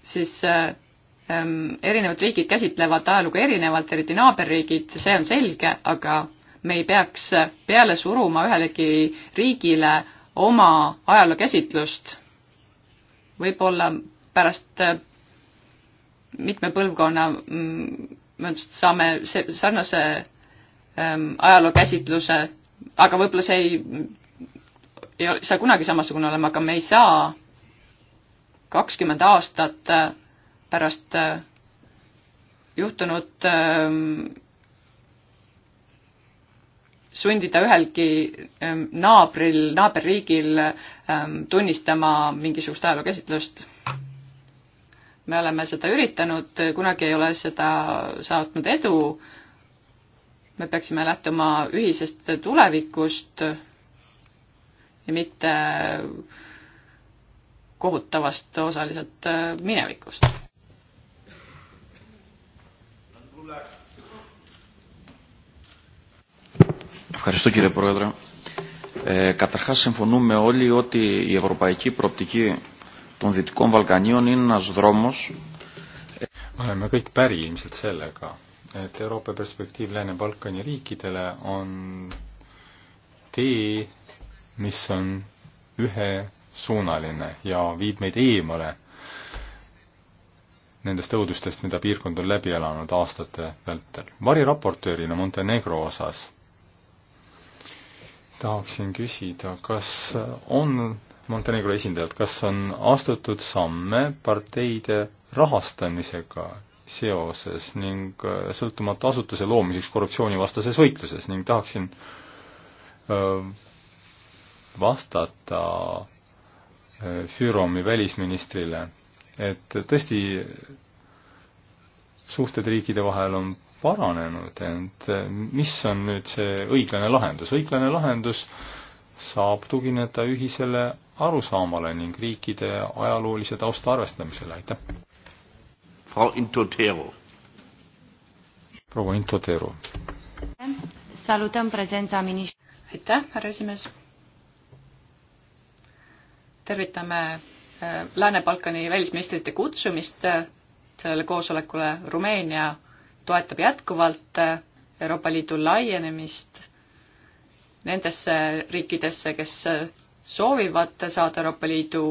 siis äh, Ehm, erinevad riigid käsitlevad ajalugu erinevalt, eriti naaberriigid, see on selge, aga me ei peaks peale suruma ühelegi riigile oma ajalookäsitlust. võib-olla pärast eh, mitme põlvkonna mm, saame sarnase ehm, ajalookäsitluse, aga võib-olla see ei, ei saa kunagi samasugune olema, aga me ei saa kakskümmend aastat eh, pärast äh, juhtunut ähm, sundida ühelgi ähm, naabril, naaberriigil ähm, tunnistama mingisugust ajalookäsitlust. me oleme seda üritanud, kunagi ei ole seda saatnud edu. me peaksime lähtuma ühisest tulevikust ja mitte kohutavast osaliselt äh, minevikust. Ευχαριστώ κύριε Πρόεδρε. Ε, καταρχάς συμφωνούμε όλοι ότι η ευρωπαϊκή προοπτική των Δυτικών Βαλκανίων είναι ένας δρόμος. Me oleme kõik päri ilmselt sellega, et Euroopa perspektiiv Lääne-Balkani riikidele on tee, mis on ühesuunaline ja viib meid eemale nendest õudustest, mida piirkond on läbi elanud aastate vältel. variraportöörina Montenegro osas tahaksin küsida, kas on Montenegro esindajalt, kas on astutud samme parteide rahastamisega seoses ning äh, sõltumatu asutuse loomiseks korruptsioonivastases võitluses ning tahaksin äh, vastata äh, Füromi välisministrile, et tõesti suhted riikide vahel on paranenud, ent eh, mis on nüüd see õiglane lahendus? õiglane lahendus saab tugineda ühisele arusaamale ning riikide ajaloolise tausta arvestamisele, aitäh. Frau Intotero. proua Intotero. aitäh, härra esimees. tervitame eh, Lääne-Balkani välisministrite kutsumist eh, sellele koosolekule Rumeenia toetab jätkuvalt äh, Euroopa Liidu laienemist nendesse riikidesse, kes äh, soovivad saada Euroopa Liidu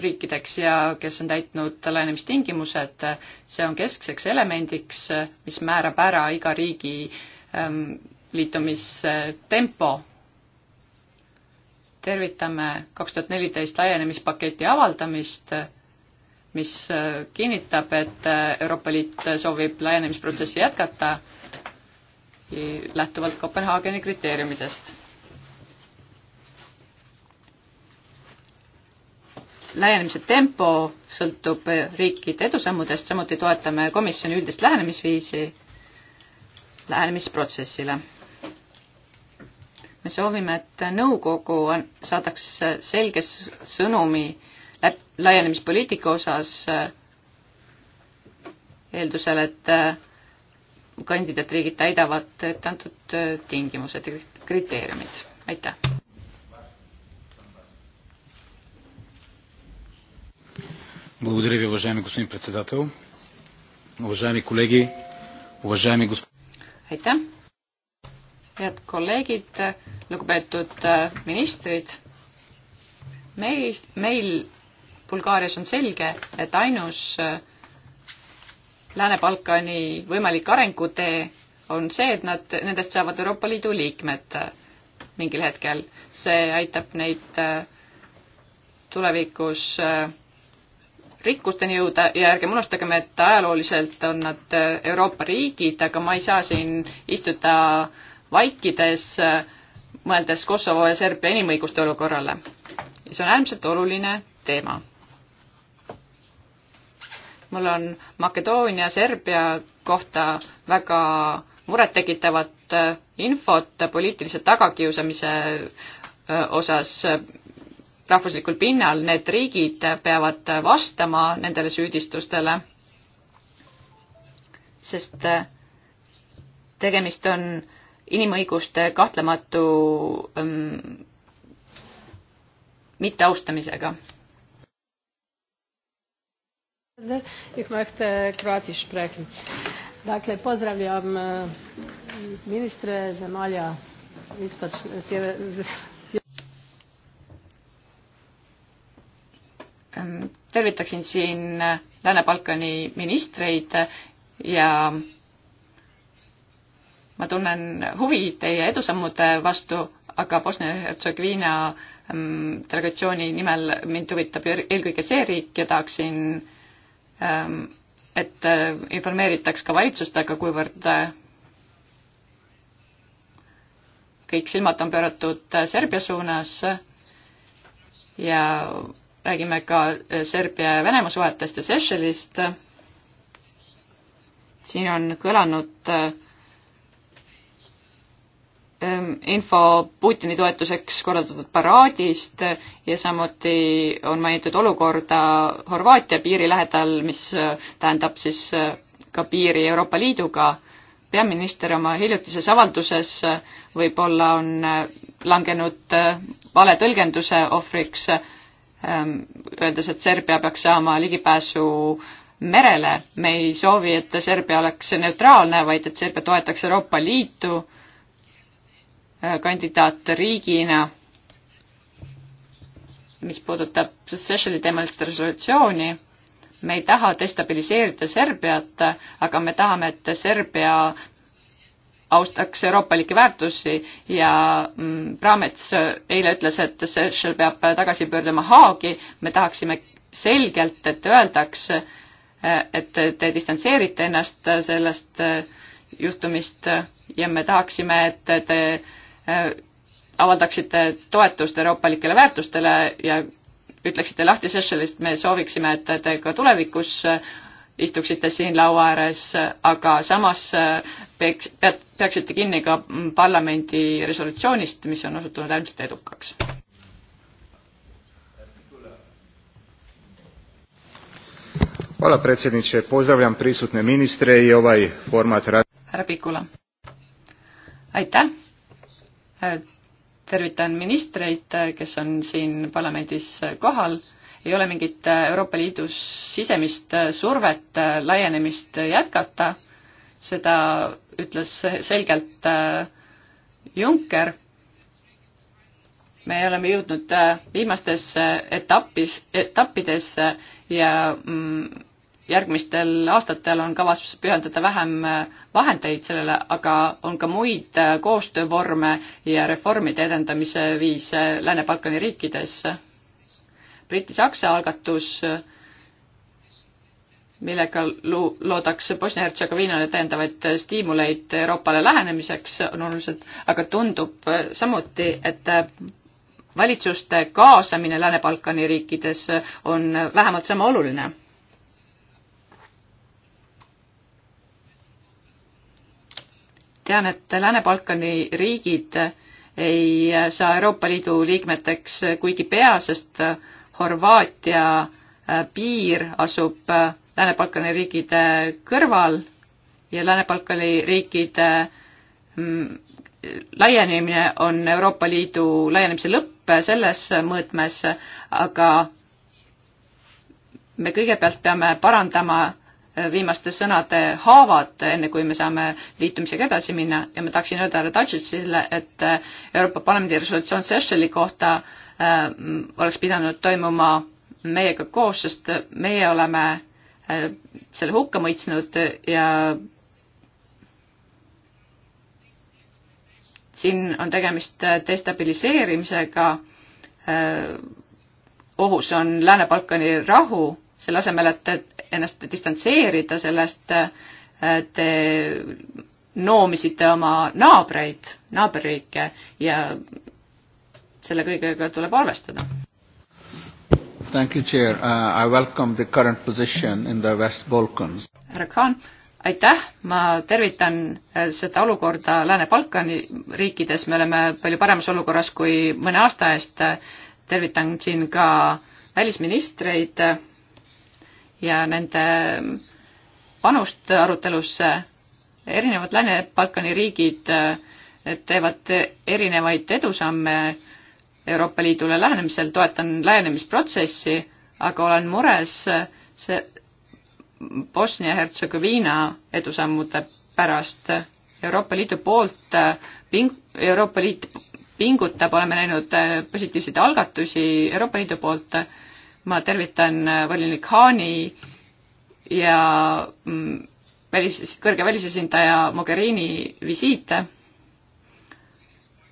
riikideks ja kes on täitnud laienemistingimused, see on keskseks elemendiks, mis määrab ära iga riigi ähm, liitumistempo. tervitame kaks tuhat neliteist laienemispaketi avaldamist mis äh, kinnitab, et äh, Euroopa Liit soovib laienemisprotsessi jätkata lähtuvalt Kopenhaageni kriteeriumidest. lähenemise tempo sõltub riikide edusammudest, samuti toetame komisjoni üldist lähenemisviisi lähenemisprotsessile. me soovime, et nõukogu saadaks selge sõnumi laienemispoliitika osas äh, eeldusel, et äh, kandidaatriigid täidavad etteantud äh, tingimused ja kriteeriumid. aitäh! Благодаря ви, уважаеми господин председател. Уважаеми колеги, уважаеми господин... Aitäh! Head kolleegid, lugupeetud ministrid! Meil, meil Bulgaarias on selge, et ainus äh, Lääne-Balkani võimalik arengutee on see, et nad, nendest saavad Euroopa Liidu liikmed äh, mingil hetkel. see aitab neid äh, tulevikus rikkusteni jõuda ja ärgem unustagem, et ajalooliselt on nad Euroopa riigid, aga ma ei saa siin istuda vaikides, mõeldes Kosovo ja Serbia inimõiguste olukorrale. see on äärmiselt oluline teema mul on Makedoonia, Serbia kohta väga murettekitavat äh, infot poliitilise tagakiusamise äh, osas äh, rahvuslikul pinnal, need riigid peavad vastama nendele süüdistustele, sest tegemist on inimõiguste kahtlematu ähm, mitteaustamisega Ich möchte kroatisch sprechen. Dakle, pozdravljam e, ministre zemalja istočne, ähm, tervitaksin siin e, Lääne-Balkani ministreid ja ma tunnen huvi teie edusammude vastu, aga Bosnia-Hertsegoviina mm, delegatsiooni nimel mind huvitab eelkõige see riik ja tahaksin Ähm, et äh, informeeritaks ka valitsust, aga kuivõrd äh, kõik silmad on pööratud äh, Serbia suunas ja räägime ka Serbia ja Venemaa suhetest ja Seychellist, siin on kõlanud äh, Ehm, info Putini toetuseks korraldatud paraadist ja samuti on mainitud olukorda Horvaatia piiri lähedal, mis äh, tähendab siis äh, ka piiri Euroopa Liiduga. peaminister oma hiljutises avalduses äh, võib-olla on langenud vale tõlgenduse ohvriks, ehm, öeldes, et Serbia peaks saama ligipääsu merele. me ei soovi, et Serbia oleks neutraalne, vaid et Serbia toetaks Euroopa Liitu Äh, kandidaatriigina, mis puudutab sessiooni teemalist resolutsiooni, me ei taha destabiliseerida Serbiat, aga me tahame, et Serbia austaks euroopalikke väärtusi ja Bramets mm, eile ütles, et Sergel peab tagasi pöörduma Haagi, me tahaksime selgelt, et öeldaks, et te distantseerite ennast sellest juhtumist ja me tahaksime, et te Äh, avaldaksite toetust euroopalikele väärtustele ja ütleksite lahti Seychellist, me sooviksime, et te ka tulevikus äh, istuksite siin laua ääres, aga samas äh, peaks, pead, peaksite kinni ka mm, parlamendi resolutsioonist, mis on osutunud äärmiselt edukaks. Hvala predsjedniče, pozdravljam prisutne ministre i ovaj format. härra Pikula. aitäh tervitan ministreid, kes on siin parlamendis kohal, ei ole mingit Euroopa Liidu sisemist survet laienemist jätkata, seda ütles selgelt äh, Juncker, me oleme jõudnud äh, viimastesse etappis, etappidesse äh, ja mm, järgmistel aastatel on kavas pühendada vähem äh, vahendeid sellele, aga on ka muid äh, koostöövorme ja reformide edendamise viise Lääne-Balkani riikides. Briti-Saksa algatus, millega lu-, loodakse Bosnia-Hertsegoviinale täiendavaid äh, stiimuleid Euroopale lähenemiseks, on oluliselt, aga tundub samuti, et valitsuste kaasamine Lääne-Balkani riikides on vähemalt sama oluline tean, et Lääne-Balkani riigid ei saa Euroopa Liidu liikmeteks kuigi pea, sest Horvaatia äh, piir asub äh, Lääne-Balkani riikide kõrval ja Lääne-Balkani riikide mm, laienemine on Euroopa Liidu laienemise lõpp selles mõõtmes, aga me kõigepealt peame parandama viimaste sõnade haavad, enne kui me saame liitumisega edasi minna ja ma tahaksin öelda härra Tadžitsile, et äh, Euroopa Parlamendi resolutsioon Seychelles'i kohta äh, oleks pidanud toimuma meiega koos, sest meie oleme äh, selle hukka mõistnud ja siin on tegemist äh, destabiliseerimisega äh,, ohus on Lääne-Balkani rahu, selle asemel, et, et ennast distantseerida sellest, te noomisite oma naabreid, naaberriike ja selle kõigega tuleb arvestada. Thank you, Chair uh,. I welcome the current position in the West Balkans. härra Khan, aitäh, ma tervitan uh, seda olukorda Lääne-Balkani riikides, me oleme palju paremas olukorras kui mõne aasta eest. tervitan siin ka välisministreid ja nende panust arutelusse. erinevad Lääne-Balkani riigid eh, teevad erinevaid edusamme Euroopa Liidule lähenemisel, toetan lähenemisprotsessi, aga olen mures eh, see Bosnia-Hertsegoviina edusammude pärast. Euroopa Liidu poolt eh, ping-, Euroopa Liit pingutab, oleme näinud positiivseid algatusi Euroopa Liidu poolt ma tervitan äh, volinik Haani ja mm, välis, kõrge välisesindaja Mogherini visiite.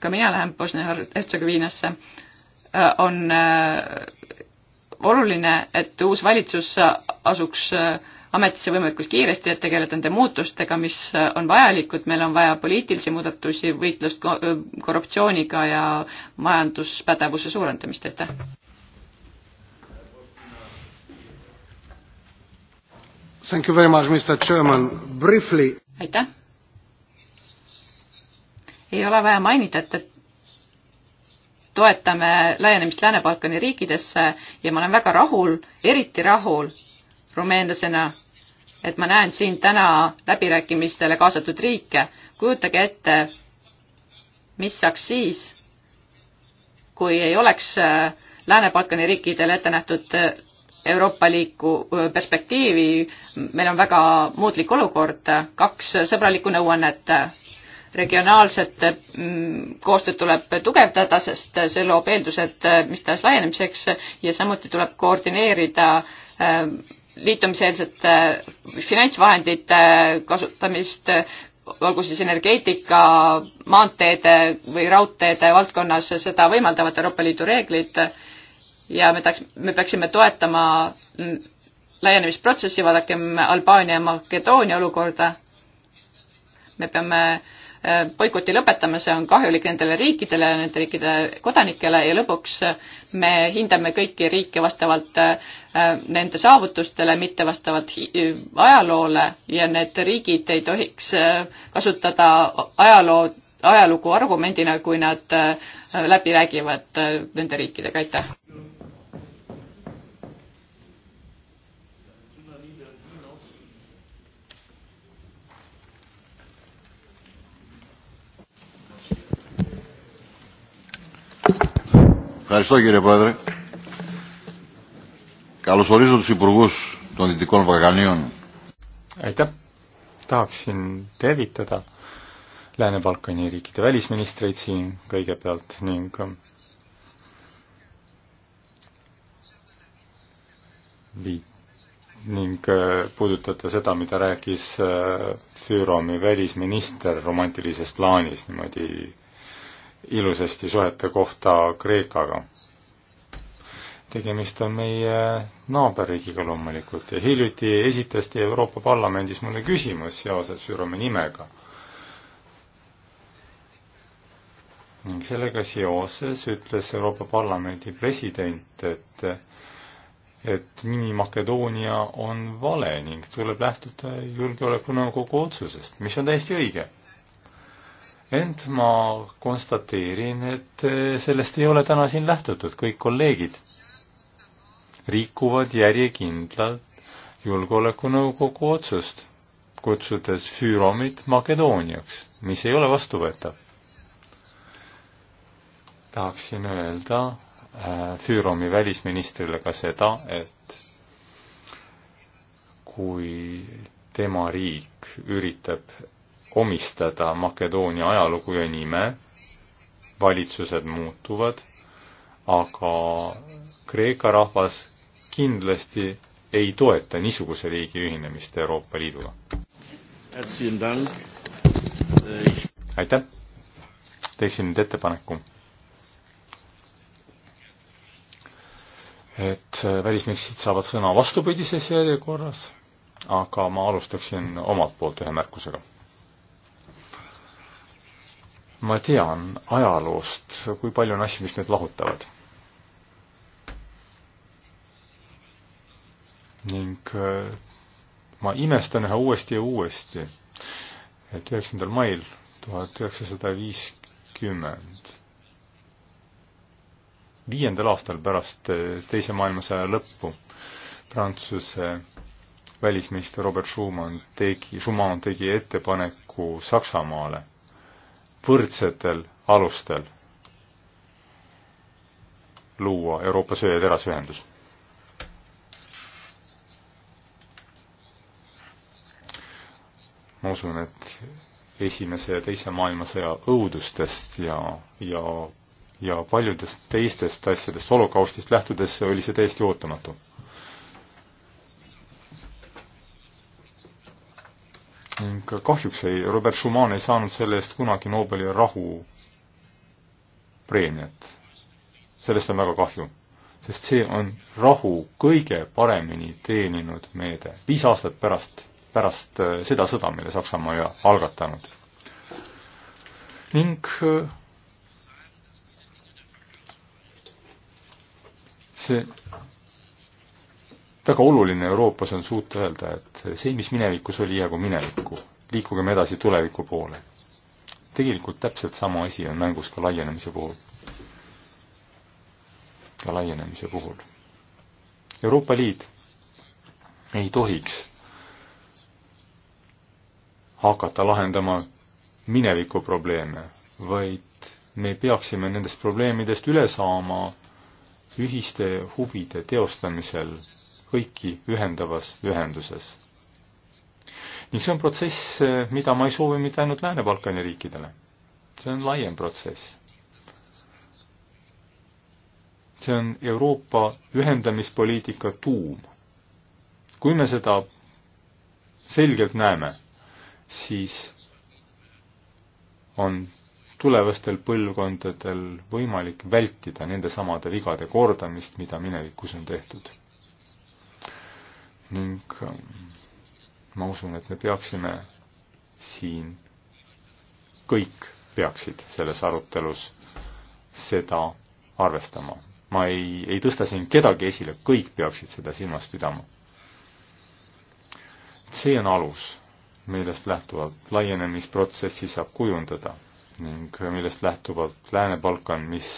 ka mina lähen Bosnia-Hertsegoviinasse. Äh, on äh, oluline, et uus valitsus asuks ametisse võimalikult kiiresti, et tegeleda nende muutustega, mis on vajalikud, meil on vaja poliitilisi muudatusi, võitlust korruptsiooniga ja majanduspädevuse suurendamist, aitäh! Thank you very much, Mr Chairman. Briefly. aitäh. ei ole vaja mainida, et, et toetame laienemist Lääne-Balkani riikidesse ja ma olen väga rahul, eriti rahul rumeenlasena, et ma näen siin täna läbirääkimistele kaasatud riike. kujutage ette, mis saaks siis, kui ei oleks Lääne-Balkani riikidele ette nähtud Euroopa Liiku perspektiivi, meil on väga muutlik olukord, kaks sõbralikku nõuannet. regionaalset mm, koostööd tuleb tugevdada, sest see loob eeldused mis tahes laienemiseks ja samuti tuleb koordineerida liitumiseelsete finantsvahendite kasutamist, olgu siis energeetika, maanteede või raudteede valdkonnas seda võimaldavad Euroopa Liidu reeglid ja me tahaks, me peaksime toetama laienemisprotsessi, vaadakem Albaania ja Makedoonia olukorda. me peame äh, boikoti lõpetama, see on kahjulik nendele riikidele, nende riikide kodanikele ja lõpuks äh, me hindame kõiki riike vastavalt äh, nende saavutustele, mitte vastavalt ajaloole ja need riigid ei tohiks kasutada ajaloo, ajalugu argumendina, kui nad läbi räägivad nende riikidega, aitäh! Ευχαριστώ κύριε Πρόεδρε. Καλωσορίζω τους Υπουργούς των Δυτικών Βαγανίων. Aitäh! Tahaksin tervitada Lääne-Balkani riikide välisministreid siin kõigepealt ning ning äh, puudutada seda, mida rääkis äh, Füromi välisminister romantilises plaanis niimoodi ilusasti suhete kohta Kreekaga. tegemist on meie naaberriigiga loomulikult ja hiljuti esitas teie Euroopa Parlamendis mulle küsimus seoses Füürome nimega. ning sellega seoses ütles Euroopa Parlamendi president, et et nimi Makedoonia on vale ning tuleb lähtuda Julgeolekunõukogu otsusest, mis on täiesti õige ent ma konstateerin, et eh, sellest ei ole täna siin lähtutud, kõik kolleegid rikuvad järjekindlalt julgeolekunõukogu otsust, kutsudes Füüromit Makedooniaks, mis ei ole vastuvõetav. tahaksin öelda eh, Füüromi välisministrile ka seda, et kui tema riik üritab omistada Makedoonia ajalugu ja nime, valitsused muutuvad, aga Kreeka rahvas kindlasti ei toeta niisuguse riigi ühinemist Euroopa Liiduga. aitäh! teeksin nüüd ettepaneku, et välisministrid saavad sõna vastupidises järjekorras, aga ma alustaksin omalt poolt ühe märkusega ma tean ajaloost, kui palju on asju, mis meid lahutavad. ning äh, ma imestan üha uuesti ja uuesti, et üheksandal mail tuhat üheksasada viiskümmend, viiendal aastal pärast äh, Teise maailmasõja lõppu, Prantsuse välisminister Robert Schumann tegi, Schumann tegi ettepaneku Saksamaale võrdsetel alustel luua Euroopa söe- ja terasühendus. ma usun, et esimese ja teise maailmasõja õudustest ja, ja, ja paljudest teistest asjadest, holokaustist lähtudes oli see täiesti ootamatu ning kahjuks ei, Robert Schumann ei saanud selle eest kunagi Nobeli rahupreemiat. sellest on väga kahju, sest see on rahu kõige paremini teeninud meede, viis aastat pärast, pärast äh, seda sõda, mille Saksamaa ei algatanud. ning äh, see väga oluline Euroopas on suuta öelda, et see, mis minevikus oli, jäägu minevikku, liikugem edasi tuleviku poole. tegelikult täpselt sama asi on mängus ka laienemise puhul. ka laienemise puhul. Euroopa Liit ei tohiks hakata lahendama mineviku probleeme, vaid me peaksime nendest probleemidest üle saama ühiste huvide teostamisel kõiki ühendavas ühenduses. ning see on protsess, mida ma ei soovi mitte ainult Lääne-Balkani riikidele. see on laiem protsess. see on Euroopa ühendamispoliitika tuum. kui me seda selgelt näeme, siis on tulevastel põlvkondadel võimalik vältida nende samade vigade kordamist, mida minevikus on tehtud ning ähm, ma usun, et me peaksime siin, kõik peaksid selles arutelus seda arvestama. ma ei, ei tõsta siin kedagi esile, kõik peaksid seda silmas pidama. see on alus, millest lähtuvalt laienemisprotsessi saab kujundada ning millest lähtuvalt Lääne-Balkan, mis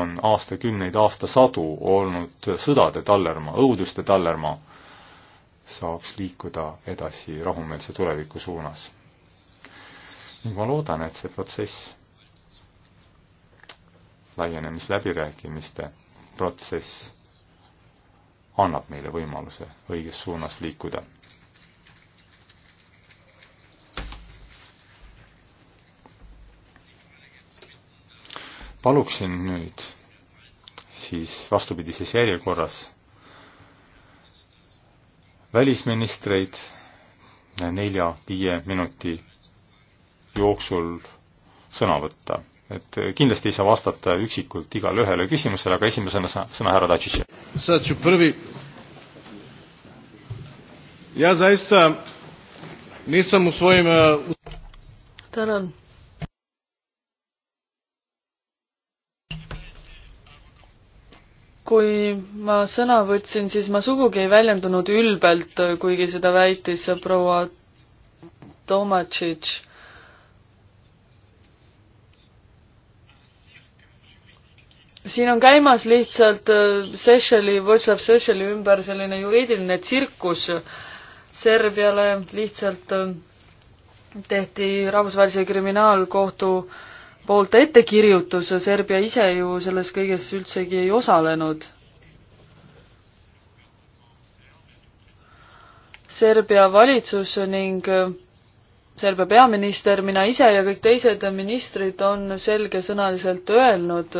on aastakümneid, aastasadu olnud sõdade tallermaa, õuduste tallermaa saaks liikuda edasi rahumeelse tuleviku suunas. ning ma loodan, et see protsess, laienemisläbirääkimiste protsess annab meile võimaluse õiges suunas liikuda. paluksin nüüd siis vastupidises järjekorras välisministreid nelja-viie minuti jooksul sõna võtta. et kindlasti ei saa vastata üksikult igale ühele küsimusele, aga esimesena sõna, sõna härra Tadžitš. Sad ću prvi. Ja zaista nisam u svojim... Uh, Tänan kui ma sõna võtsin, siis ma sugugi ei väljendunud ülbelt, kuigi seda väitis proua Tomatšitš. siin on käimas lihtsalt äh, Sešeli, Võtšlav Sešeli ümber selline juriidiline tsirkus. Serbiale lihtsalt äh, tehti rahvusvahelise kriminaalkohtu äh, poolt ettekirjutus ja Serbia ise ju selles kõiges üldsegi ei osalenud. Serbia valitsus ning äh, Serbia peaminister, mina ise ja kõik teised ministrid on selgesõnaliselt öelnud,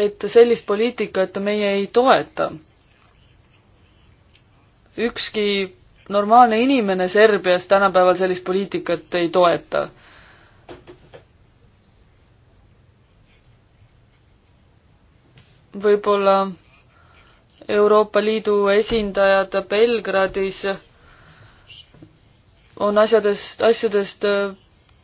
et sellist poliitikat meie ei toeta. ükski normaalne inimene Serbias tänapäeval sellist poliitikat ei toeta. võib-olla Euroopa Liidu esindajad Belgradis on asjadest, asjadest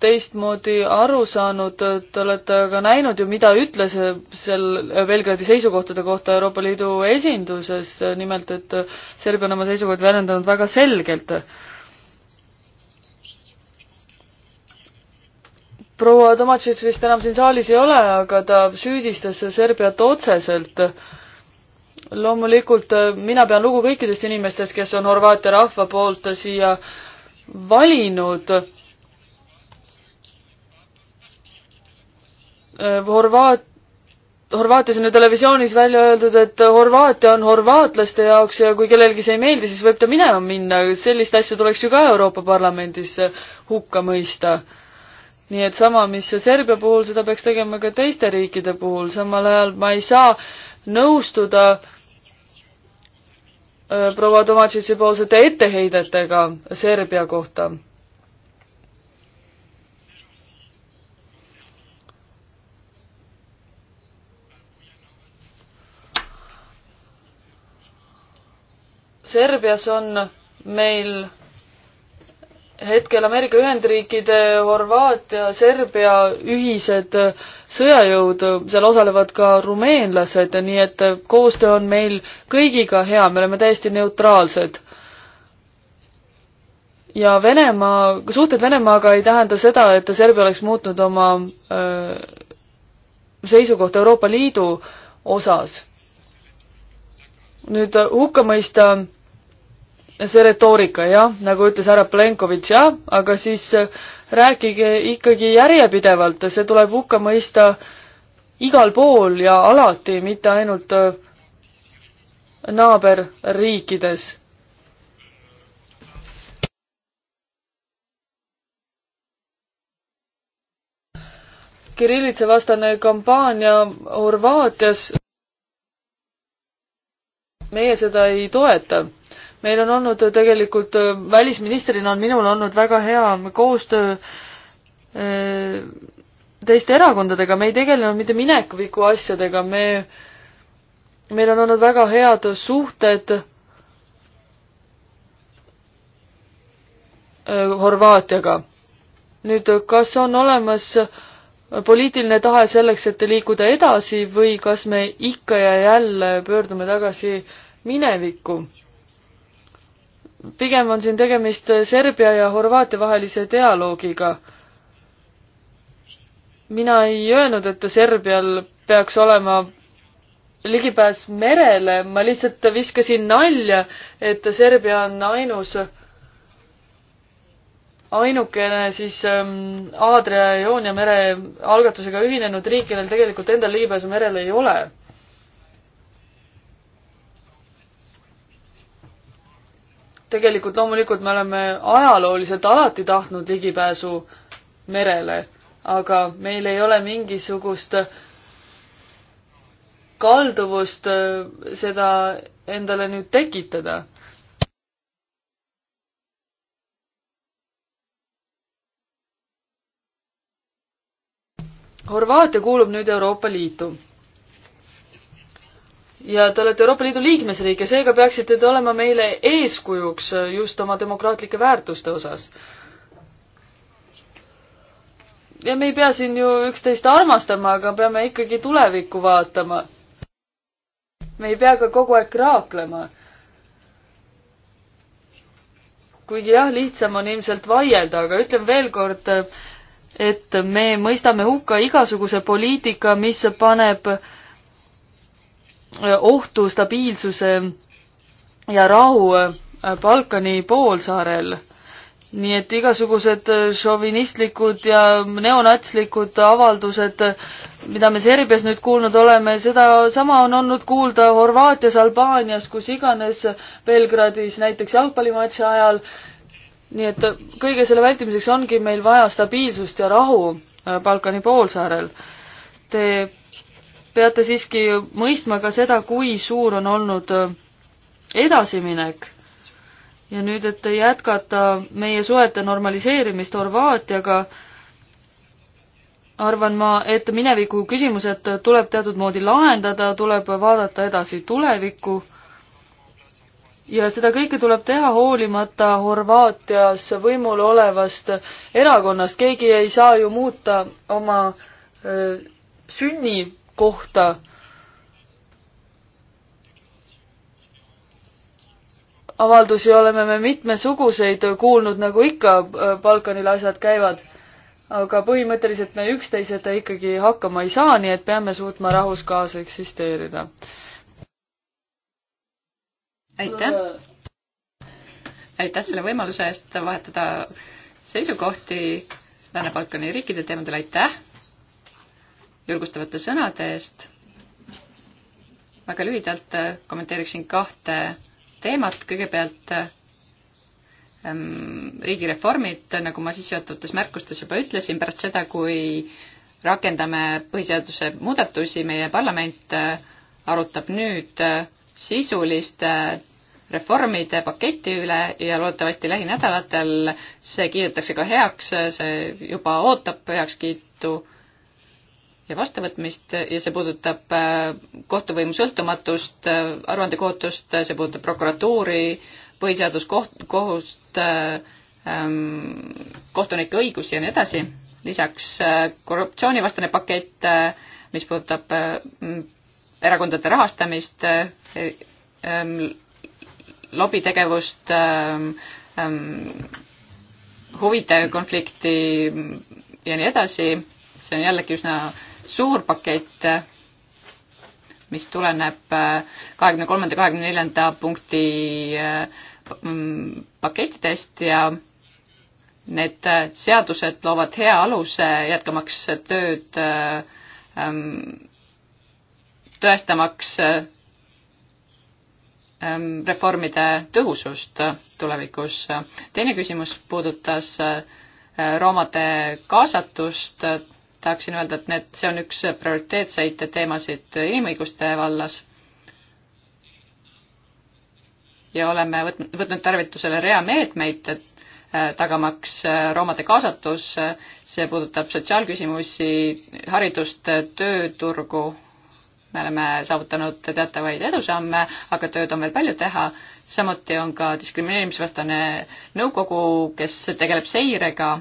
teistmoodi aru saanud, te olete ka näinud ju, mida ütles seal Belgradi seisukohtade kohta Euroopa Liidu esinduses, nimelt et Serbia on oma seisukohad väljendanud väga selgelt. proua Tomatšits vist enam siin saalis ei ole, aga ta süüdistas Serbiat otseselt loomulikult mina pean lugu kõikidest inimestest, kes on Horvaatia rahva poolt siia valinud Äh, Horvaat-, Horvaatias on ju televisioonis välja öeldud, et Horvaatia on horvaatlaste jaoks ja kui kellelgi see ei meeldi, siis võib ta minema minna, sellist asja tuleks ju ka Euroopa Parlamendis hukka mõista. nii et sama, mis Serbia puhul, seda peaks tegema ka teiste riikide puhul, samal ajal ma ei saa nõustuda äh, proua Tomatšitši poolsete etteheidetega Serbia kohta Serbias on meil hetkel Ameerika Ühendriikide, Horvaatia, Serbia ühised sõjajõud, seal osalevad ka rumeenlased, nii et koostöö on meil kõigiga hea, me oleme täiesti neutraalsed. ja Venemaa, suhted Venemaaga ei tähenda seda, et Serbia oleks muutnud oma öö, äh, seisukohta Euroopa Liidu osas. nüüd hukka mõista see retoorika, jah, nagu ütles härra Plenkovitš, jah, aga siis äh, rääkige ikkagi järjepidevalt, see tuleb hukka mõista igal pool ja alati, mitte ainult äh, naaberriikides Kirillitsa vastane kampaania Horvaatias. meie seda ei toeta meil on olnud äh, tegelikult, äh, välisministrina on minul olnud väga hea koostöö äh, teiste erakondadega, me ei tegelenud mitte mineviku asjadega, me, meil on olnud väga head suhted Horvaatiaga. nüüd, kas on olemas poliitiline tahe selleks, et liikuda edasi või kas me ikka ja jälle pöördume tagasi minevikku? pigem on siin tegemist Serbia ja Horvaatia vahelise dialoogiga. mina ei öelnud, et Serbial peaks olema ligipääs merele, ma lihtsalt viskasin nalja, et Serbia on ainus, ainukene siis ähm, Aadria ja Joonia mere algatusega ühinenud riik, kellel tegelikult endal ligipääsu merele ei ole tegelikult loomulikult me oleme ajalooliselt alati tahtnud ligipääsu merele, aga meil ei ole mingisugust kalduvust äh, seda endale nüüd tekitada Horvaatia kuulub nüüd Euroopa Liitu ja te olete Euroopa Liidu liikmesriik ja seega peaksite te olema meile eeskujuks äh, just oma demokraatlike väärtuste osas. ja me ei pea siin ju üksteist armastama, aga peame ikkagi tulevikku vaatama. me ei pea ka kogu aeg kraaklema. kuigi jah, lihtsam on ilmselt vaielda, aga ütlen veel kord, äh, et me mõistame hukka igasuguse poliitika, mis paneb äh, Äh, ohtu stabiilsuse ja rahu äh, Balkani poolsaarel. nii et igasugused äh, šovinistlikud ja neonatslikud avaldused, mida me Serbias nüüd kuulnud oleme, sedasama on olnud kuulda Horvaatias, Albaanias, kus iganes, Belgradis näiteks jalgpallimatši ajal. nii et kõige selle vältimiseks ongi meil vaja stabiilsust ja rahu Balkani poolsaarel. Te peate siiski mõistma ka seda, kui suur on olnud äh, edasiminek. ja nüüd, et jätkata meie suhete normaliseerimist Horvaatiaga, arvan ma, et mineviku küsimused tuleb teatud moodi lahendada, tuleb vaadata edasi tulevikku ja seda kõike tuleb teha hoolimata Horvaatias võimul olevast erakonnast, keegi ei saa ju muuta oma öö, äh, sünni kohta. avaldusi oleme me mitmesuguseid kuulnud, nagu ikka äh, Balkanil asjad käivad. aga põhimõtteliselt me üksteiseta ikkagi hakkama ei saa, nii et peame suutma rahus kaasa eksisteerida. aitäh! aitäh selle võimaluse eest vahetada seisukohti Lääne-Balkani riikide teemadel, aitäh! julgustavate sõnade eest. väga lühidalt äh, kommenteeriksin kahte teemat, kõigepealt ähm, riigireformid, nagu ma sissejuhatavates märkustes juba ütlesin, pärast seda, kui rakendame põhiseaduse muudatusi, meie parlament äh, arutab nüüd äh, sisuliste reformide paketi üle ja loodetavasti lähinädalatel see kiidetakse ka heaks, see juba ootab heakskiitu ja vastuvõtmist ja see puudutab äh, kohtuvõimu sõltumatust, äh, aruandekohutust, äh, see puudutab prokuratuuri, põhiseaduskoht, kohust ähm,, kohtunike õigusi ja nii edasi, lisaks korruptsioonivastane pakett, mis puudutab ähm, erakondade rahastamist ähm,, lobitegevust, ähm, huvide konflikti ja nii edasi, see on jällegi üsna suur pakett, mis tuleneb äh, kahekümne kolmanda, kahekümne neljanda punkti äh, mm, pakettidest ja need äh, seadused loovad hea aluse jätkamaks tööd, mm, tõestamaks mm, reformide tõhusust tulevikus. teine küsimus puudutas roomade kaasatust tahaksin öelda, et need, see on üks prioriteetseid teemasid inimõiguste vallas. ja oleme võtnud, võtnud tarvitusele rea meetmeid, et äh, tagamaks äh, roomade kaasatus, see puudutab sotsiaalküsimusi, haridust, tööturgu, me oleme saavutanud teatavaid edusamme, aga tööd on veel palju teha. samuti on ka diskrimineerimisvastane nõukogu, kes tegeleb seirega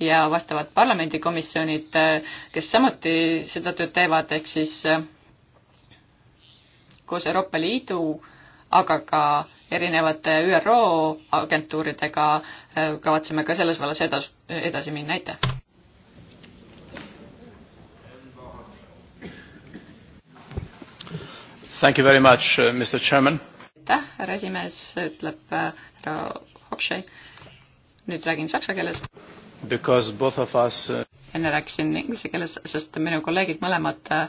ja vastavad parlamendikomisjonid, kes samuti seda tööd teevad, ehk siis äh, koos Euroopa Liidu, aga ka erinevate ÜRO agentuuridega äh, kavatseme ka selles vallas edas-, edasi minna, aitäh! Thank you very much, uh, Mr Chairman. aitäh, härra esimees, ütleb äh, härra Hokšei. nüüd räägin saksa keeles Because both of us uh, enne rääkisin inglise keeles, sest minu kolleegid mõlemad äh,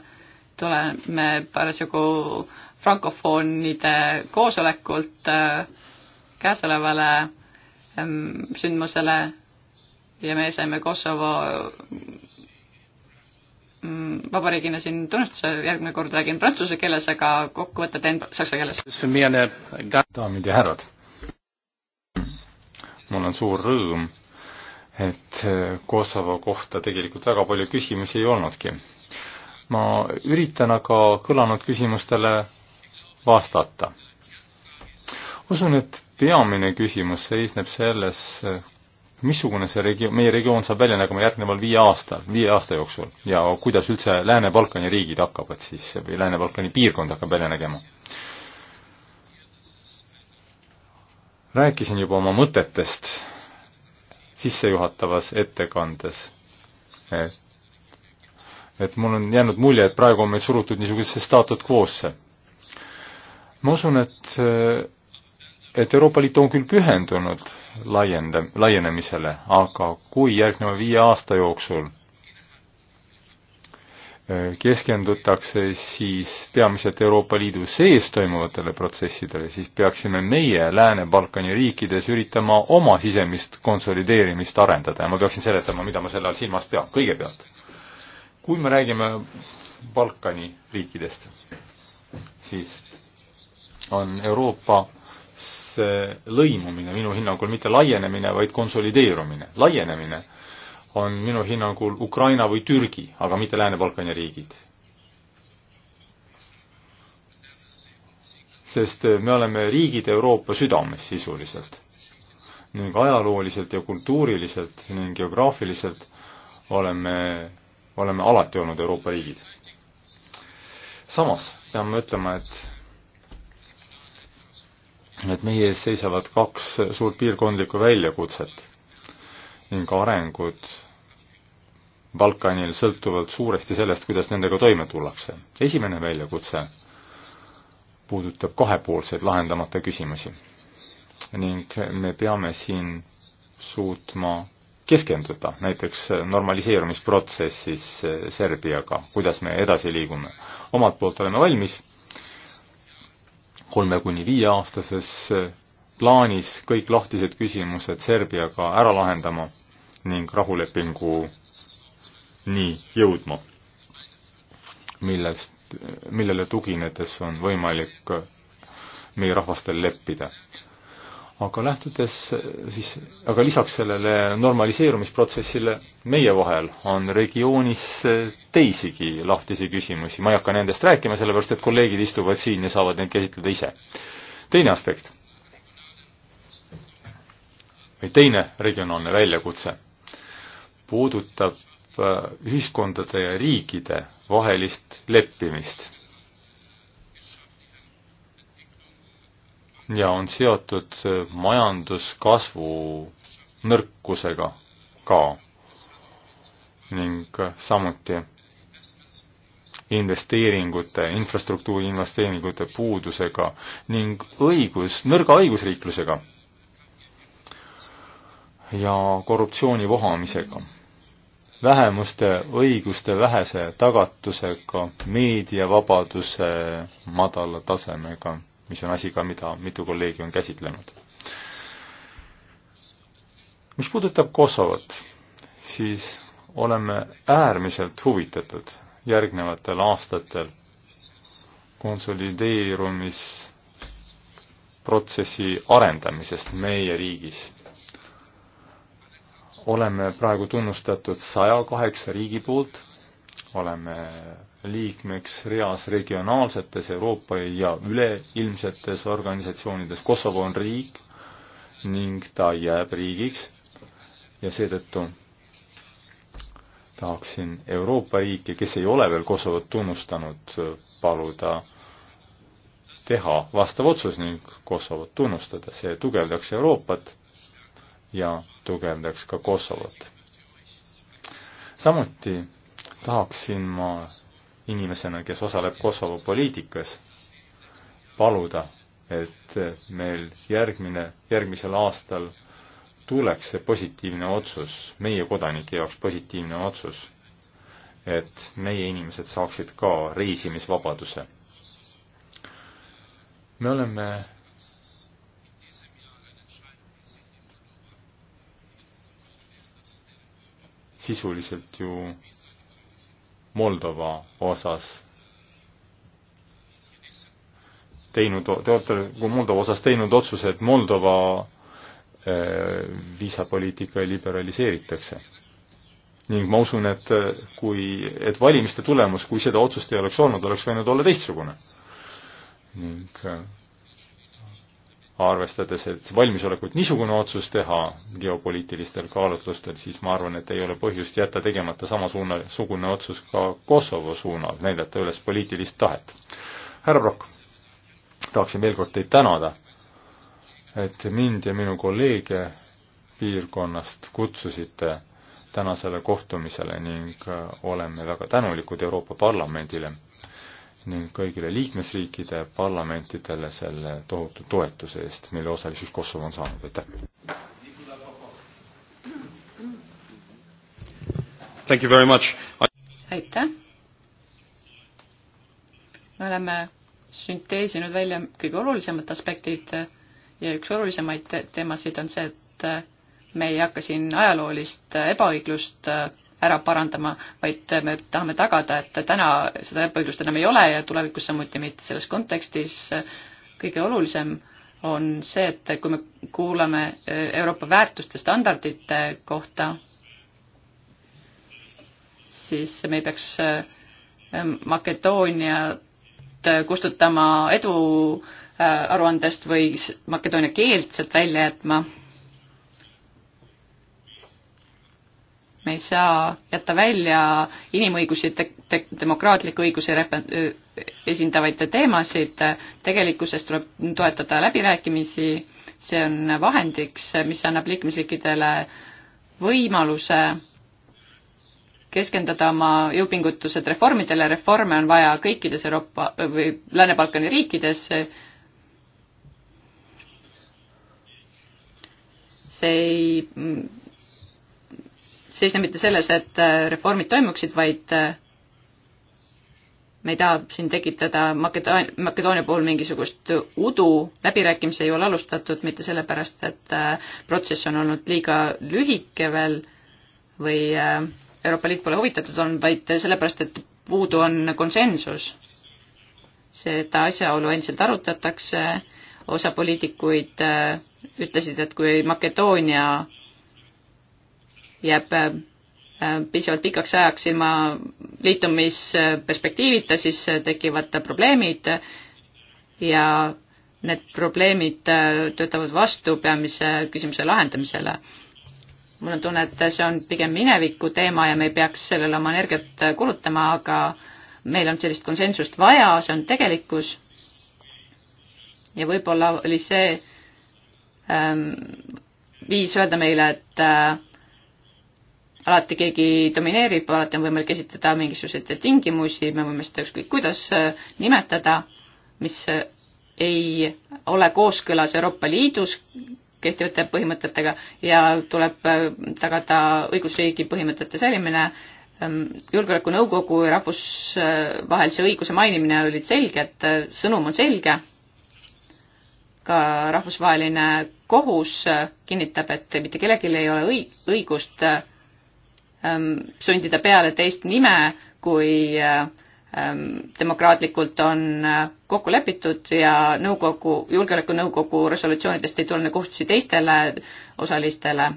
tuleme parasjagu frankofoonide koosolekult äh, käesolevale ähm, sündmusele ja me saime Kosovo mm, vabariigina siin tunnustuse, järgmine kord räägin prantsuse keeles, aga kokkuvõtte teen saksa keeles. daamid ja härrad, mul on suur rõõm et äh, Kosovo kohta tegelikult väga palju küsimusi ei olnudki. ma üritan aga kõlanud küsimustele vastata. usun, et peamine küsimus seisneb selles, äh, missugune see regioon, meie regioon saab välja nägema järgneval viie aastal, viie aasta jooksul ja kuidas üldse Lääne-Balkani riigid hakkavad siis või Lääne-Balkani piirkond hakkab välja nägema? rääkisin juba oma mõtetest sissejuhatavas ettekandes, et et mul on jäänud mulje, et praegu on meid surutud niisugusesse staatut kvoosse. ma usun, et, et Euroopa Liit on küll pühendunud laienda-, laienemisele, aga kui järgneva viie aasta jooksul keskendutakse siis peamiselt Euroopa Liidu sees toimuvatele protsessidele, siis peaksime meie Lääne-Balkani riikides üritama oma sisemist konsolideerimist arendada ja ma peaksin seletama, mida ma selle all silmas pean, kõigepealt. kui me räägime Balkani riikidest, siis on Euroopa lõimumine minu hinnangul mitte laienemine, vaid konsolideerumine. laienemine on minu hinnangul Ukraina või Türgi, aga mitte Lääne-Balkani riigid. sest me oleme riigid Euroopa südames sisuliselt ning ajalooliselt ja kultuuriliselt ning geograafiliselt oleme, oleme alati olnud Euroopa riigid. samas pean ma ütlema, et et meie ees seisavad kaks suurt piirkondlikku väljakutset ning arengud Balkanil sõltuvad suuresti sellest, kuidas nendega toime tullakse. esimene väljakutse puudutab kahepoolseid lahendamata küsimusi ning me peame siin suutma keskenduda näiteks normaliseerumisprotsessis Serbiaga, kuidas me edasi liigume. omalt poolt oleme valmis kolme kuni viieaastases plaanis kõik lahtised küsimused Serbiaga ära lahendama ning rahulepinguni jõudma, millest, millele tuginedes on võimalik meie rahvastel leppida. aga lähtudes siis, aga lisaks sellele normaliseerumisprotsessile meie vahel on regioonis teisigi lahtisi küsimusi, ma ei hakka nendest rääkima, sellepärast et kolleegid istuvad siin ja saavad neid käsitleda ise. teine aspekt või teine regionaalne väljakutse puudutab äh, ühiskondade ja riikide vahelist leppimist. ja on seotud äh, majanduskasvu nõrkusega ka ning äh, samuti investeeringute, infrastruktuuri investeeringute puudusega ning õigus, nõrga õigusriiklusega ja korruptsiooni vohamisega, vähemuste õiguste vähese tagatusega, meediavabaduse madala tasemega, mis on asi ka, mida mitu kolleegi on käsitlenud. mis puudutab Kosovot, siis oleme äärmiselt huvitatud järgnevatel aastatel konsolideerumisprotsessi arendamisest meie riigis oleme praegu tunnustatud saja kaheksa riigi poolt, oleme liikmeks reas regionaalsetes Euroopa ja üleilmsetes organisatsioonides. Kosovo on riik ning ta jääb riigiks ja seetõttu tahaksin Euroopa riike, kes ei ole veel Kosovot tunnustanud, paluda teha vastav otsus ning Kosovot tunnustada. see tugevdaks Euroopat ja tugevdaks ka Kosovot. samuti tahaksin ma inimesena, kes osaleb Kosovo poliitikas, paluda, et meil järgmine, järgmisel aastal tuleks see positiivne otsus, meie kodanike jaoks positiivne otsus, et meie inimesed saaksid ka reisimisvabaduse. me oleme sisuliselt ju Moldova osas teinud, te olete Moldova osas teinud otsuse, et Moldova eh, viisapoliitika liberaliseeritakse. ning ma usun, et eh, kui, et valimiste tulemus, kui seda otsust ei oleks olnud, oleks võinud olla teistsugune. ning eh, arvestades, et valmisolekut niisugune otsus teha geopoliitilistel kaalutlustel, siis ma arvan, et ei ole põhjust jätta tegemata samasugune otsus ka Kosovo suunal, näidata üles poliitilist tahet. härra Prokk, tahaksin veel kord teid tänada, et mind ja minu kolleege piirkonnast kutsusite tänasele kohtumisele ning oleme väga tänulikud Euroopa Parlamendile ning kõigile liikmesriikide parlamentidele selle tohutu toetuse eest, mille osaliseks Kosovo on saanud, aitäh! aitäh! me oleme sünteesinud välja kõige olulisemad aspektid ja üks olulisemaid teemasid on see, et me ei hakka siin ajaloolist ebaõiglust ära parandama, vaid me tahame tagada, et täna seda ebaõiglust enam ei ole ja tulevikus samuti mitte. selles kontekstis kõige olulisem on see, et kui me kuulame eh, Euroopa väärtuste standardite kohta, siis me ei peaks eh, Makedooniat kustutama edu eh, aruandest või Makedoonia keelt sealt välja jätma me ei saa jätta välja inimõigusi te, te, demokraatliku õiguse esindavaid teemasid, tegelikkuses tuleb toetada läbirääkimisi, see on vahendiks, mis annab liikmesriikidele võimaluse keskenduda oma jõupingutused reformidele, reforme on vaja kõikides Euroopa või Lääne-Balkani riikides, see ei seisne mitte selles, et äh, reformid toimuksid, vaid äh, me ei taha siin tekitada Makedoonia, Makedoonia puhul mingisugust udu, läbirääkimisi ei ole alustatud mitte sellepärast, et äh, protsess on olnud liiga lühike veel või Euroopa Liit pole huvitatud olnud, vaid sellepärast, et puudu on konsensus. seda asjaolu endiselt arutatakse, osa poliitikuid ütlesid, et kui Makedoonia jääb äh, piisavalt pikaks ajaks ilma liitumisperspektiivita, siis äh, tekivad probleemid ja need probleemid äh, töötavad vastu peamise küsimuse lahendamisele. mul on tunne, et see on pigem mineviku teema ja me ei peaks sellele oma energiat kulutama, aga meil on sellist konsensust vaja, see on tegelikkus. ja võib-olla oli see ähm, viis öelda meile, et äh, alati keegi domineerib, alati on võimalik esitada mingisuguseid tingimusi, me võime seda ükskõik kuidas äh, nimetada, mis äh, ei ole kooskõlas Euroopa Liidus kehtivate põhimõtetega ja tuleb äh, tagada õigusriigi põhimõtete säilimine, ähm, julgeolekunõukogu ja rahvusvahelise õiguse mainimine olid selged, sõnum on selge, ka rahvusvaheline kohus kinnitab, et mitte kellelgi ei ole õi-, õigust ähm, sundida peale teist nime, kui ähm, demokraatlikult on äh, kokku lepitud ja nõukogu, julgeolekunõukogu resolutsioonidest ei tulene kohustusi teistele osalistele.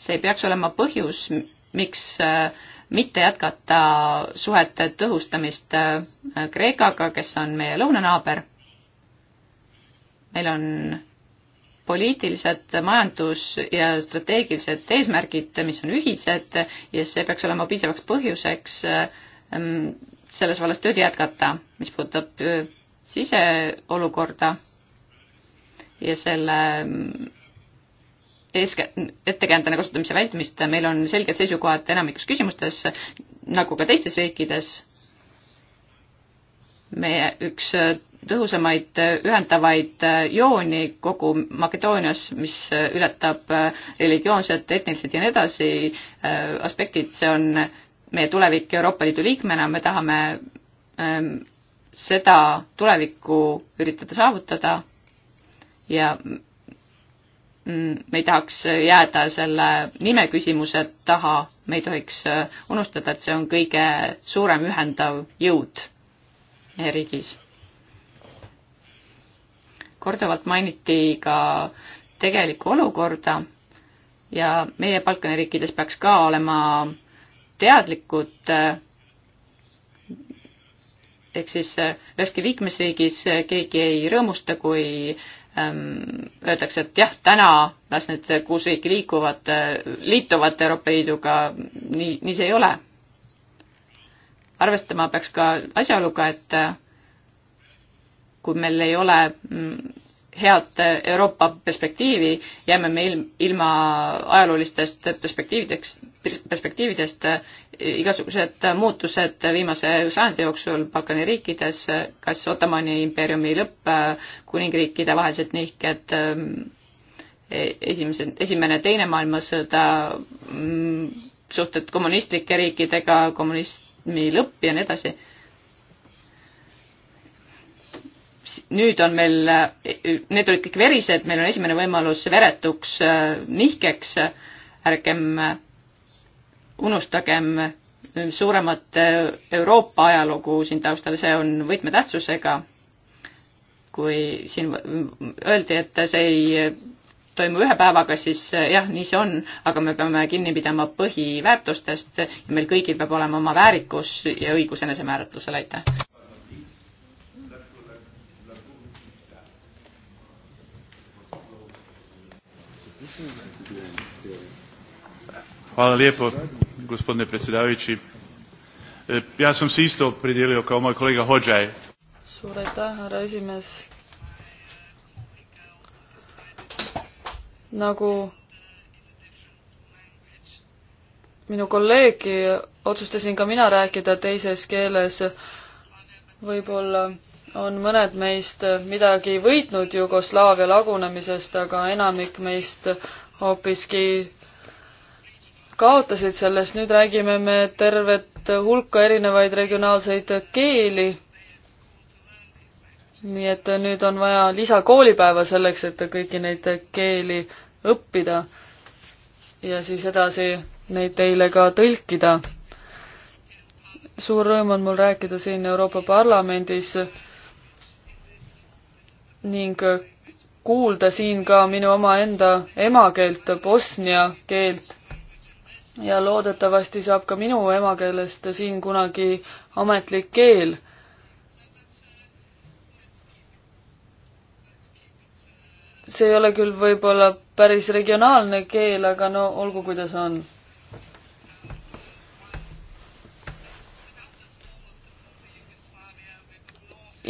see peaks olema põhjus, miks äh, mitte jätkata suhete tõhustamist äh, Kreekaga, kes on meie lõunanaaber. meil on poliitilised, majandus- ja strateegilised eesmärgid, mis on ühised ja see peaks olema piisavaks põhjuseks ähm, selles vallas tööd jätkata, mis puudutab äh, siseolukorda ja selle ähm, eeskä-, ettekäändena kasutamise vältimist, meil on selged seisukohad enamikus küsimustes, nagu ka teistes riikides meie üks äh, tõhusamaid äh, ühendavaid äh, jooni kogu Makedoonias, mis ületab religioonsed, etnilised ja nii edasi aspektid, see on meie tulevik Euroopa Liidu liikmena, me tahame ähm, seda tulevikku üritada saavutada ja mm, me ei tahaks jääda selle nime küsimuse taha, me ei tohiks unustada, et see on kõige suurem ühendav jõud meie riigis. korduvalt mainiti ka tegelikku olukorda ja meie Balkani riikides peaks ka olema teadlikud ehk siis eh, üheski liikmesriigis eh, keegi ei rõõmusta, kui ehm, öeldakse, et jah, täna las need kuus riiki liikuvad, eh, liituvad Euroopa Liiduga, nii, nii see ei ole arvestama peaks ka asjaoluga, et äh, kui meil ei ole mm, head äh, Euroopa perspektiivi, jääme me ilma ajaloolistest perspektiividest, perspektiividest. Äh, igasugused muutused viimase sajandi jooksul Balkani riikides, kas Ottomani impeeriumi lõpp, kuningriikide vahelised nihked, ähm, e-, esimese, esimene, teine maailmasõda, mm, suhted kommunistlike riikidega, kommunist, programmi lõpp ja nii edasi. nüüd on meil, need olid kõik verised, meil on esimene võimalus veretuks äh, nihkeks, ärgem äh, unustagem äh, suuremat Euroopa ajalugu siin taustal, see on võtmetähtsusega, kui siin öeldi, et see ei toimu ühe päevaga, siis eh, jah, nii see on, aga me peame kinni pidama põhiväärtustest ja meil kõigil peab olema oma väärikus ja õigus enesemääratlusele, aitäh! Hvala lijepo, gospodine predsjedavajući. E, ja sam se isto opredijelio kao moj kolega Hođaj. Suur aitäh, härra esimees nagu minu kolleegi otsustasin ka mina rääkida teises keeles. võib-olla on mõned meist midagi võitnud Jugoslaavia lagunemisest, aga enamik meist hoopiski kaotasid sellest, nüüd räägime me tervet hulka erinevaid regionaalseid keeli nii et nüüd on vaja lisakoolipäeva selleks, et kõiki neid keeli õppida ja siis edasi neid teile ka tõlkida. suur rõõm on mul rääkida siin Euroopa Parlamendis ning kuulda siin ka minu omaenda emakeelt, bosnia keelt. ja loodetavasti saab ka minu emakeelest siin kunagi ametlik keel see ei ole küll võib-olla päris regionaalne keel, aga no olgu, kuidas on.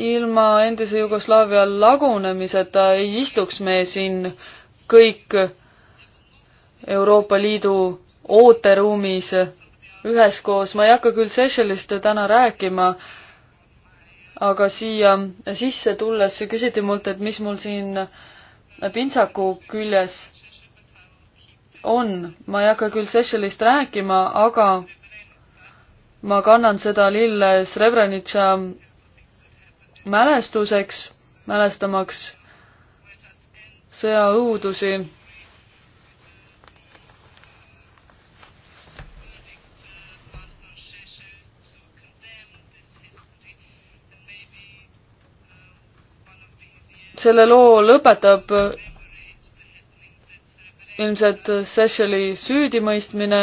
ilma endise Jugoslaavia lagunemiseta ei istuks me siin kõik Euroopa Liidu ooteruumis üheskoos, ma ei hakka küll Seychellist täna rääkima, aga siia sisse tulles küsiti mult, et mis mul siin äh, pintsaku küljes on, ma ei hakka küll Seychellist rääkima, aga ma kannan seda lille Srebrenica mälestuseks, mälestamaks sõjaõudusi selle loo lõpetab ilmselt Secheli süüdimõistmine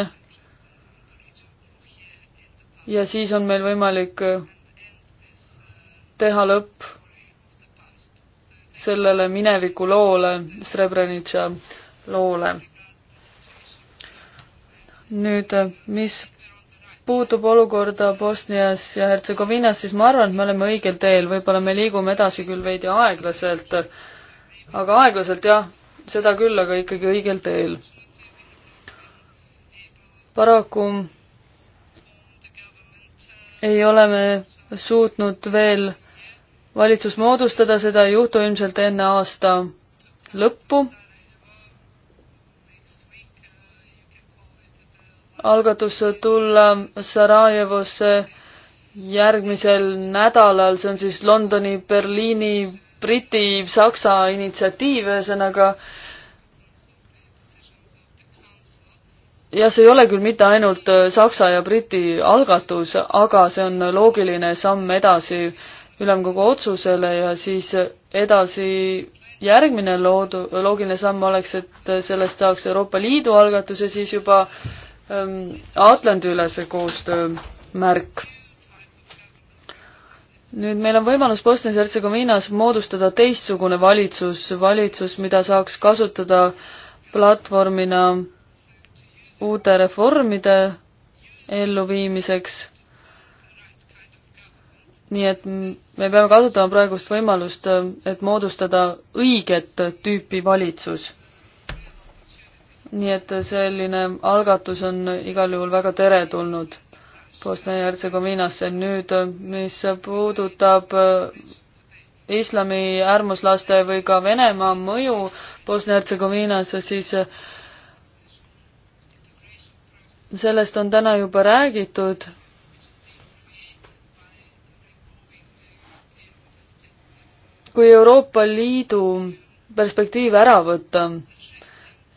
ja siis on meil võimalik teha lõpp sellele mineviku loole, Srebrenica loole. nüüd, mis puutub olukorda Bosnias ja Hertsegoviinas, siis ma arvan, et me oleme õigel teel, võib-olla me liigume edasi küll veidi aeglaselt, aga aeglaselt jah, seda küll, aga ikkagi õigel teel. paraku ei ole me suutnud veel valitsus moodustada, seda ei juhtu ilmselt enne aasta lõppu. algatus tulla Sarajevosse järgmisel nädalal, see on siis Londoni, Berliini, Briti, Saksa initsiatiiv, ühesõnaga jah, see ei ole küll mitte ainult Saksa ja Briti algatus, aga see on loogiline samm edasi ülemkogu otsusele ja siis edasi järgmine loodu, loogiline samm oleks, et sellest saaks Euroopa Liidu algatus ja siis juba Ehm, Atlandi-ülese koostöö märk. nüüd meil on võimalus Bosnias-Hertsegoviinas moodustada teistsugune valitsus, valitsus, mida saaks kasutada platvormina uute reformide elluviimiseks. nii et me peame kasutama praegust võimalust, et moodustada õiget tüüpi valitsus nii et selline algatus on igal juhul väga teretulnud Bosnia-Hertsegoviinasse. nüüd, mis puudutab äh, islami äärmuslaste või ka Venemaa mõju Bosnia-Hertsegoviinas, siis äh, sellest on täna juba räägitud. kui Euroopa Liidu perspektiiv ära võtta,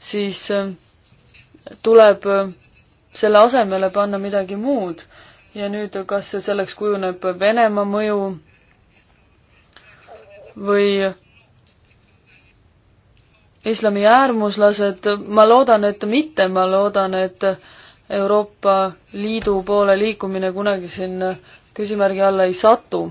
siis äh, tuleb äh, selle asemele panna midagi muud. ja nüüd, kas selleks kujuneb Venemaa mõju või islami äärmuslased, ma loodan, et mitte, ma loodan, et Euroopa Liidu poole liikumine kunagi siin küsimärgi alla ei satu.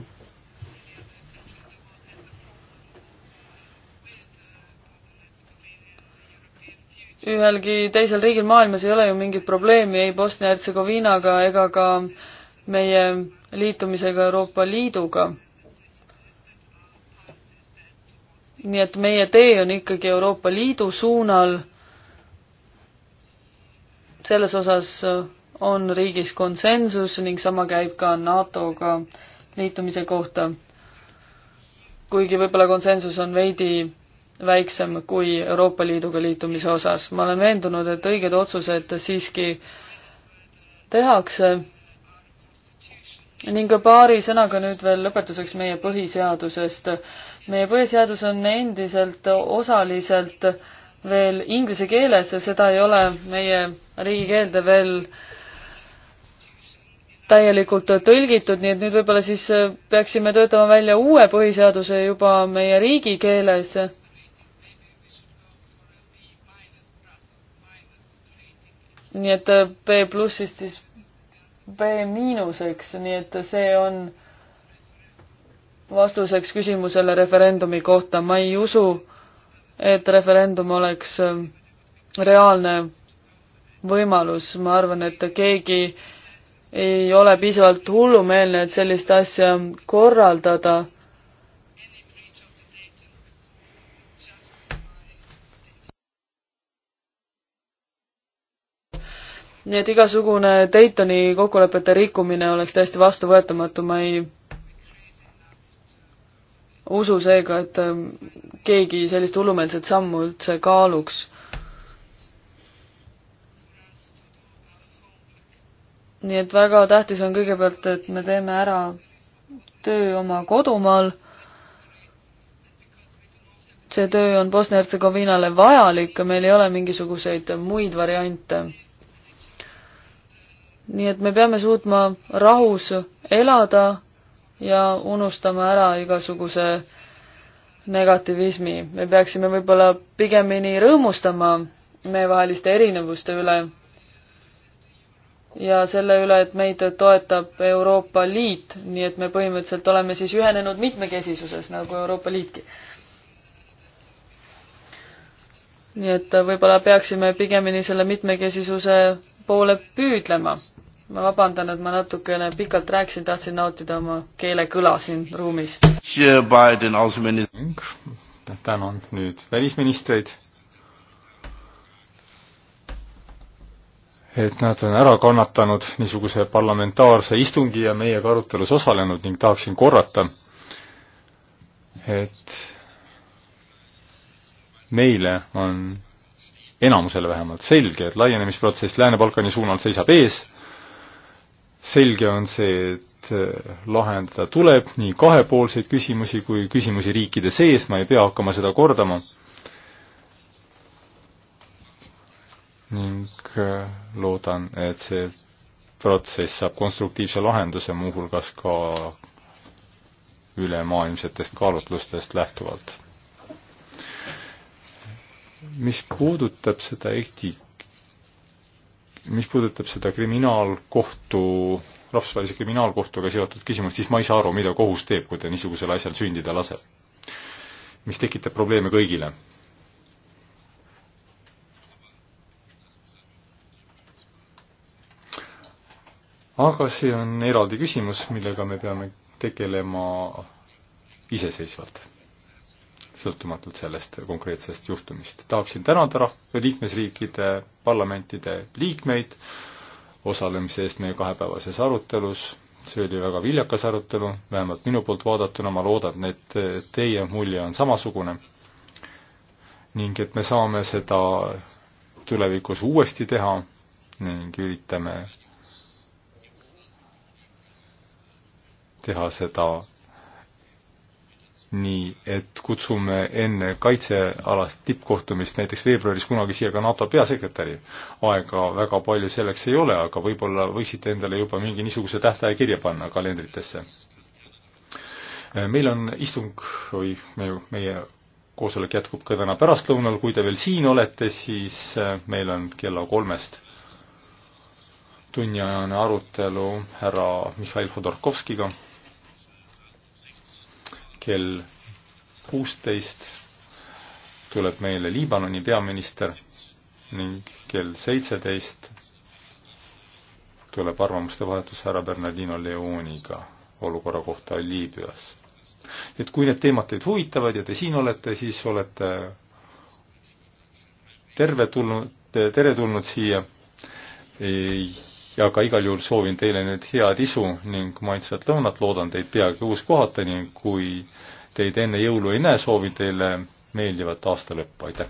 ühelgi teisel riigil maailmas ei ole ju mingit probleemi ei Bosnia-Hertsegoviinaga ega ka meie liitumisega Euroopa Liiduga. nii et meie tee on ikkagi Euroopa Liidu suunal. selles osas on riigis konsensus ning sama käib ka NATO-ga liitumise kohta. kuigi võib-olla konsensus on veidi väiksem kui Euroopa Liiduga liitumise osas. ma olen veendunud, et õiged otsused siiski tehakse ning paari sõnaga nüüd veel lõpetuseks meie põhiseadusest. meie põhiseadus on endiselt osaliselt veel inglise keeles ja seda ei ole meie riigikeelde veel täielikult tõlgitud, nii et nüüd võib-olla siis peaksime töötama välja uue põhiseaduse juba meie riigikeeles nii et äh, B plussist siis B miinuseks, nii et see on vastuseks küsimusele referendumi kohta. ma ei usu, et referendum oleks äh, reaalne võimalus, ma arvan, et keegi ei ole piisavalt hullumeelne, et sellist asja korraldada nii et igasugune Daytoni kokkulepete rikkumine oleks täiesti vastuvõetamatu, ma ei usu seega, et ähm, keegi sellist hullumeelset sammu üldse kaaluks. nii et väga tähtis on kõigepealt, et me teeme ära töö oma kodumaal. see töö on Bosnia-Hertsegoviinale vajalik ja meil ei ole mingisuguseid muid variante nii et me peame suutma rahus elada ja unustama ära igasuguse negativismi. me peaksime võib-olla pigemini rõõmustama meievaheliste erinevuste üle ja selle üle, et meid toetab Euroopa Liit, nii et me põhimõtteliselt oleme siis ühenenud mitmekesisuses nagu Euroopa Liitki. nii et võib-olla peaksime pigemini selle mitmekesisuse poole püüdlema ma vabandan, et ma natukene pikalt rääkisin, tahtsin nautida oma keelekõla siin ruumis. tänan nüüd välisministreid, et nad on ära kannatanud niisuguse parlamentaarse istungi ja meiega arutelus osalenud ning tahaksin korrata, et meile on enamusele vähemalt selge, et laienemisprotsess Lääne-Balkani suunal seisab ees selge on see, et äh, lahendada tuleb nii kahepoolseid küsimusi kui küsimusi riikide sees, ma ei pea hakkama seda kordama. ning äh, loodan, et see protsess saab konstruktiivse lahenduse, muuhulgas ka ülemaailmsetest kaalutlustest lähtuvalt. mis puudutab seda Eestit, mis puudutab seda kriminaalkohtu, rahvusvahelise kriminaalkohtuga seotud küsimust, siis ma ei saa aru, mida kohus teeb, kui ta niisugusel asjal sündida laseb. mis tekitab probleeme kõigile. aga see on eraldi küsimus, millega me peame tegelema iseseisvalt sõltumatult sellest konkreetsest juhtumist. tahaksin tänada liikmesriikide parlamentide liikmeid osalemise eest meie kahepäevases arutelus, see oli väga viljakas arutelu, vähemalt minu poolt vaadatuna, ma loodan, et teie mulje on samasugune ning et me saame seda tulevikus uuesti teha ning üritame teha seda nii et kutsume enne kaitsealast tippkohtumist näiteks veebruaris kunagi siia ka NATO peasekretäri. aega väga palju selleks ei ole, aga võib-olla võiksite endale juba mingi niisuguse tähtaja kirja panna kalendritesse. Äh, meil on istung või meie, meie koosolek jätkub ka täna pärastlõunal, kui te veel siin olete, siis äh, meil on kella kolmest tunniajane arutelu härra Mihhail Hodorkovskiga kell kuusteist tuleb meile Liibanoni peaminister ning kell seitseteist tuleb arvamuste vahetus härra Bernardino Leoniga olukorra kohta Liibüas. et kui need teemad teid huvitavad ja te siin olete, siis olete terve tulnud, teretulnud siia ja ka igal juhul soovin teile nüüd head isu ning maitsvat lõunat, loodan teid peagi uus kohata ning kui teid enne jõulu ei näe, soovin teile meeldivat aastalõppu, aitäh!